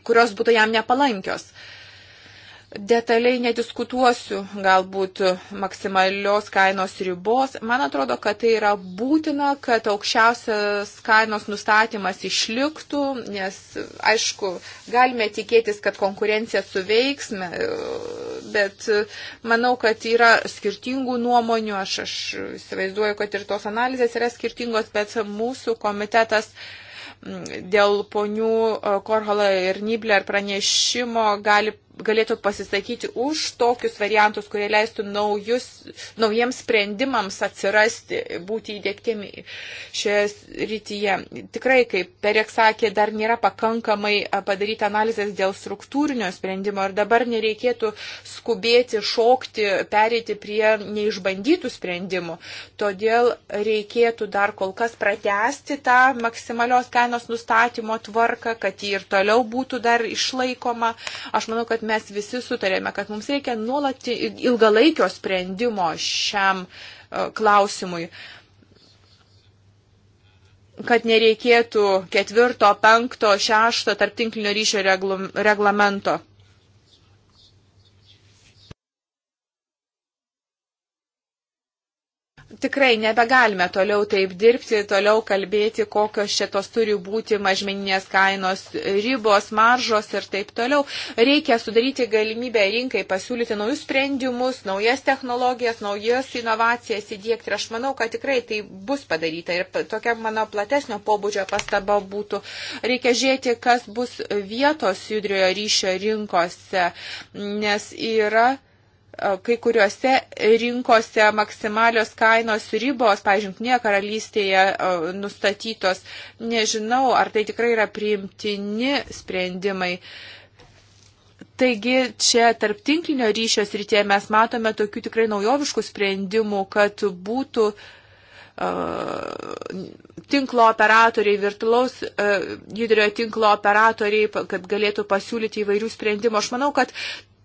kurios būtų jam nepalankios. Detaliai nediskutuosiu galbūt maksimalios kainos ribos. Man atrodo, kad tai yra būtina, kad aukščiausias kainos nustatymas išliktų, nes, aišku, galime tikėtis, kad konkurencija suveiks, bet manau, kad yra skirtingų nuomonių. Aš, aš įsivaizduoju, kad ir tos analizės yra skirtingos, bet mūsų komitetas. Uh, dėl ponių e, Korhola ir Nibler pranešimo gali galėtų pasisakyti už tokius variantus, kurie leistų naujus, naujiems sprendimams atsirasti, būti įdėktėmi šioje rytyje. Tikrai, kaip Perek sakė, dar nėra pakankamai padaryta analizės dėl struktūrinio sprendimo ir dabar nereikėtų skubėti, šokti, perėti prie neišbandytų sprendimų. Todėl reikėtų dar kol kas pratesti tą maksimalios kainos nustatymo tvarką, kad ji ir toliau būtų dar išlaikoma. Aš manau, kad mes visi sutarėme, kad mums reikia nuolat ilgalaikio sprendimo šiam e, klausimui kad nereikėtų ketvirto, penkto, šešto tarptinklinio ryšio reglamento. tikrai nebegalime toliau taip dirbti, toliau kalbėti, kokios šitos turi būti mažmeninės kainos ribos, maržos ir taip toliau. Reikia sudaryti galimybę rinkai pasiūlyti naujus sprendimus, naujas technologijas, naujas inovacijas įdėkti. Ir aš manau, kad tikrai tai bus padaryta. Ir tokia mano platesnio pobūdžio pastaba būtų. Reikia žiūrėti, kas bus vietos judriojo ryšio rinkose, nes yra kai kuriuose rinkose maksimalios kainos ribos, pažiūrėkime, karalystėje nustatytos. Nežinau, ar tai tikrai yra priimtini sprendimai. Taigi čia tarp tinklinio ryšio srityje mes matome tokių tikrai naujoviškų sprendimų, kad būtų uh, tinklo operatoriai, virtualaus uh, judriojo tinklo operatoriai, kad galėtų pasiūlyti įvairių sprendimų. Aš manau, kad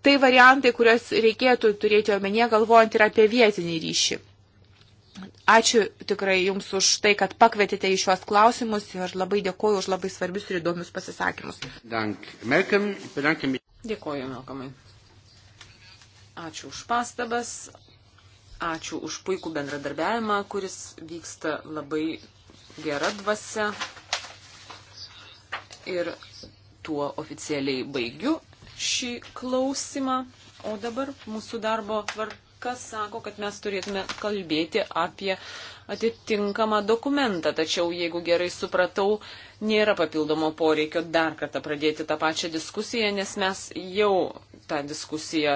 tai variantai, kuriuos reikėtų turėti omenyje, galvojant ir apie vietinį ryšį. Ačiū tikrai Jums už tai, kad pakvietėte į šios klausimus ir labai dėkoju už labai svarbius ir įdomius pasisakymus. Dėkoju, Melkamai. Ačiū už pastabas, ačiū už puikų bendradarbiavimą, kuris vyksta labai gera dvasia. Ir tuo oficialiai baigiu šį klausimą, o dabar mūsų darbo tvarka sako, kad mes turėtume kalbėti apie atitinkamą dokumentą, tačiau jeigu gerai supratau, nėra papildomo poreikio dar kartą pradėti tą pačią diskusiją, nes mes jau tą diskusiją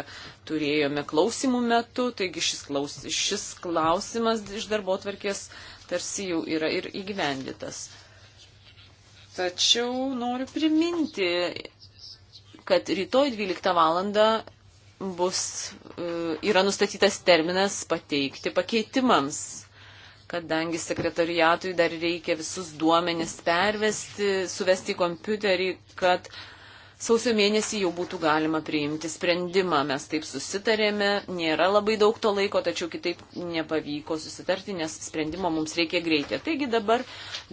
turėjome klausimų metu, taigi šis, klaus, šis klausimas iš darbo tvarkės tarsi jau yra ir įgyvendytas. Tačiau noriu priminti kad rytoj 12 val. bus, e, yra nustatytas terminas pateikti pakeitimams, kadangi sekretariatui dar reikia visus duomenis pervesti, suvesti į kompiuterį, kad sausio mėnesį jau būtų galima priimti sprendimą. Mes taip susitarėme, nėra labai daug to laiko, tačiau kitaip nepavyko susitarti, nes sprendimo mums reikia greitai. Taigi dabar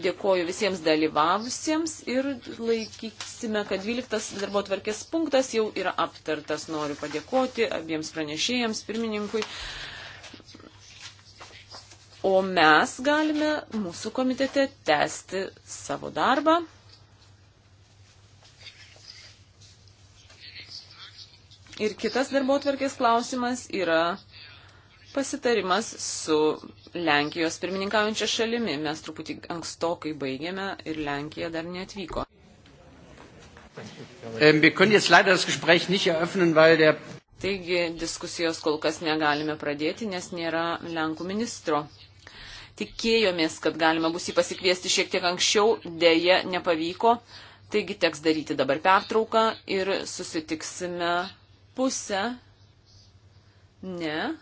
dėkoju visiems dalyvavusiems ir laikysime, kad 12 darbo tvarkės punktas jau yra aptartas. Noriu padėkoti abiems pranešėjams, pirmininkui. O mes galime mūsų komitete tęsti savo darbą. Ir kitas darbo tvarkės klausimas yra pasitarimas su Lenkijos pirmininkaujančia šalimi. Mes truputį ankstokai baigėme ir Lenkija dar neatvyko. Ähm, Taigi diskusijos kol kas negalime pradėti, nes nėra Lenkų ministro. Tikėjomės, kad galima bus jį pasikviesti šiek tiek anksčiau, dėje nepavyko. Taigi teks daryti dabar pertrauką ir susitiksime pusę. Ne,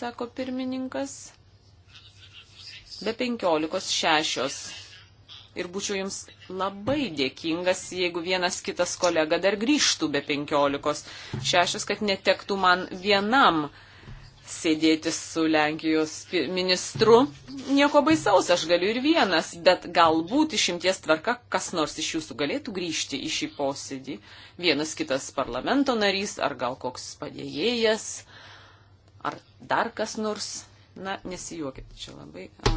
sako pirmininkas. Be penkiolikos šešios. Ir būčiau jums labai dėkingas, jeigu vienas kitas kolega dar grįžtų be penkiolikos šešios, kad netektų man vienam uh, sėdėti su Lenkijos ministru. Nieko baisaus, aš galiu ir vienas, bet galbūt išimties tvarka kas nors iš jūsų galėtų grįžti į šį posėdį. Vienas kitas parlamento narys, ar gal koks padėjėjas, ar dar kas nors. Na, nesijuokit, čia labai. A.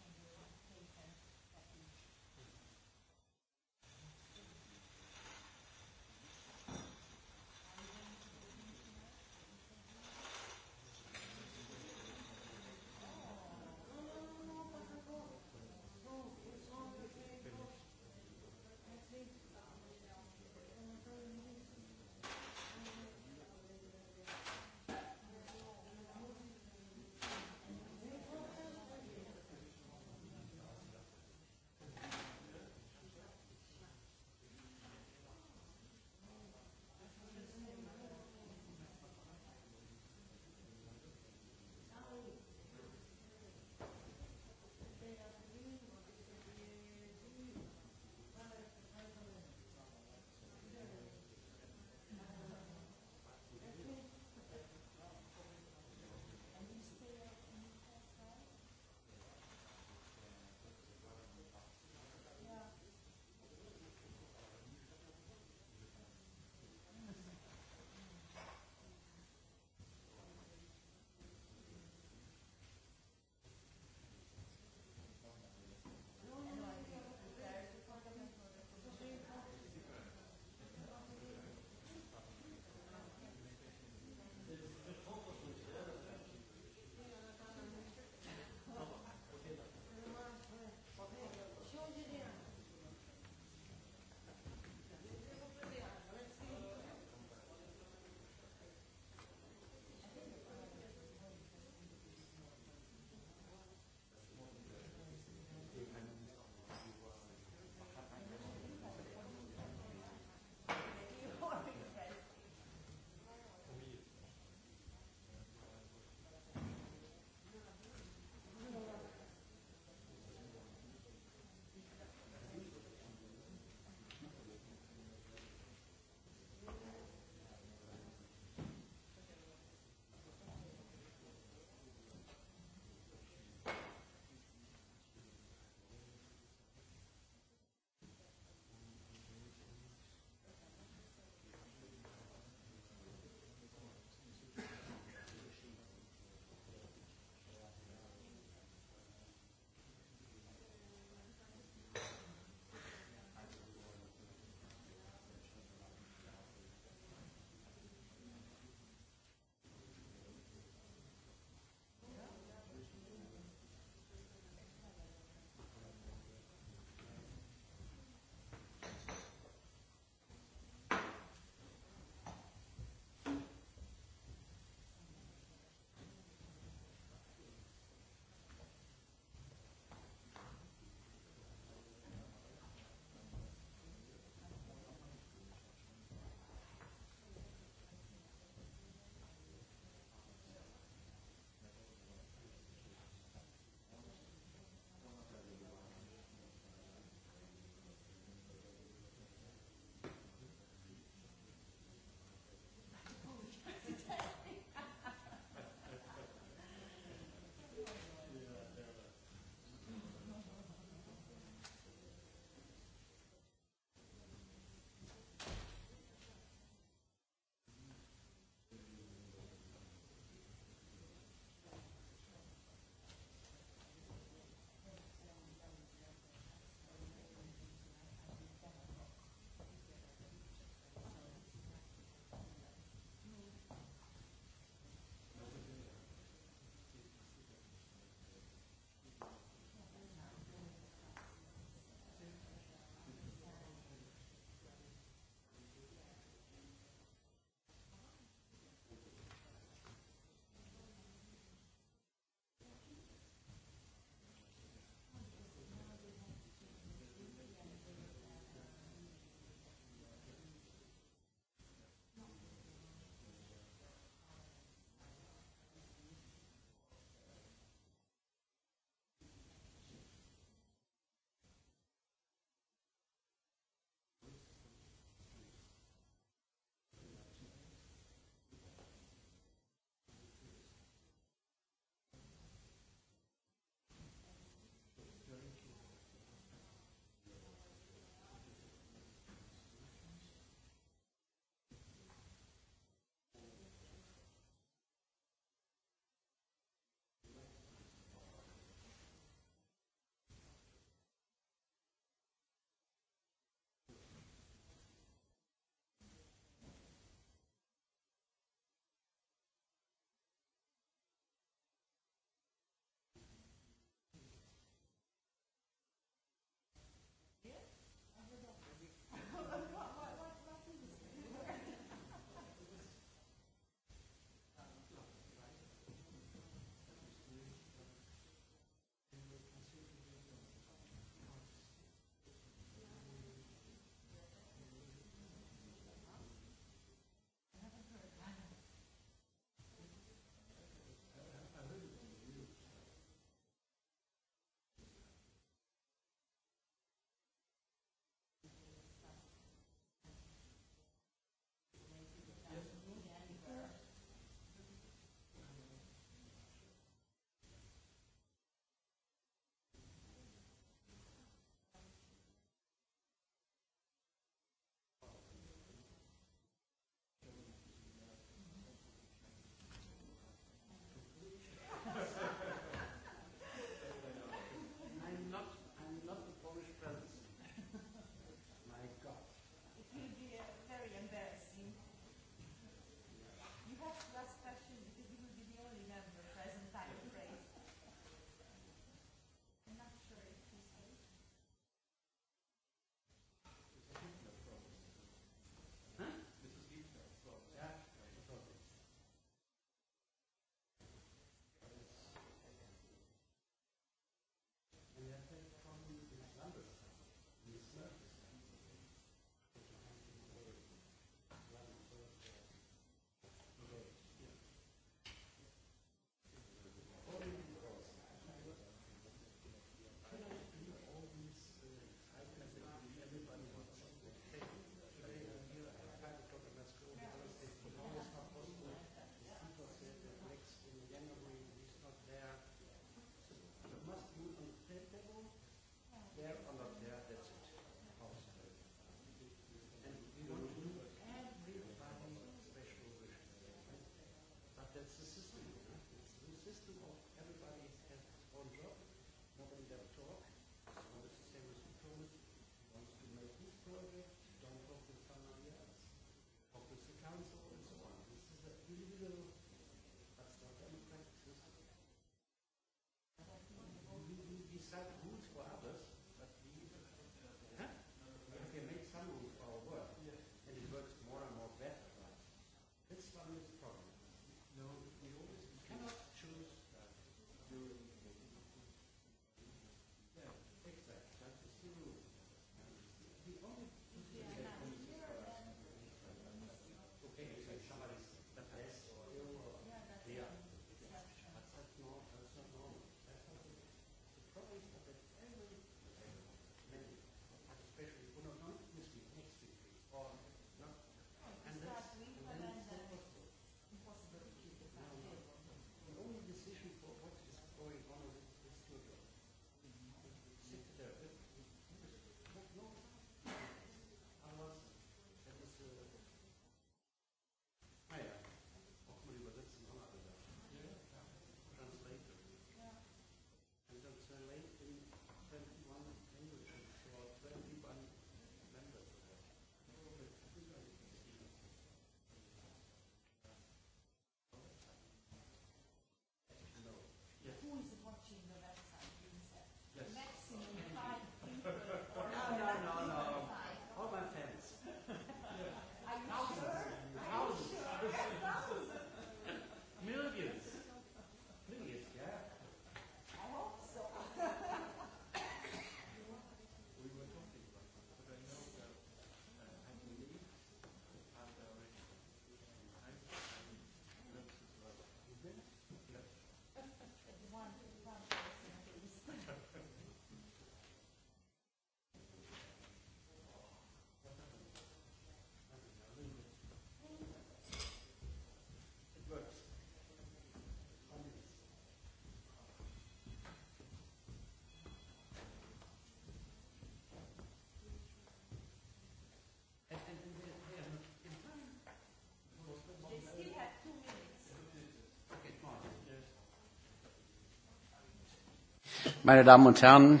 meine Damen und Herren.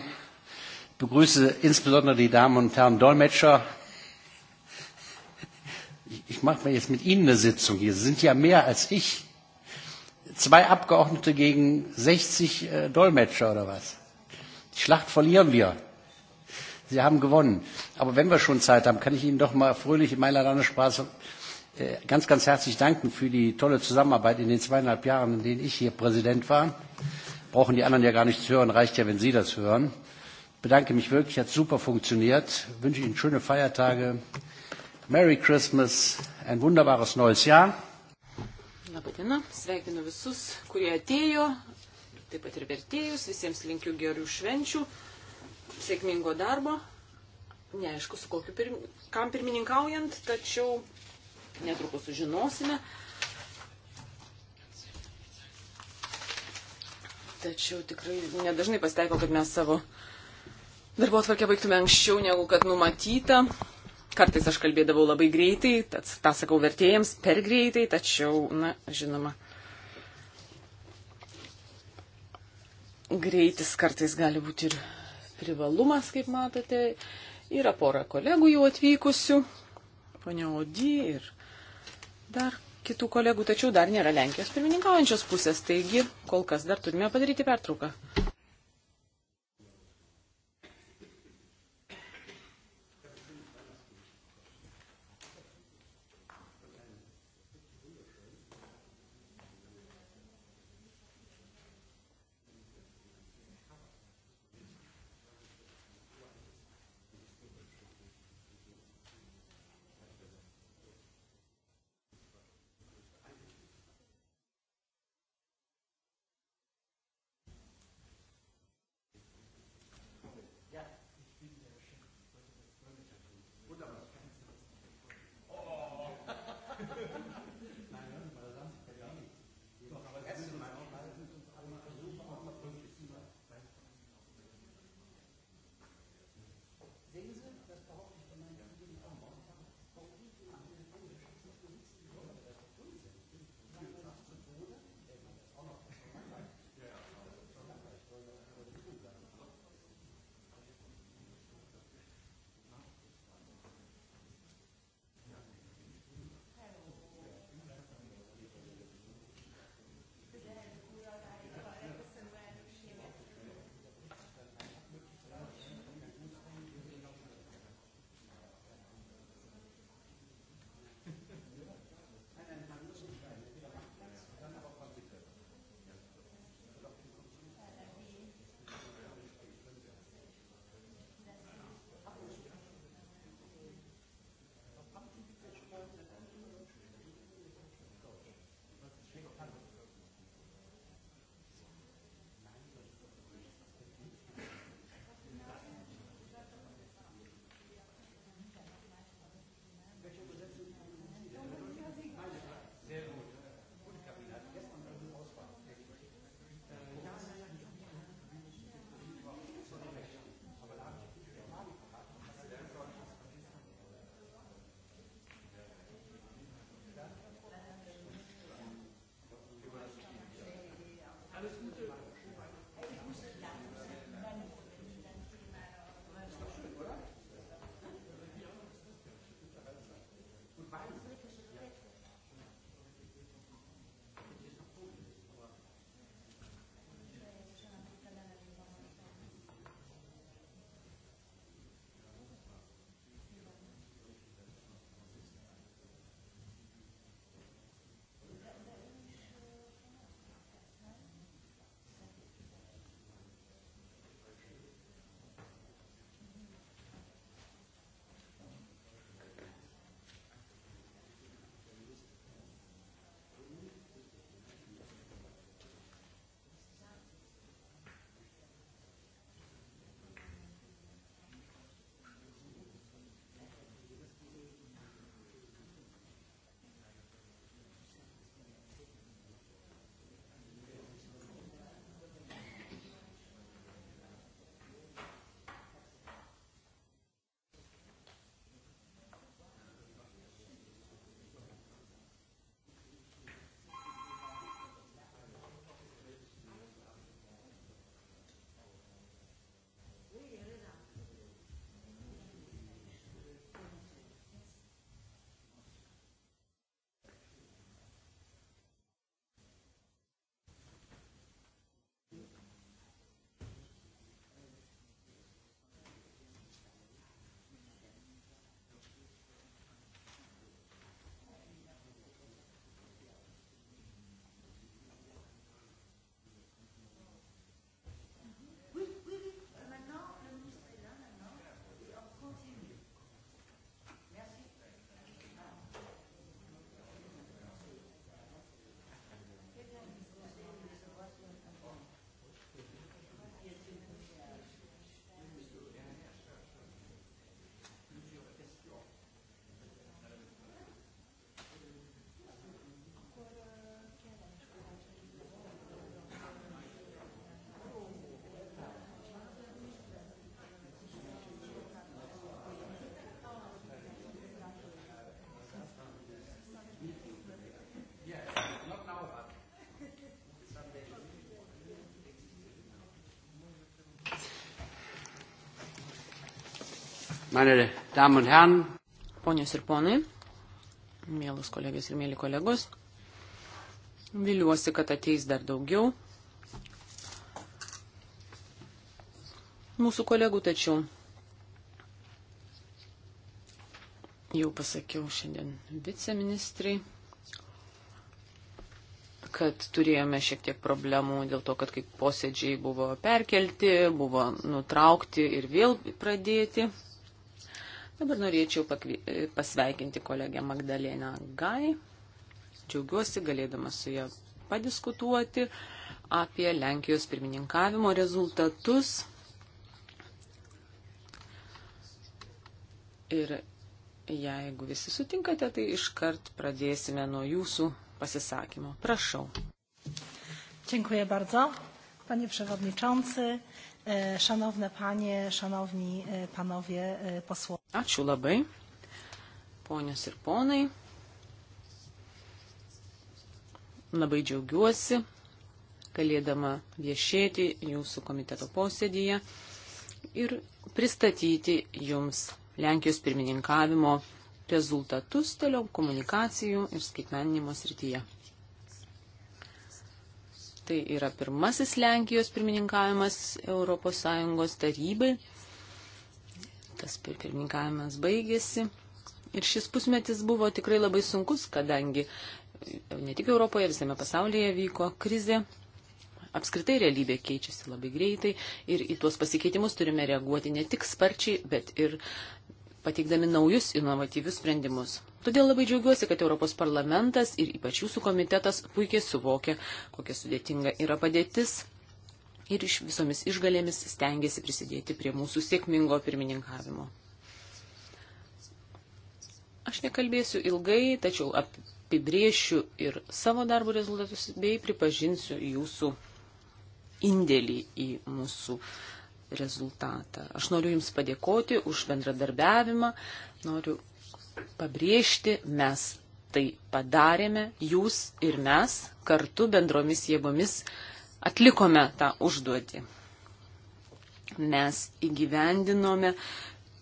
Ich begrüße insbesondere die Damen und Herren Dolmetscher. Ich, ich mache mir jetzt mit Ihnen eine Sitzung hier. Sie sind ja mehr als ich. Zwei Abgeordnete gegen 60 äh, Dolmetscher oder was? Die Schlacht verlieren wir. Sie haben gewonnen. Aber wenn wir schon Zeit haben, kann ich Ihnen doch mal fröhlich in meiner Landessprache äh, ganz, ganz herzlich danken für die tolle Zusammenarbeit in den zweieinhalb Jahren, in denen ich hier Präsident war brauchen die anderen ja gar nichts hören, reicht ja, wenn Sie das hören. Ich bedanke mich wirklich, hat super funktioniert. Ich wünsche Ihnen schöne Feiertage, Merry Christmas, ein wunderbares neues Jahr. Labadiena, sveikinu visus, kurie atėjo, taip pat ir vertėjus, visiems linkiu gerų švenčių, sėkmingo darbo, neaišku, su kokiu pirmi, kam pirmininkaujant, tačiau netrukus sužinosime. Tačiau tikrai nedažnai pasitaiko, kad mes savo darbo atvarkę baigtume anksčiau, negu kad numatyta. Kartais aš kalbėdavau labai greitai, tad tą sakau vertėjams per greitai, tačiau, na, žinoma, greitis kartais gali būti ir privalumas, kaip matote. Yra pora kolegų jau atvykusių, ponia Odi ir dar kitų kolegų, tačiau dar nėra Lenkijos pirmininkaujančios pusės, taigi kol kas dar turime padaryti pertrauką. Meine Damen und Herren. Ponios ir ponai, mielos kolegės ir mėly kolegos, viliuosi, kad ateis dar daugiau mūsų kolegų, tačiau jau pasakiau šiandien viceministrai, kad turėjome šiek tiek problemų dėl to, kad kaip posėdžiai buvo perkelti, buvo nutraukti ir vėl pradėti. Dabar norėčiau pakvy... pasveikinti kolegę Magdalėną Gai. Džiaugiuosi galėdama su ją padiskutuoti apie Lenkijos pirmininkavimo rezultatus. Ir jeigu visi sutinkate, tai iškart pradėsime nuo jūsų pasisakymo. Prašau. Dziękuję bardzo, panie przewodniczący. Šanovne e, panie, šanovni e, panovie e, posłowie. Ačiū labai, ponios ir ponai. Labai džiaugiuosi, galėdama viešėti jūsų komiteto posėdyje ir pristatyti jums Lenkijos pirmininkavimo rezultatus telekomunikacijų ir skaitmeninimo srityje. Tai yra pirmasis Lenkijos pirmininkavimas ES tarybai. Tas pirmininkavimas baigėsi. Ir šis pusmetis buvo tikrai labai sunkus, kadangi ne tik Europoje, visame pasaulyje vyko krizė. Apskritai realybė keičiasi labai greitai ir į tuos pasikeitimus turime reaguoti ne tik sparčiai, bet ir pateikdami naujus inovatyvius sprendimus. Todėl labai džiaugiuosi, kad Europos parlamentas ir ypač jūsų komitetas puikiai suvokia, kokia sudėtinga yra padėtis ir iš visomis išgalėmis stengiasi prisidėti prie mūsų sėkmingo pirmininkavimo. Aš nekalbėsiu ilgai, tačiau apibriešiu ir savo darbo rezultatus bei pripažinsiu jūsų indėlį į mūsų uh, rezultatą. Aš noriu Jums padėkoti už bendradarbiavimą, noriu pabrėžti, mes tai padarėme, Jūs ir mes kartu bendromis jėgomis atlikome tą užduotį. Mes įgyvendinome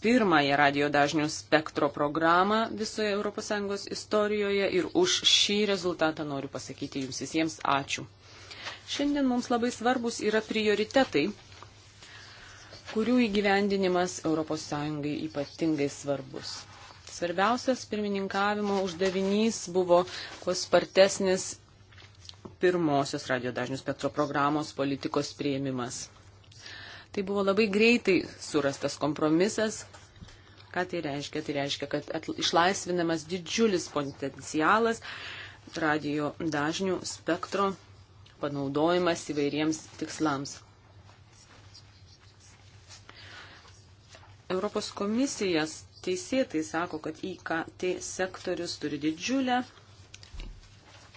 pirmąją radio dažnių spektro programą visoje ES istorijoje ir už šį rezultatą noriu pasakyti jums visiems ačiū. Šiandien mums labai svarbus yra prioritetai, kurių įgyvendinimas ES ypatingai svarbus. Svarbiausias pirmininkavimo uždavinys buvo kuo spartesnis pirmosios radiodažnių spektro programos politikos prieimimas. Tai buvo labai greitai surastas kompromisas. Ką tai reiškia? Tai reiškia, kad atl... išlaisvinamas didžiulis potencialas radio dažnių spektro panaudojimas įvairiems tikslams. Europos komisijas teisėtai sako, kad IKT sektorius turi didžiulę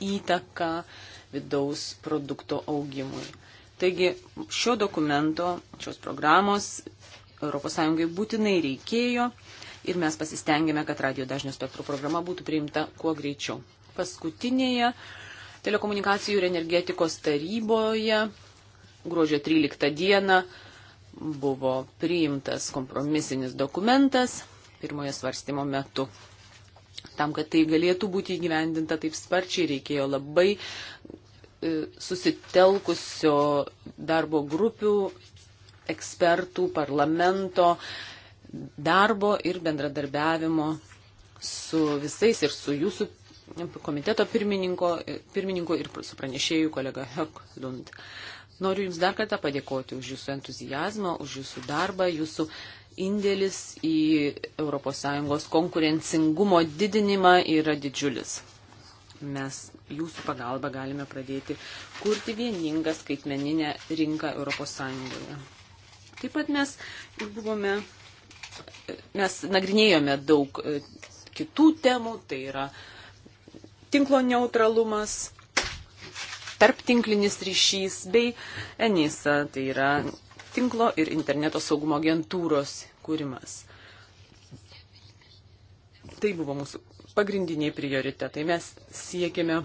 įtaką vidaus produkto augimui. Taigi šio dokumento, šios programos ES būtinai reikėjo ir mes pasistengėme, kad radio dažnio spektro programa būtų priimta kuo greičiau. Paskutinėje telekomunikacijų ir energetikos taryboje gruodžio 13 dieną buvo priimtas kompromisinis dokumentas pirmojo svarstymo metu. Tam, kad tai galėtų būti įgyvendinta taip sparčiai, reikėjo labai e, susitelkusio darbo grupių, ekspertų, parlamento darbo ir bendradarbiavimo su visais ir su jūsų komiteto pirmininko, e, pirmininko ir su pranešėjų kolega Höklund. Uh, Noriu Jums dar kartą padėkoti už Jūsų entuzijazmą, už Jūsų darbą, Jūsų indėlis į ES konkurencingumo didinimą yra didžiulis. Mes jūsų pagalba galime pradėti kurti vieningą skaitmeninę rinką ES. Taip pat mes buvome, mes nagrinėjome daug e, kitų temų, tai yra tinklo neutralumas, tarptinklinis ryšys bei ENISA, tai yra tinklo ir interneto saugumo agentūros kūrimas. Tai buvo mūsų pagrindiniai prioritetai. Mes siekėme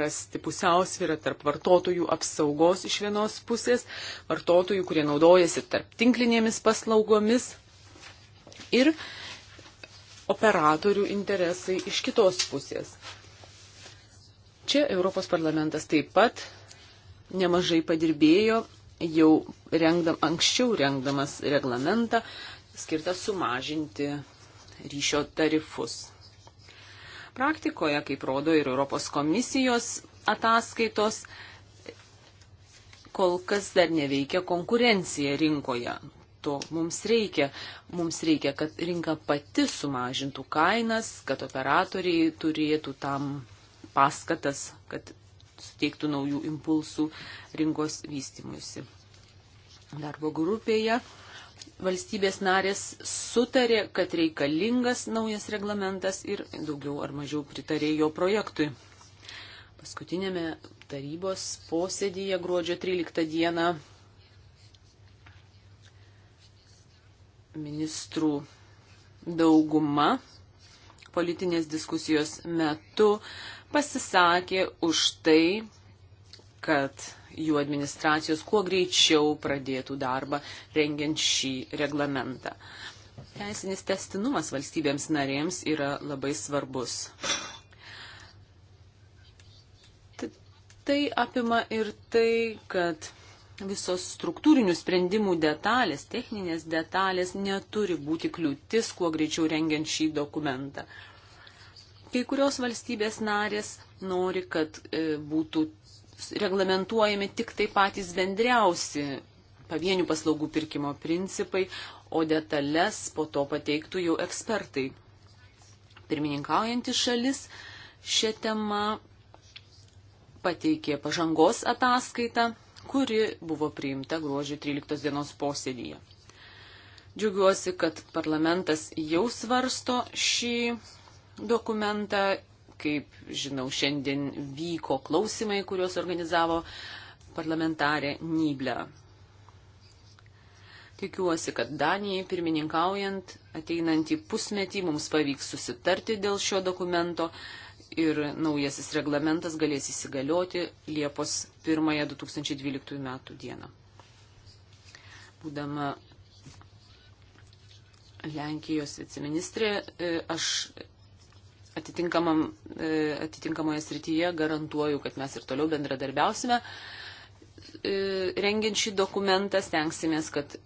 rasti pusiausvyrą tarp vartotojų apsaugos iš vienos pusės, vartotojų, kurie naudojasi tarp tinklinėmis paslaugomis ir operatorių interesai iš kitos pusės. Čia Europos parlamentas taip pat nemažai padirbėjo, jau rengdam, anksčiau rengdamas reglamentą skirtą sumažinti ryšio tarifus. Praktikoje, kaip rodo ir Europos komisijos ataskaitos, kol kas dar neveikia konkurencija rinkoje. To mums reikia. Mums reikia, kad rinka pati sumažintų kainas, kad operatoriai turėtų tam paskatas, kad suteiktų naujų impulsų rinkos vystimuisi. Darbo grupėje valstybės narės sutarė, kad reikalingas naujas reglamentas ir daugiau ar mažiau pritarė jo projektui. Paskutinėme tarybos posėdyje gruodžio 13 dieną ministrų dauguma politinės diskusijos metu pasisakė už tai, kad jų administracijos kuo greičiau pradėtų darbą rengiant šį reglamentą. Teisinis testinumas valstybėms narėms yra labai svarbus. Tai apima ir tai, kad visos struktūrinių sprendimų detalės, techninės detalės neturi būti kliūtis kuo greičiau rengiant šį dokumentą. Kai kurios valstybės narės nori, kad e, būtų reglamentuojami tik tai patys bendriausi pavienių paslaugų pirkimo principai, o detalės po to pateiktų jau ekspertai. Pirmininkaujantis šalis šią temą pateikė pažangos ataskaitą, kuri buvo priimta gruodžio 13 dienos posėdyje. Džiugiuosi, kad parlamentas jau svarsto šį dokumentą. Kaip žinau, šiandien vyko klausimai, kuriuos organizavo parlamentarė Nyblė. Tikiuosi, kad Danijai pirmininkaujant ateinantį pusmetį mums pavyks susitarti dėl šio dokumento ir naujasis reglamentas galės įsigalioti Liepos 1-2012 metų dieną. Būdama Lenkijos viceministrė, e, aš E, atitinkamoje srityje garantuoju, kad mes ir toliau bendradarbiausime. E, rengiant šį dokumentą stengsimės, kad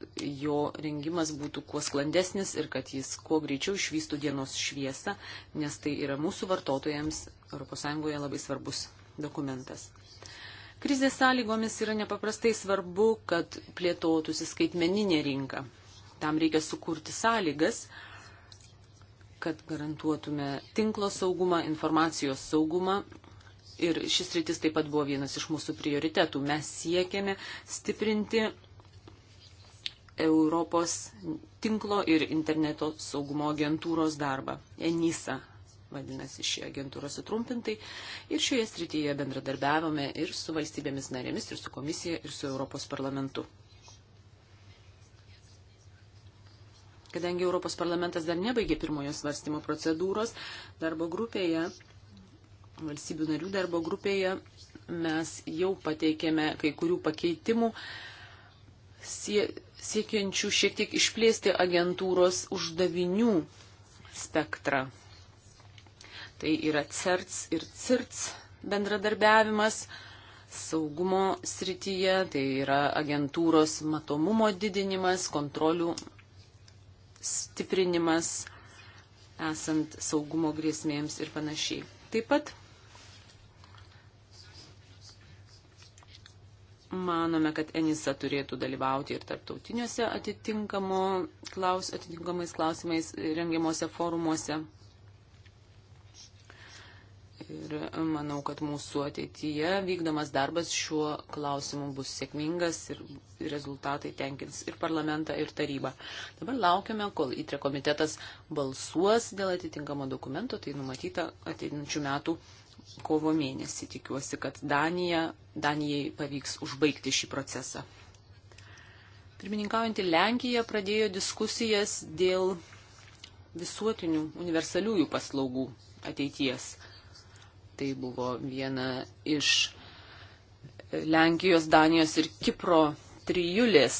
jo rengimas būtų kuo sklandesnis ir kad jis kuo greičiau išvystų dienos šviesą, nes tai yra mūsų vartotojams ES labai svarbus dokumentas. Krizės sąlygomis yra nepaprastai svarbu, kad plėtotųsi skaitmeninė rinka. Tam reikia sukurti sąlygas, uh, kad garantuotume tinklo saugumą, informacijos saugumą. Ir šis rytis taip pat buvo vienas iš mūsų prioritetų. Mes siekėme stiprinti Europos tinklo ir interneto saugumo agentūros darbą. ENISA vadinasi šį agentūrą sutrumpintai. Ir šioje srityje bendradarbiavome ir su valstybėmis narėmis, ir su komisija, ir su Europos parlamentu. Kadangi Europos parlamentas dar nebaigė pirmojo svarstymo procedūros, darbo grupėje, valstybių narių darbo grupėje, mes jau pateikėme kai kurių pakeitimų sie, siekiančių šiek tiek išplėsti agentūros uždavinių spektrą. Tai yra CERTS ir CIRTS bendradarbiavimas saugumo srityje, tai yra agentūros matomumo didinimas, kontrolių stiprinimas esant saugumo grėsmėms ir panašiai. Taip pat manome, kad Enisa turėtų dalyvauti ir tarptautiniuose atitinkamais klausimais rengiamuose forumuose. Ir manau, kad mūsų ateityje vykdomas darbas šiuo klausimu bus sėkmingas ir rezultatai tenkins ir parlamentą, ir tarybą. Dabar laukiame, kol įtre komitetas balsuos dėl atitinkamo dokumento, tai numatyta ateinančių metų kovo mėnesį. Tikiuosi, kad Danija, Danijai pavyks užbaigti šį procesą. Pirmininkaujantį Lenkiją pradėjo diskusijas dėl visuotinių universaliųjų paslaugų ateities. Tai buvo viena iš Lenkijos, Danijos ir Kipro trijulės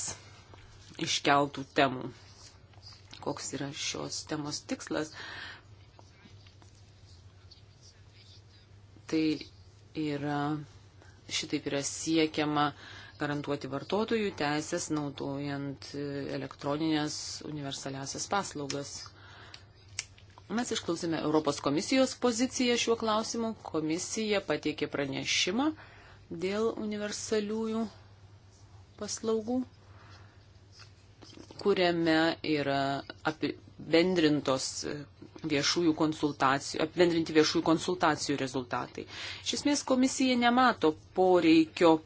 iškeltų temų. Koks yra šios temos tikslas? Tai yra, šitaip yra siekiama garantuoti vartotojų teisės naudojant elektroninės universaliasias paslaugas. Mes išklausėme Europos komisijos poziciją šiuo klausimu. Komisija pateikė pranešimą dėl universaliųjų paslaugų, kuriame yra apibendrintos viešųjų konsultacijų, apibendrinti viešųjų konsultacijų rezultatai. Iš esmės komisija nemato poreikio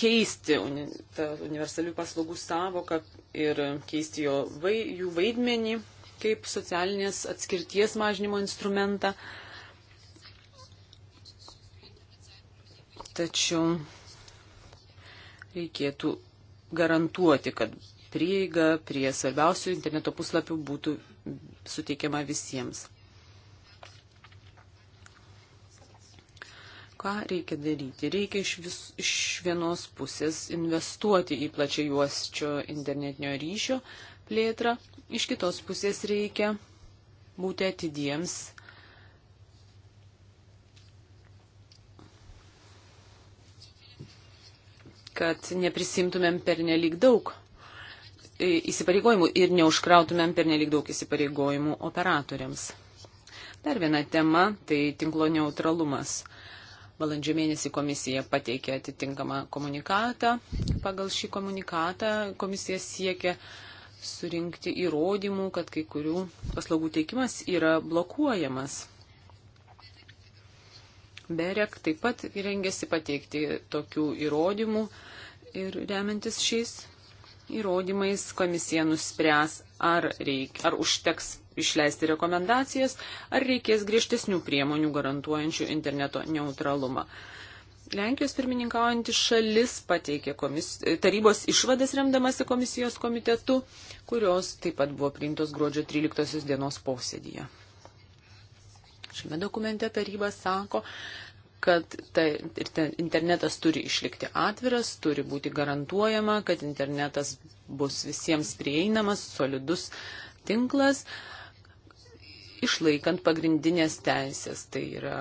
keisti universalių paslaugų savoką ir keisti jo vai, jų vaidmenį kaip socialinės atskirties mažinimo instrumentą. Tačiau reikėtų garantuoti, kad prieiga prie svarbiausių interneto puslapių būtų suteikiama visiems. Ką reikia daryti? Reikia iš, vis, iš vienos pusės investuoti į plačią juosčio internetinio ryšio plėtrą, iš kitos pusės reikia būti atidiems kad neprisimtumėm pernelyg daug įsipareigojimų ir neužkrautumėm pernelyg daug įsipareigojimų operatoriams. Dar viena tema - tai tinklo neutralumas. Balandžio mėnesį komisija pateikė atitinkamą komunikatą. Pagal šį komunikatą komisija siekia surinkti įrodymų, kad kai kurių paslaugų teikimas yra blokuojamas. Berek taip pat rengiasi pateikti tokių įrodymų ir remiantis šiais įrodymais komisija nuspręs, ar, reik, ar užteks išleisti rekomendacijas, ar reikės griežtesnių priemonių garantuojančių interneto neutralumą. Lenkijos pirmininkaujantis šalis pateikė komis, tarybos išvadas remdamasi komisijos komitetu, kurios taip pat buvo priimtos gruodžio 13 dienos posėdyje. Šiame dokumente taryba sako, kad ta, internetas turi išlikti atviras, turi būti garantuojama, kad internetas bus visiems prieinamas, solidus tinklas, išlaikant pagrindinės teisės. Tai yra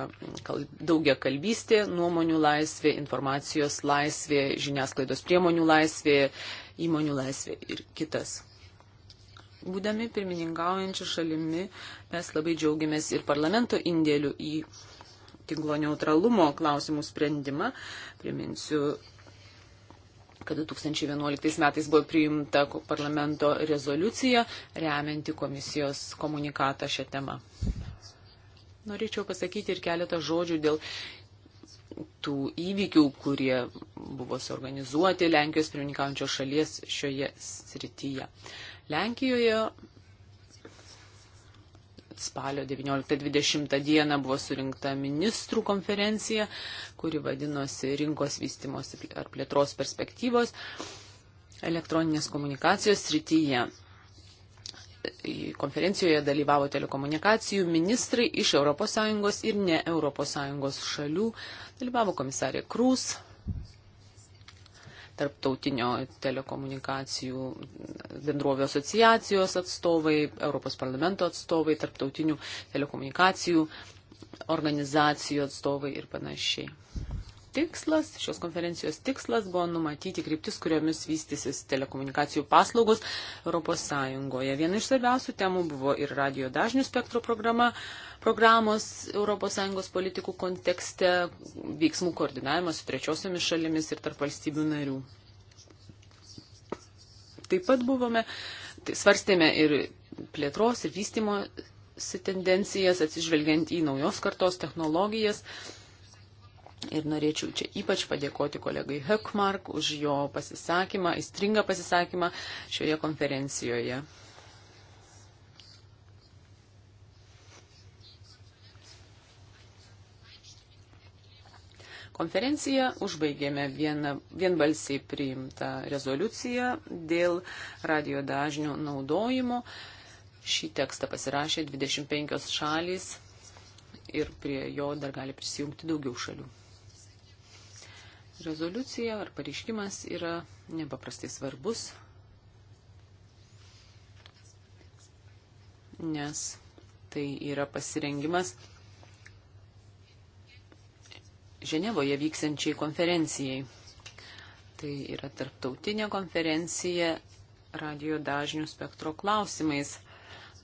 daugia kalbystė, nuomonių laisvė, informacijos laisvė, žiniasklaidos priemonių laisvė, įmonių laisvė ir kitas. Būdami pirmininkaujančių šalimi, mes labai džiaugiamės ir parlamento indėliu į tinklo neutralumo klausimų sprendimą. Priminsiu, kad 2011 metais buvo priimta parlamento rezoliucija remianti komisijos komunikatą šią temą. Norėčiau pasakyti ir keletą žodžių dėl tų įvykių, kurie buvo suorganizuoti Lenkijos pirmininkaujančios šalies šioje srityje. Lenkijoje spalio 19-20 dieną buvo surinkta ministrų konferencija, kuri vadinosi rinkos vystimos ar plėtros perspektyvos elektroninės komunikacijos srityje. Konferencijoje dalyvavo telekomunikacijų ministrai iš ES ir ne ES šalių. Dalyvavo komisarė Krūs, tarptautinio telekomunikacijų bendrovio asociacijos atstovai, Europos parlamento atstovai, tarptautinių telekomunikacijų organizacijų atstovai ir panašiai tikslas, šios konferencijos tikslas buvo numatyti kryptis, kuriomis vystysis telekomunikacijų paslaugos ES. Viena iš svarbiausių temų buvo ir radio dažnių spektro programa, programos ES politikų kontekste, veiksmų koordinavimas su trečiosiomis šalimis ir tarp valstybių narių. Taip pat buvome, tai svarstėme ir plėtros ir vystimo tendencijas, atsižvelgiant į naujos kartos technologijas Ir norėčiau čia ypač padėkoti kolegai Hekmark už jo pasisakymą, įstringą pasisakymą šioje konferencijoje. Konferenciją užbaigėme vieną, vienbalsiai priimtą rezoliuciją dėl radio dažnių naudojimo. Šį tekstą pasirašė 25 šalys ir prie jo dar gali prisijungti daugiau šalių rezoliucija ar pareiškimas yra nepaprastai svarbus, nes tai yra pasirengimas Ženevoje vyksiančiai konferencijai. Tai yra tarptautinė konferencija radio dažnių spektro klausimais,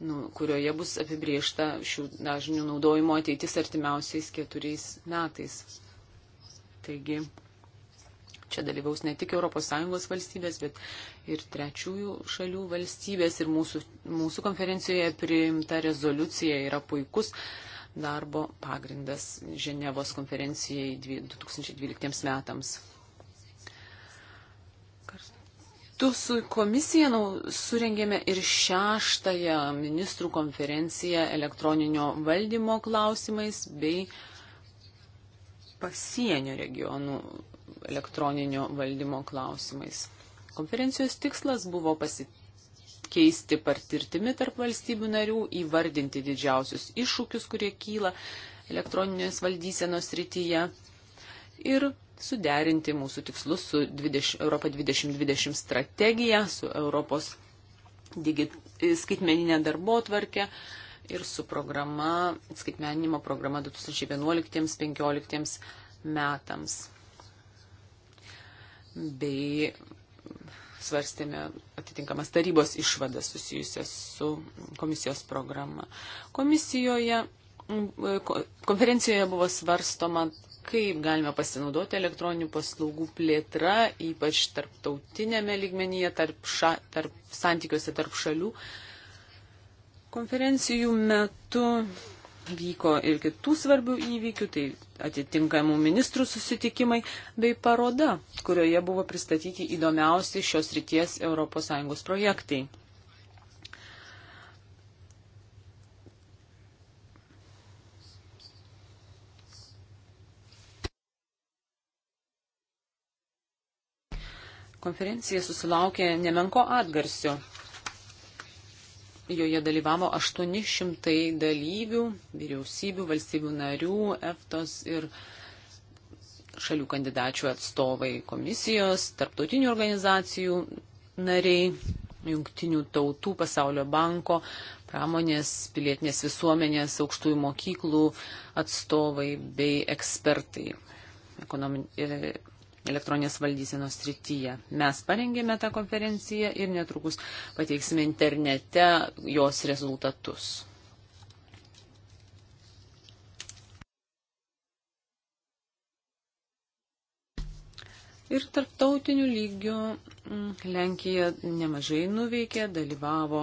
nu, kurioje bus apibriešta šių dažnių naudojimo ateitis artimiausiais keturiais metais. Taigi Čia dalyvaus ne tik ES valstybės, bet ir trečiųjų šalių valstybės. Ir mūsų, mūsų konferencijoje priimta rezoliucija yra puikus darbo pagrindas Ženevos konferencijai 2012 metams. Kartu su komisija nu, surengėme ir šeštąją ministrų konferenciją elektroninio valdymo klausimais bei uh, pasienio regionų elektroninio valdymo klausimais. Konferencijos tikslas buvo pasikeisti partirtimi tarp valstybių narių, įvardinti didžiausius iššūkius, kurie kyla elektroninės valdysenos rytyje ir suderinti mūsų tikslus su 20, Europa 2020 strategija, su Europos digit, skaitmeninė darbo tvarkė, ir su programa, skaitmeninimo programa 2011-2015 metams. Bei svarstėme atitinkamas tarybos išvadas susijusias su komisijos programa. Komisijoje, konferencijoje buvo svarstoma, kaip galime pasinaudoti elektroninių paslaugų plėtra, ypač tarptautinėme lygmenyje, tarp, ša, tarp santykiuose tarp šalių. Uh, Konferencijų metu vyko ir kitų svarbių įvykių, tai atitinkamų ministrų susitikimai bei paroda, kurioje buvo pristatyti įdomiausi šios ryties ES projektai. Konferencija susilaukė nemenko atgarsio Joje dalyvavo 800 dalyvių, vyriausybių, valstybių narių, EFTOS ir šalių kandidačių atstovai komisijos, tarptautinių organizacijų nariai, jungtinių tautų, pasaulio banko, pramonės, pilietinės visuomenės, aukštųjų mokyklų atstovai bei ekspertai, ekonomi, e, elektroninės valdysenos srityje. Mes parengėme tą konferenciją ir netrukus pateiksime internete jos rezultatus. Ir tarptautiniu lygiu mm, Lenkija nemažai nuveikė, dalyvavo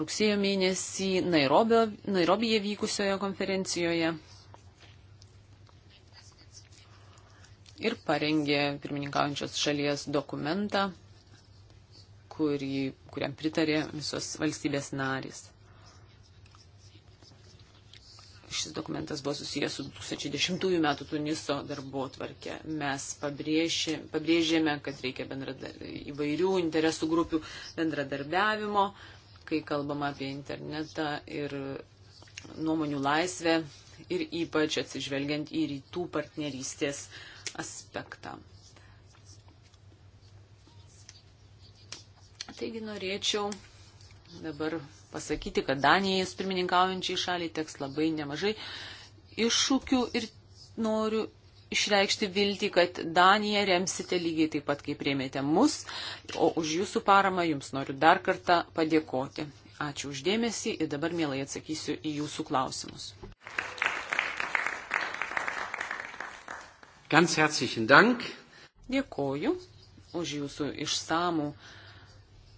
rugsėjo mėnesį Nairobio, Nairobije vykusioje konferencijoje ir parengė pirmininkaujančios šalies dokumentą, kurį, kuriam pritarė visos valstybės narys. Šis dokumentas buvo susijęs su 2010 metų Tuniso darbo tvarkė. Mes pabrėžė, pabrėžėme, kad reikia įvairių interesų grupių bendradarbiavimo, kai kalbama apie internetą ir nuomonių laisvę ir ypač atsižvelgiant į rytų partnerystės uh, aspektą. Taigi norėčiau dabar pasakyti, kad Danijai pirmininkaujančiai šaliai teks labai nemažai iššūkių ir noriu išreikšti viltį, kad Daniją remsite lygiai taip pat, kaip rėmėte mus, o už jūsų paramą jums noriu dar kartą padėkoti. Ačiū uždėmesį ir dabar mielai atsakysiu į jūsų klausimus. Ganz herzlichen Dank. Dėkoju už jūsų išsamų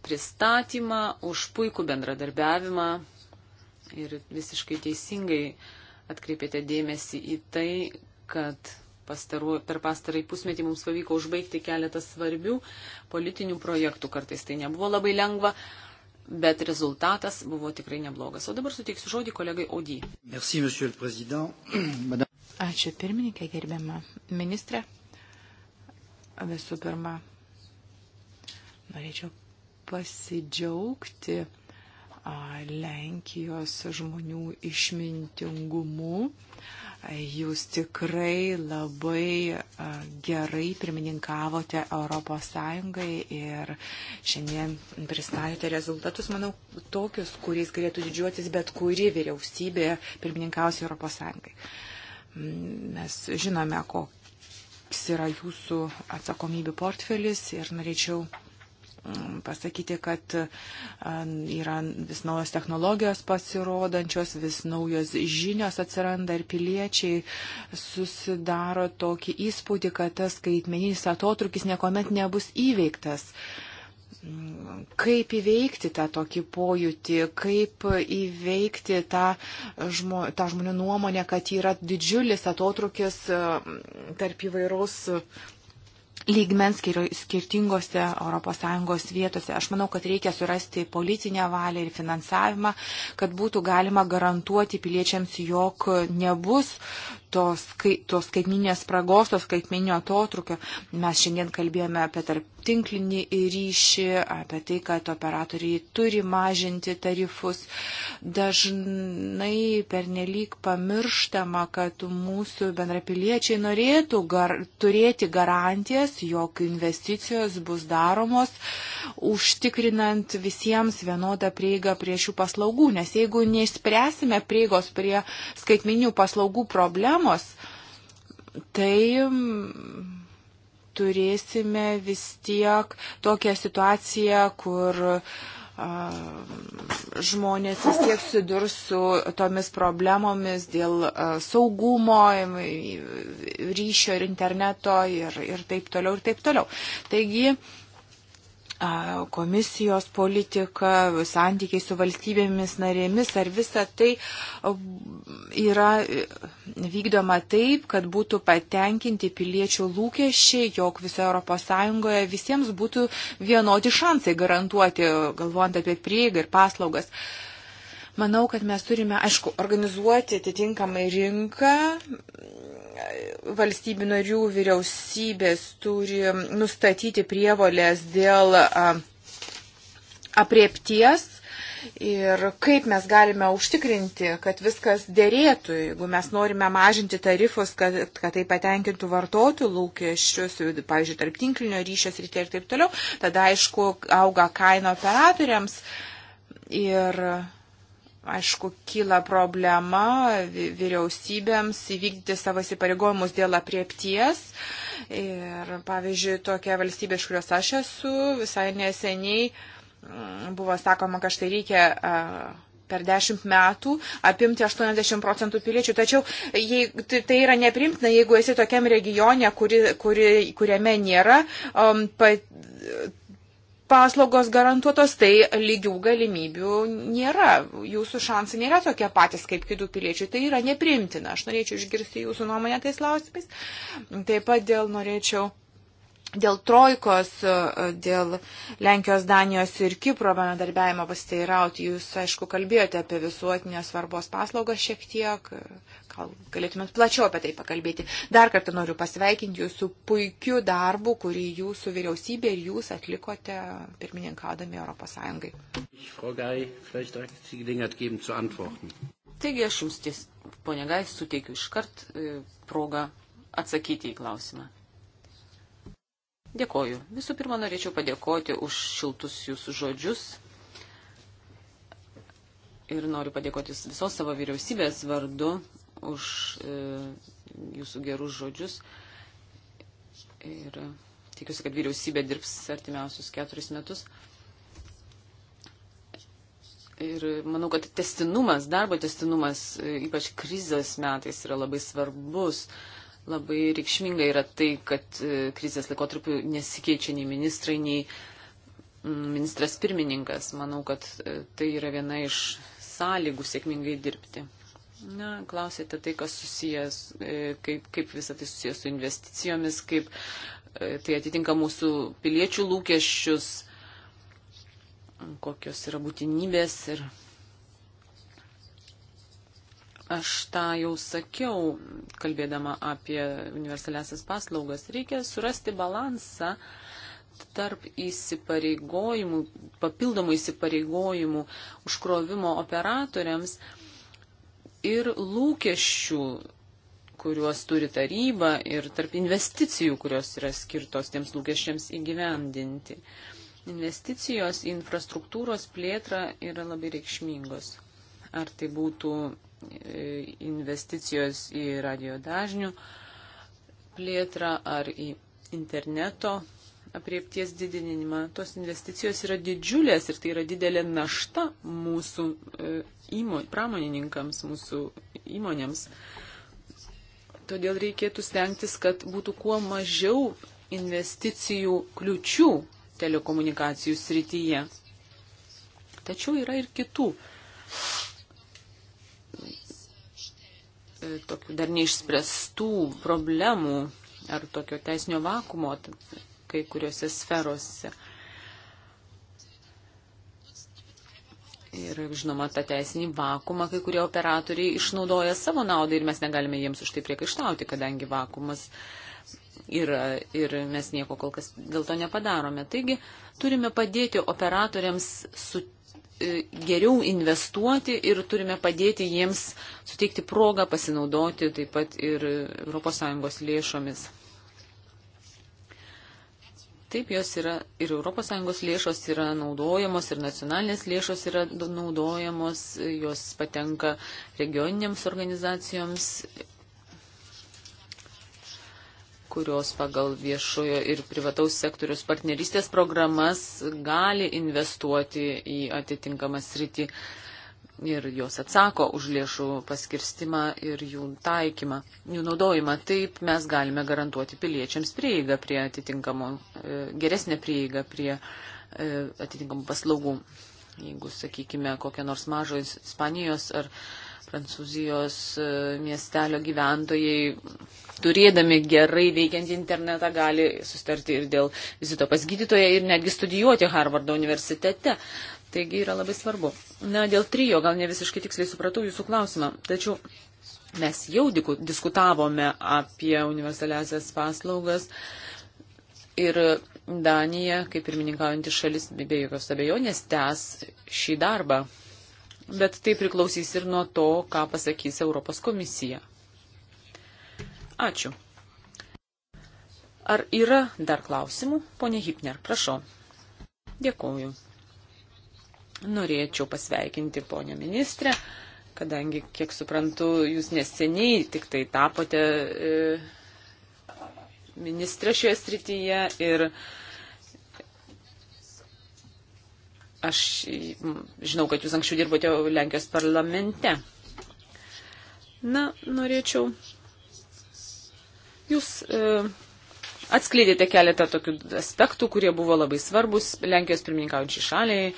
pristatymą, už puikų bendradarbiavimą ir visiškai teisingai atkreipėte dėmesį į tai, kad pastaru, per pastarąjį pusmetį mums pavyko užbaigti keletą svarbių politinių projektų. Kartais tai nebuvo labai lengva, bet rezultatas buvo tikrai neblogas. O dabar suteiksiu žodį kolegai Odį. Merci, Ačiū pirmininkė, gerbiama ministrė. Visų pirma, norėčiau pasidžiaugti Lenkijos žmonių išmintingumu. Jūs tikrai labai gerai pirmininkavote Europos Sąjungai ir šiandien pristatėte rezultatus, manau, tokius, kuriais galėtų didžiuotis bet kuri vyriausybė pirmininkausi Europos Sąjungai. Uh, Mes žinome, koks yra jūsų atsakomybių portfelis ir norėčiau mm, pasakyti, kad yra vis naujos technologijos pasirodančios, vis naujos žinios atsiranda ir piliečiai susidaro tokį įspūdį, kad tas skaitmeninis atotrukis niekuomet nebus įveiktas. Uh, kaip įveikti tą tokį pojūtį, kaip įveikti tą, žmo, tą žmonių nuomonę, kad yra didžiulis atotrukis mm, tarp įvairaus lygmens skirtingose ES vietose. Aš manau, kad reikia surasti politinę valią ir finansavimą, kad būtų galima garantuoti piliečiams, jog nebus tos, tos skaitminės spragos, tos skaitminio atotrukio. Mes šiandien kalbėjome apie tarp tinklinį ryšį, apie tai, kad operatoriai turi mažinti tarifus. Dažnai pernelyg pamirštama, kad mūsų bendrapiliečiai norėtų gar, turėti garantijas, jog investicijos bus daromos, užtikrinant visiems vienodą prieigą prie šių paslaugų. Nes jeigu neišspręsime prieigos prie skaitminių paslaugų problemų, problemos, tai mm, turėsime vis tiek tokią situaciją, kur žmonės vis tiek sudurs su tomis problemomis dėl saugumo, ryšio ir interneto ir, ir taip toliau, ir taip toliau. Taigi, uh, komisijos politika, santykiai su valstybėmis narėmis, ar visa tai yra e, vykdoma taip, kad būtų patenkinti piliečių lūkesčiai, jog visoje ES visiems būtų vienodi šansai garantuoti, galvojant apie prieigą ir paslaugas. Uh, Manau, kad mes turime, aišku, organizuoti atitinkamai rinką. Valstybių narių vyriausybės turi nustatyti prievolės dėl apriepties ir kaip mes galime užtikrinti, kad viskas dėrėtų, jeigu mes norime mažinti tarifus, kad, kad tai patenkintų vartotojų lūkesčius, pavyzdžiui, tarp tinklinio ryšio srityje ir taip toliau, tada aišku auga kaina operatoriams ir Aišku, kyla problema vyriausybėms įvykdyti savo įsipareigojimus dėl apriepties. Ir, pavyzdžiui, tokia valstybė, iš kurios aš esu, visai neseniai mm, buvo sakoma, kad štai reikia per 10 metų apimti 80 procentų piliečių. Tačiau jei, tai, tai yra neprimtina, jeigu esi tokiam regione, kuri, kuri, kuriame nėra um, pa, paslaugos garantuotos, tai lygių galimybių nėra. Jūsų šansai nėra tokie patys kaip kitų piliečių. Tai yra neprimtina. Aš norėčiau išgirsti jūsų nuomonę tais klausimais. Taip pat dėl norėčiau dėl trojkos, dėl Lenkijos, Danijos ir Kipro bendradarbiavimo pasiteirauti. Jūs, aišku, kalbėjote apie visuotinės svarbos paslaugas šiek tiek, galėtumėt plačiau apie tai pakalbėti. Dar kartą noriu pasveikinti jūsų puikiu darbu, kurį jūsų vyriausybė ir jūs atlikote pirmininkaudami Europos Sąjungai. Taigi aš jums ties, ponia Gai, suteikiu iškart e, progą atsakyti į klausimą. Dėkoju. Visų pirma, norėčiau padėkoti už šiltus jūsų žodžius. Ir noriu padėkoti visos savo vyriausybės vardu už e, jūsų gerus žodžius. Ir e, tikiuosi, kad vyriausybė dirbs artimiausius keturis metus. Ir manau, kad testinumas, darbo testinumas, e, ypač krizės metais, yra labai svarbus. Labai reikšminga yra tai, kad e, krizės laikotarpiu nesikeičia nei ministrai, nei mm, ministras pirmininkas. Manau, kad tai yra viena iš sąlygų sėkmingai dirbti. Na, klausėte tai, kas susijęs, e, kaip, kaip visą tai susijęs su investicijomis, kaip e, tai atitinka mūsų piliečių lūkesčius, kokios yra būtinybės ir Aš tą jau sakiau, kalbėdama apie universaliasias paslaugas. Reikia surasti balansą tarp įsipareigojimų, papildomų įsipareigojimų užkrovimo operatoriams, uh, ir lūkesčių, kuriuos turi taryba ir tarp investicijų, kurios yra skirtos tiems lūkesčiams įgyvendinti. Investicijos į infrastruktūros plėtrą yra labai reikšmingos. Ar tai būtų e, investicijos į radio dažnių plėtrą ar į interneto apriepties didinimą. Tos investicijos yra didžiulės ir tai yra didelė našta mūsų e, įmo, pramonininkams, mūsų įmonėms. Todėl reikėtų stengtis, kad būtų kuo mažiau investicijų kliučių telekomunikacijų srityje. Tačiau yra ir kitų e, tokių dar neišspręstų problemų ar tokio teisinio vakumo kai kuriuose sferose. Ir žinoma, tą teisinį vakumą kai kurie operatoriai išnaudoja savo naudai ir mes negalime jiems už tai priekaištauti, kadangi vakumas yra ir mes nieko kol kas dėl to nepadarome. Taigi turime padėti operatoriams su, e, geriau investuoti ir turime padėti jiems suteikti progą pasinaudoti taip pat ir ES lėšomis. Taip, jos yra ir ES lėšos yra naudojamos, ir nacionalinės lėšos yra naudojamos, jos patenka regioninėms organizacijoms, kurios pagal viešojo ir privataus sektorius partnerystės programas gali investuoti į atitinkamą sritį. Uh, ir jos atsako už lėšų paskirstimą ir jų taikymą, jų naudojimą. Taip mes galime garantuoti piliečiams prieigą prie atitinkamų, e, geresnę prieigą prie e, atitinkamų paslaugų. Jeigu, sakykime, kokia nors mažo Ispanijos ar Prancūzijos e, miestelio gyventojai, turėdami gerai veikiantį internetą, gali sustarti ir dėl vizito pas gydytoją ir netgi studijuoti Harvardo universitete. Taigi yra labai svarbu. Na, dėl trijo gal ne visiškai tiksliai supratau jūsų klausimą, tačiau mes jau diskutavome apie universaliasias paslaugas ir Danija, kaip pirmininkaujantis šalis, be jokios abejonės, tęs šį darbą. Bet tai priklausys ir nuo to, ką pasakys Europos komisija. Ačiū. Ar yra dar klausimų? Pone Hipner, prašau. Dėkuoju. Norėčiau pasveikinti ponę ministrę, kadangi, kiek suprantu, jūs neseniai tik tai tapote e, ministrė šioje srityje ir aš žinau, kad jūs anksčiau dirbote Lenkijos parlamente. Na, norėčiau. Jūs e, atskleidėte keletą tokių aspektų, kurie buvo labai svarbus Lenkijos pirmininkaujančiai šaliai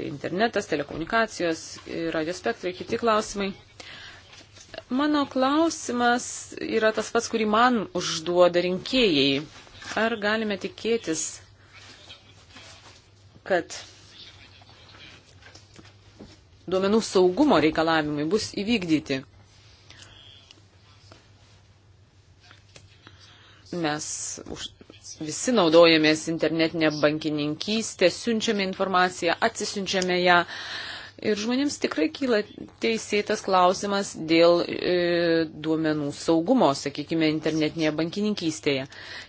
tai internetas, telekomunikacijos, radio spektrai, kiti klausimai. Mano klausimas yra tas pats, kurį man užduoda rinkėjai. Ar galime tikėtis, kad duomenų saugumo reikalavimai bus įvykdyti? Mes už, visi naudojamės internetinę bankininkystę, siunčiame informaciją, atsisiunčiame ją. Ir žmonėms tikrai kyla teisėtas klausimas dėl e, duomenų saugumo, sakykime, internetinėje bankininkystėje.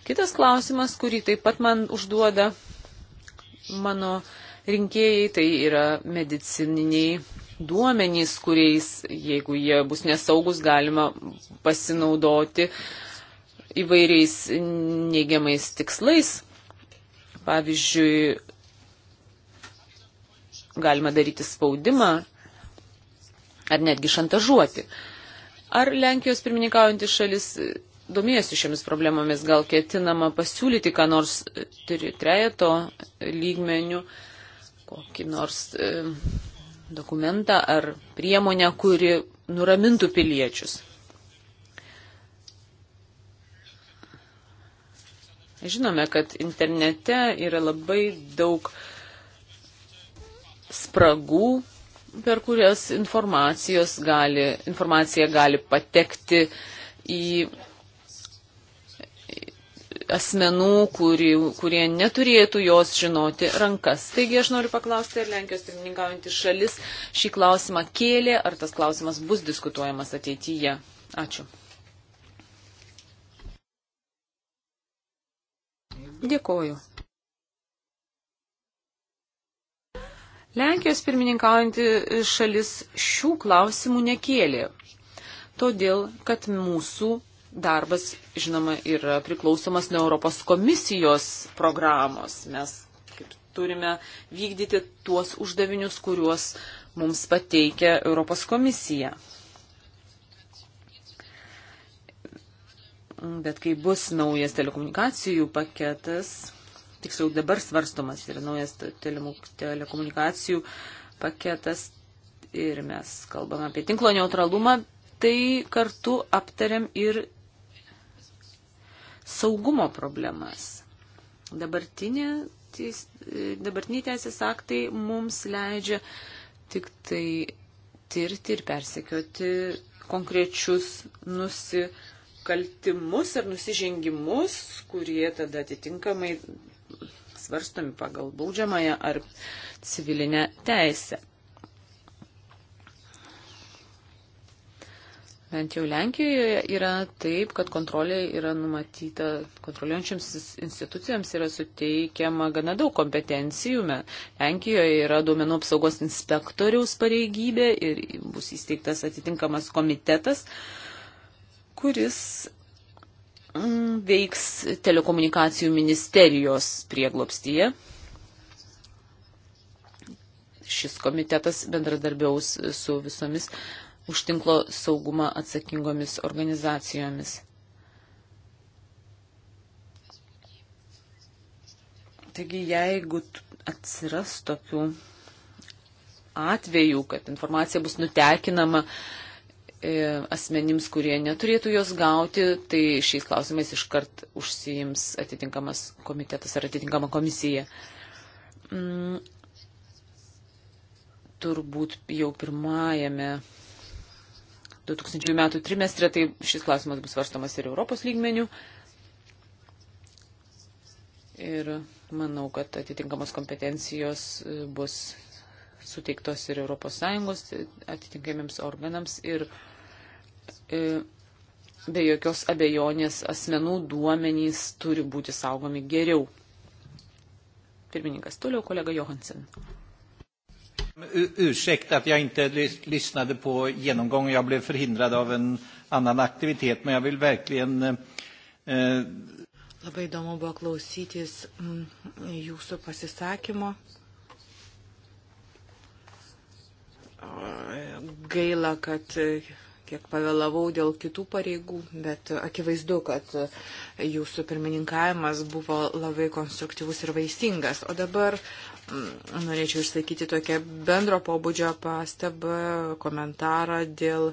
Kitas klausimas, kurį taip pat man užduoda mano rinkėjai, tai yra medicininiai duomenys, kuriais, jeigu jie bus nesaugus, galima pasinaudoti e, įvairiais neigiamais tikslais. Pavyzdžiui, galima daryti spaudimą ar netgi šantažuoti. Ar Lenkijos pirmininkaujantis šalis domėjasi šiomis problemomis, gal ketinama pasiūlyti, ką nors trejeto lygmenių, kokį nors e, dokumentą ar priemonę, kuri nuramintų piliečius. Žinome, kad internete yra labai daug spragų, per kurias gali, informacija gali patekti į asmenų, kuri, kurie neturėtų jos žinoti rankas. Taigi aš noriu paklausti, ar Lenkijos pirmininkaujantis šalis šį klausimą kėlė, ar tas klausimas bus diskutuojamas ateityje. Ačiū. Dėkoju. Lenkijos pirmininkaujanti šalis šių klausimų nekėlė, todėl kad mūsų darbas, žinoma, yra priklausomas nuo Europos komisijos programos. Mes turime vykdyti tuos uždavinius, kuriuos mums pateikia Europos komisija. Bet kai bus naujas telekomunikacijų paketas, tiksliau dabar svarstomas yra naujas telekomunikacijų paketas ir mes kalbame apie tinklo neutralumą, tai kartu aptariam ir saugumo problemas. Dabartinė, teis, dabartiniai teisės aktai mums leidžia tik tai tirti ir persekioti konkrečius nusikaltimus nusikaltimus ir nusižengimus, kurie tada atitinkamai svarstomi pagal baudžiamąją ar civilinę teisę. Bent jau Lenkijoje yra taip, kad kontrolė yra numatyta, kontroliuojančiams institucijams yra suteikiama gana daug kompetencijų. Lenkijoje yra duomenų apsaugos inspektoriaus pareigybė ir bus įsteigtas atitinkamas komitetas, uh, kuris mm, veiks telekomunikacijų ministerijos prieglopstyje. Šis komitetas bendradarbiaus su visomis užtinklo saugumą atsakingomis organizacijomis. Taigi, jeigu atsiras tokių atvejų, kad informacija bus nutekinama, uh, E, asmenims, kurie neturėtų jos gauti, tai šiais klausimais iškart užsijims atitinkamas komitetas ar atitinkama komisija. Mm, turbūt jau pirmajame 2000 metų trimestre, tai šis klausimas bus svarstomas ir Europos lygmenių. Ir manau, kad atitinkamos kompetencijos e, bus suteiktos ir ES atitinkamiems organams ir E, be jokios abejonės asmenų duomenys turi būti saugomi geriau. Pirmininkas, toliau kolega Johansen. Ursäkta att jag inte lyssnade på genomgången. Jag blev förhindrad av en annan aktivitet, men jag vill verkligen... Eh... eh Labai įdomu buvo klausytis mm, jūsų pasisakymo. Gaila, kad eh, kiek pavėlavau dėl kitų pareigų, bet akivaizdu, kad jūsų pirmininkavimas buvo labai konstruktyvus ir vaisingas. O dabar mm, norėčiau išsakyti tokią bendro pobūdžio pastabą, komentarą dėl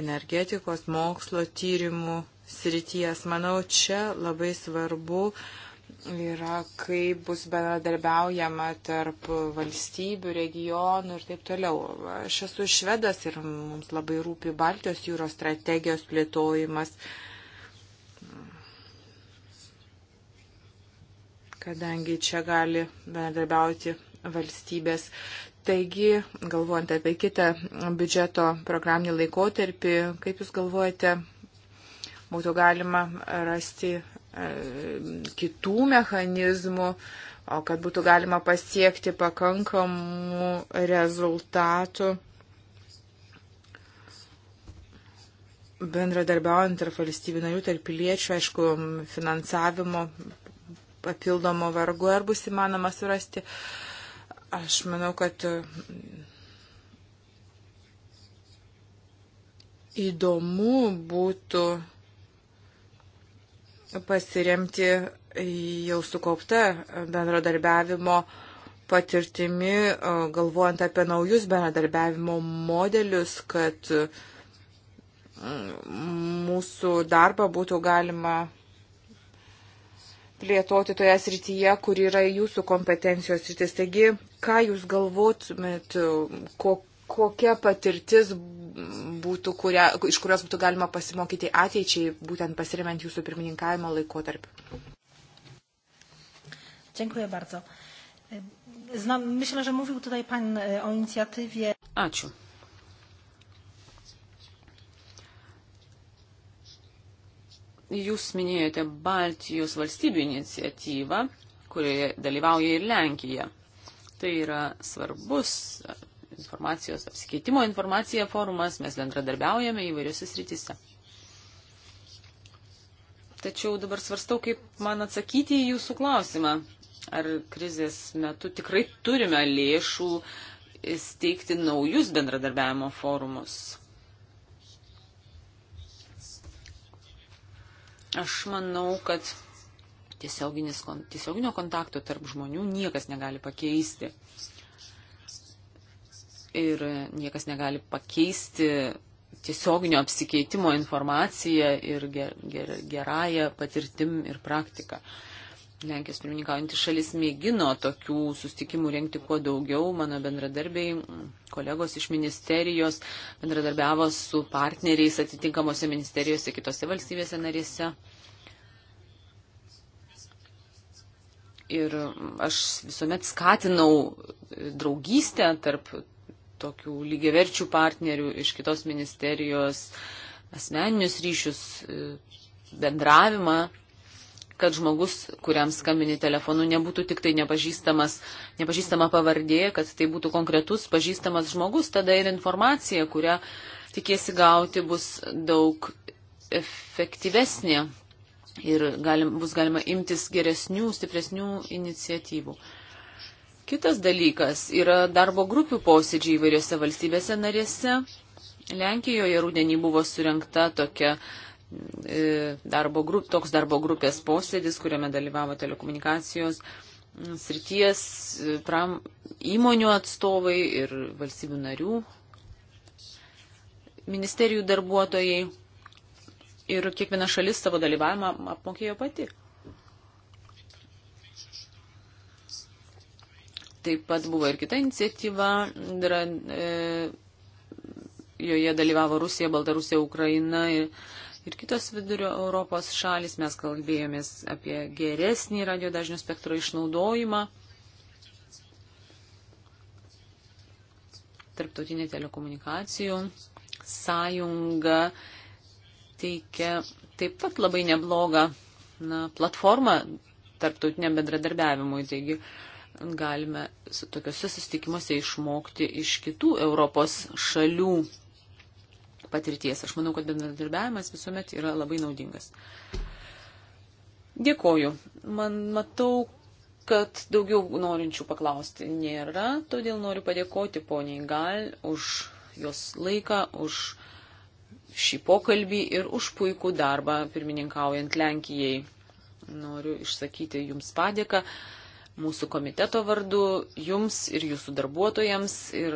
energetikos, mokslo, tyrimų srities. Manau, čia labai svarbu uh, yra, kaip bus bendradarbiaujama tarp valstybių, regionų ir taip toliau. Aš esu švedas ir mums labai rūpi Baltijos jūros strategijos plėtojimas, kadangi čia gali bendradarbiauti valstybės. Taigi, galvojant apie kitą biudžeto programinį laikotarpį, kaip Jūs galvojate, būtų galima rasti E, kitų mechanizmų, kad būtų galima pasiekti pakankamų rezultatų. Bendradarbiaujant tarp valstybių narių, tarp piliečių, aišku, finansavimo papildomo vargu ar bus įmanoma surasti. Aš manau, kad įdomu būtų pasiremti jau sukaupta bendradarbiavimo patirtimi, galvojant apie naujus bendradarbiavimo modelius, kad mm, mūsų darbą būtų galima plėtoti toje srityje, kur yra jūsų kompetencijos sritis. Taigi, ką jūs galvotumėt, kok, kokia patirtis būtų, kuria, iš kurios būtų galima pasimokyti ateičiai, būtent pasiremiant jūsų pirmininkavimo laikotarpį. Dziękuję bardzo. Znam, myślę, że mówił tutaj Pan e, o inicjatywie. Ačiū. Jūs minėjote Baltijos valstybių iniciatyvą, kurioje dalyvauja ir Lenkija. Tai yra svarbus informacijos apsikeitimo informacija forumas, mes bendradarbiaujame įvairiose srityse. Tačiau dabar svarstau, kaip man atsakyti į jūsų klausimą. Ar krizės metu tikrai turime lėšų steigti naujus bendradarbiavimo forumus? Aš manau, kad tiesioginio kontakto tarp žmonių niekas negali pakeisti ir niekas negali pakeisti tiesioginio apsikeitimo informacija ir ger, ger, gerąją patirtim ir praktiką. Lenkijos pirmininkaujantis šalis mėgino tokių sustikimų rengti kuo daugiau. Mano bendradarbiai, kolegos iš ministerijos bendradarbiavo su partneriais atitinkamose ministerijose kitose valstybėse narėse. Ir aš visuomet skatinau draugystę tarp tokių lygiaverčių partnerių iš kitos ministerijos asmeninius ryšius, e, bendravimą, kad žmogus, kuriam skambini telefonu, nebūtų tik tai nepažįstamas, nepažįstama pavardė, kad tai būtų konkretus pažįstamas žmogus, tada ir informacija, kurią tikėsi gauti, bus daug efektyvesnė ir galim, bus galima imtis geresnių, stipresnių iniciatyvų. Kitas dalykas yra darbo grupių posėdžiai įvairiose valstybėse narėse. Lenkijoje rūdienį buvo surinkta tokia e, darbo grup, toks darbo grupės posėdis, kuriame dalyvavo telekomunikacijos srities e, pram, įmonių atstovai ir valstybių narių, ministerijų darbuotojai ir kiekviena šalis savo dalyvavimą apmokėjo pati. Taip pat buvo ir kita iniciatyva, yra, e, joje dalyvavo Rusija, Baltarusija, Ukraina ir, ir kitos vidurio Europos šalis. Mes kalbėjomės apie geresnį radio dažnio spektro išnaudojimą. Tarptautinė telekomunikacijų sąjunga teikia taip pat labai neblogą na, platformą tarptautiniam bendradarbiavimui. Taigi, uh, galime tokiuose susitikimuose išmokti iš kitų Europos šalių patirties. Aš manau, kad bendradarbiavimas visuomet yra labai naudingas. Dėkoju. Man matau, kad daugiau norinčių paklausti nėra, todėl noriu padėkoti poniai Gal už jos laiką, už šį pokalbį ir už puikų darbą pirmininkaujant Lenkijai. Noriu išsakyti jums padėką mūsų komiteto vardu, jums ir jūsų darbuotojams. Ir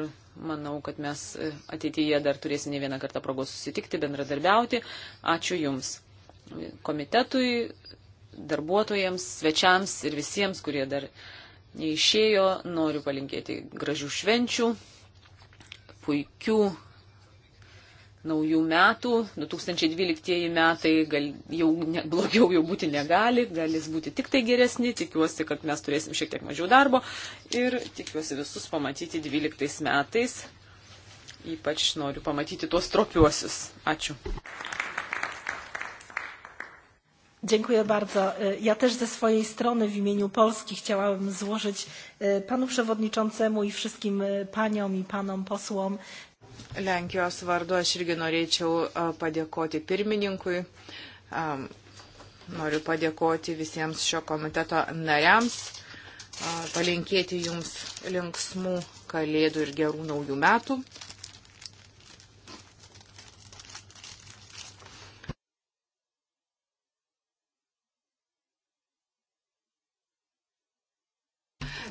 manau, kad mes e, ateityje dar turėsime ne vieną kartą progos susitikti, bendradarbiauti. Ačiū Jums, e, komitetui, darbuotojams, svečiams ir visiems, kurie dar neišėjo. Noriu palinkėti gražių švenčių, puikių naujų metų, 2012 metai gal, jau ne, blogiau jau būti negali, galės būti tik tai geresni, tikiuosi, kad mes turėsim šiek tiek mažiau darbo ir tikiuosi visus pamatyti 12 metais. Ypač noriu pamatyti tuos tropiuosius. Ačiū. Dziękuję bardzo. E, ja też ze swojej strony w imieniu Polski chciałabym złożyć e, panu przewodniczącemu i wszystkim e, paniom i panom posłom Lenkijos vardu aš irgi norėčiau padėkoti pirmininkui. Noriu padėkoti visiems šio komiteto nariams, palinkėti jums linksmų kalėdų ir gerų naujų metų.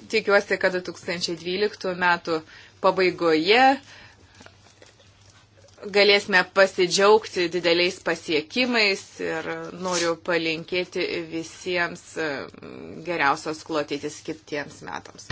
Tikiuosi, kad 2012 metų pabaigoje galėsime pasidžiaugti dideliais pasiekimais ir noriu palinkėti visiems mm, geriausios klotytis kitiems metams.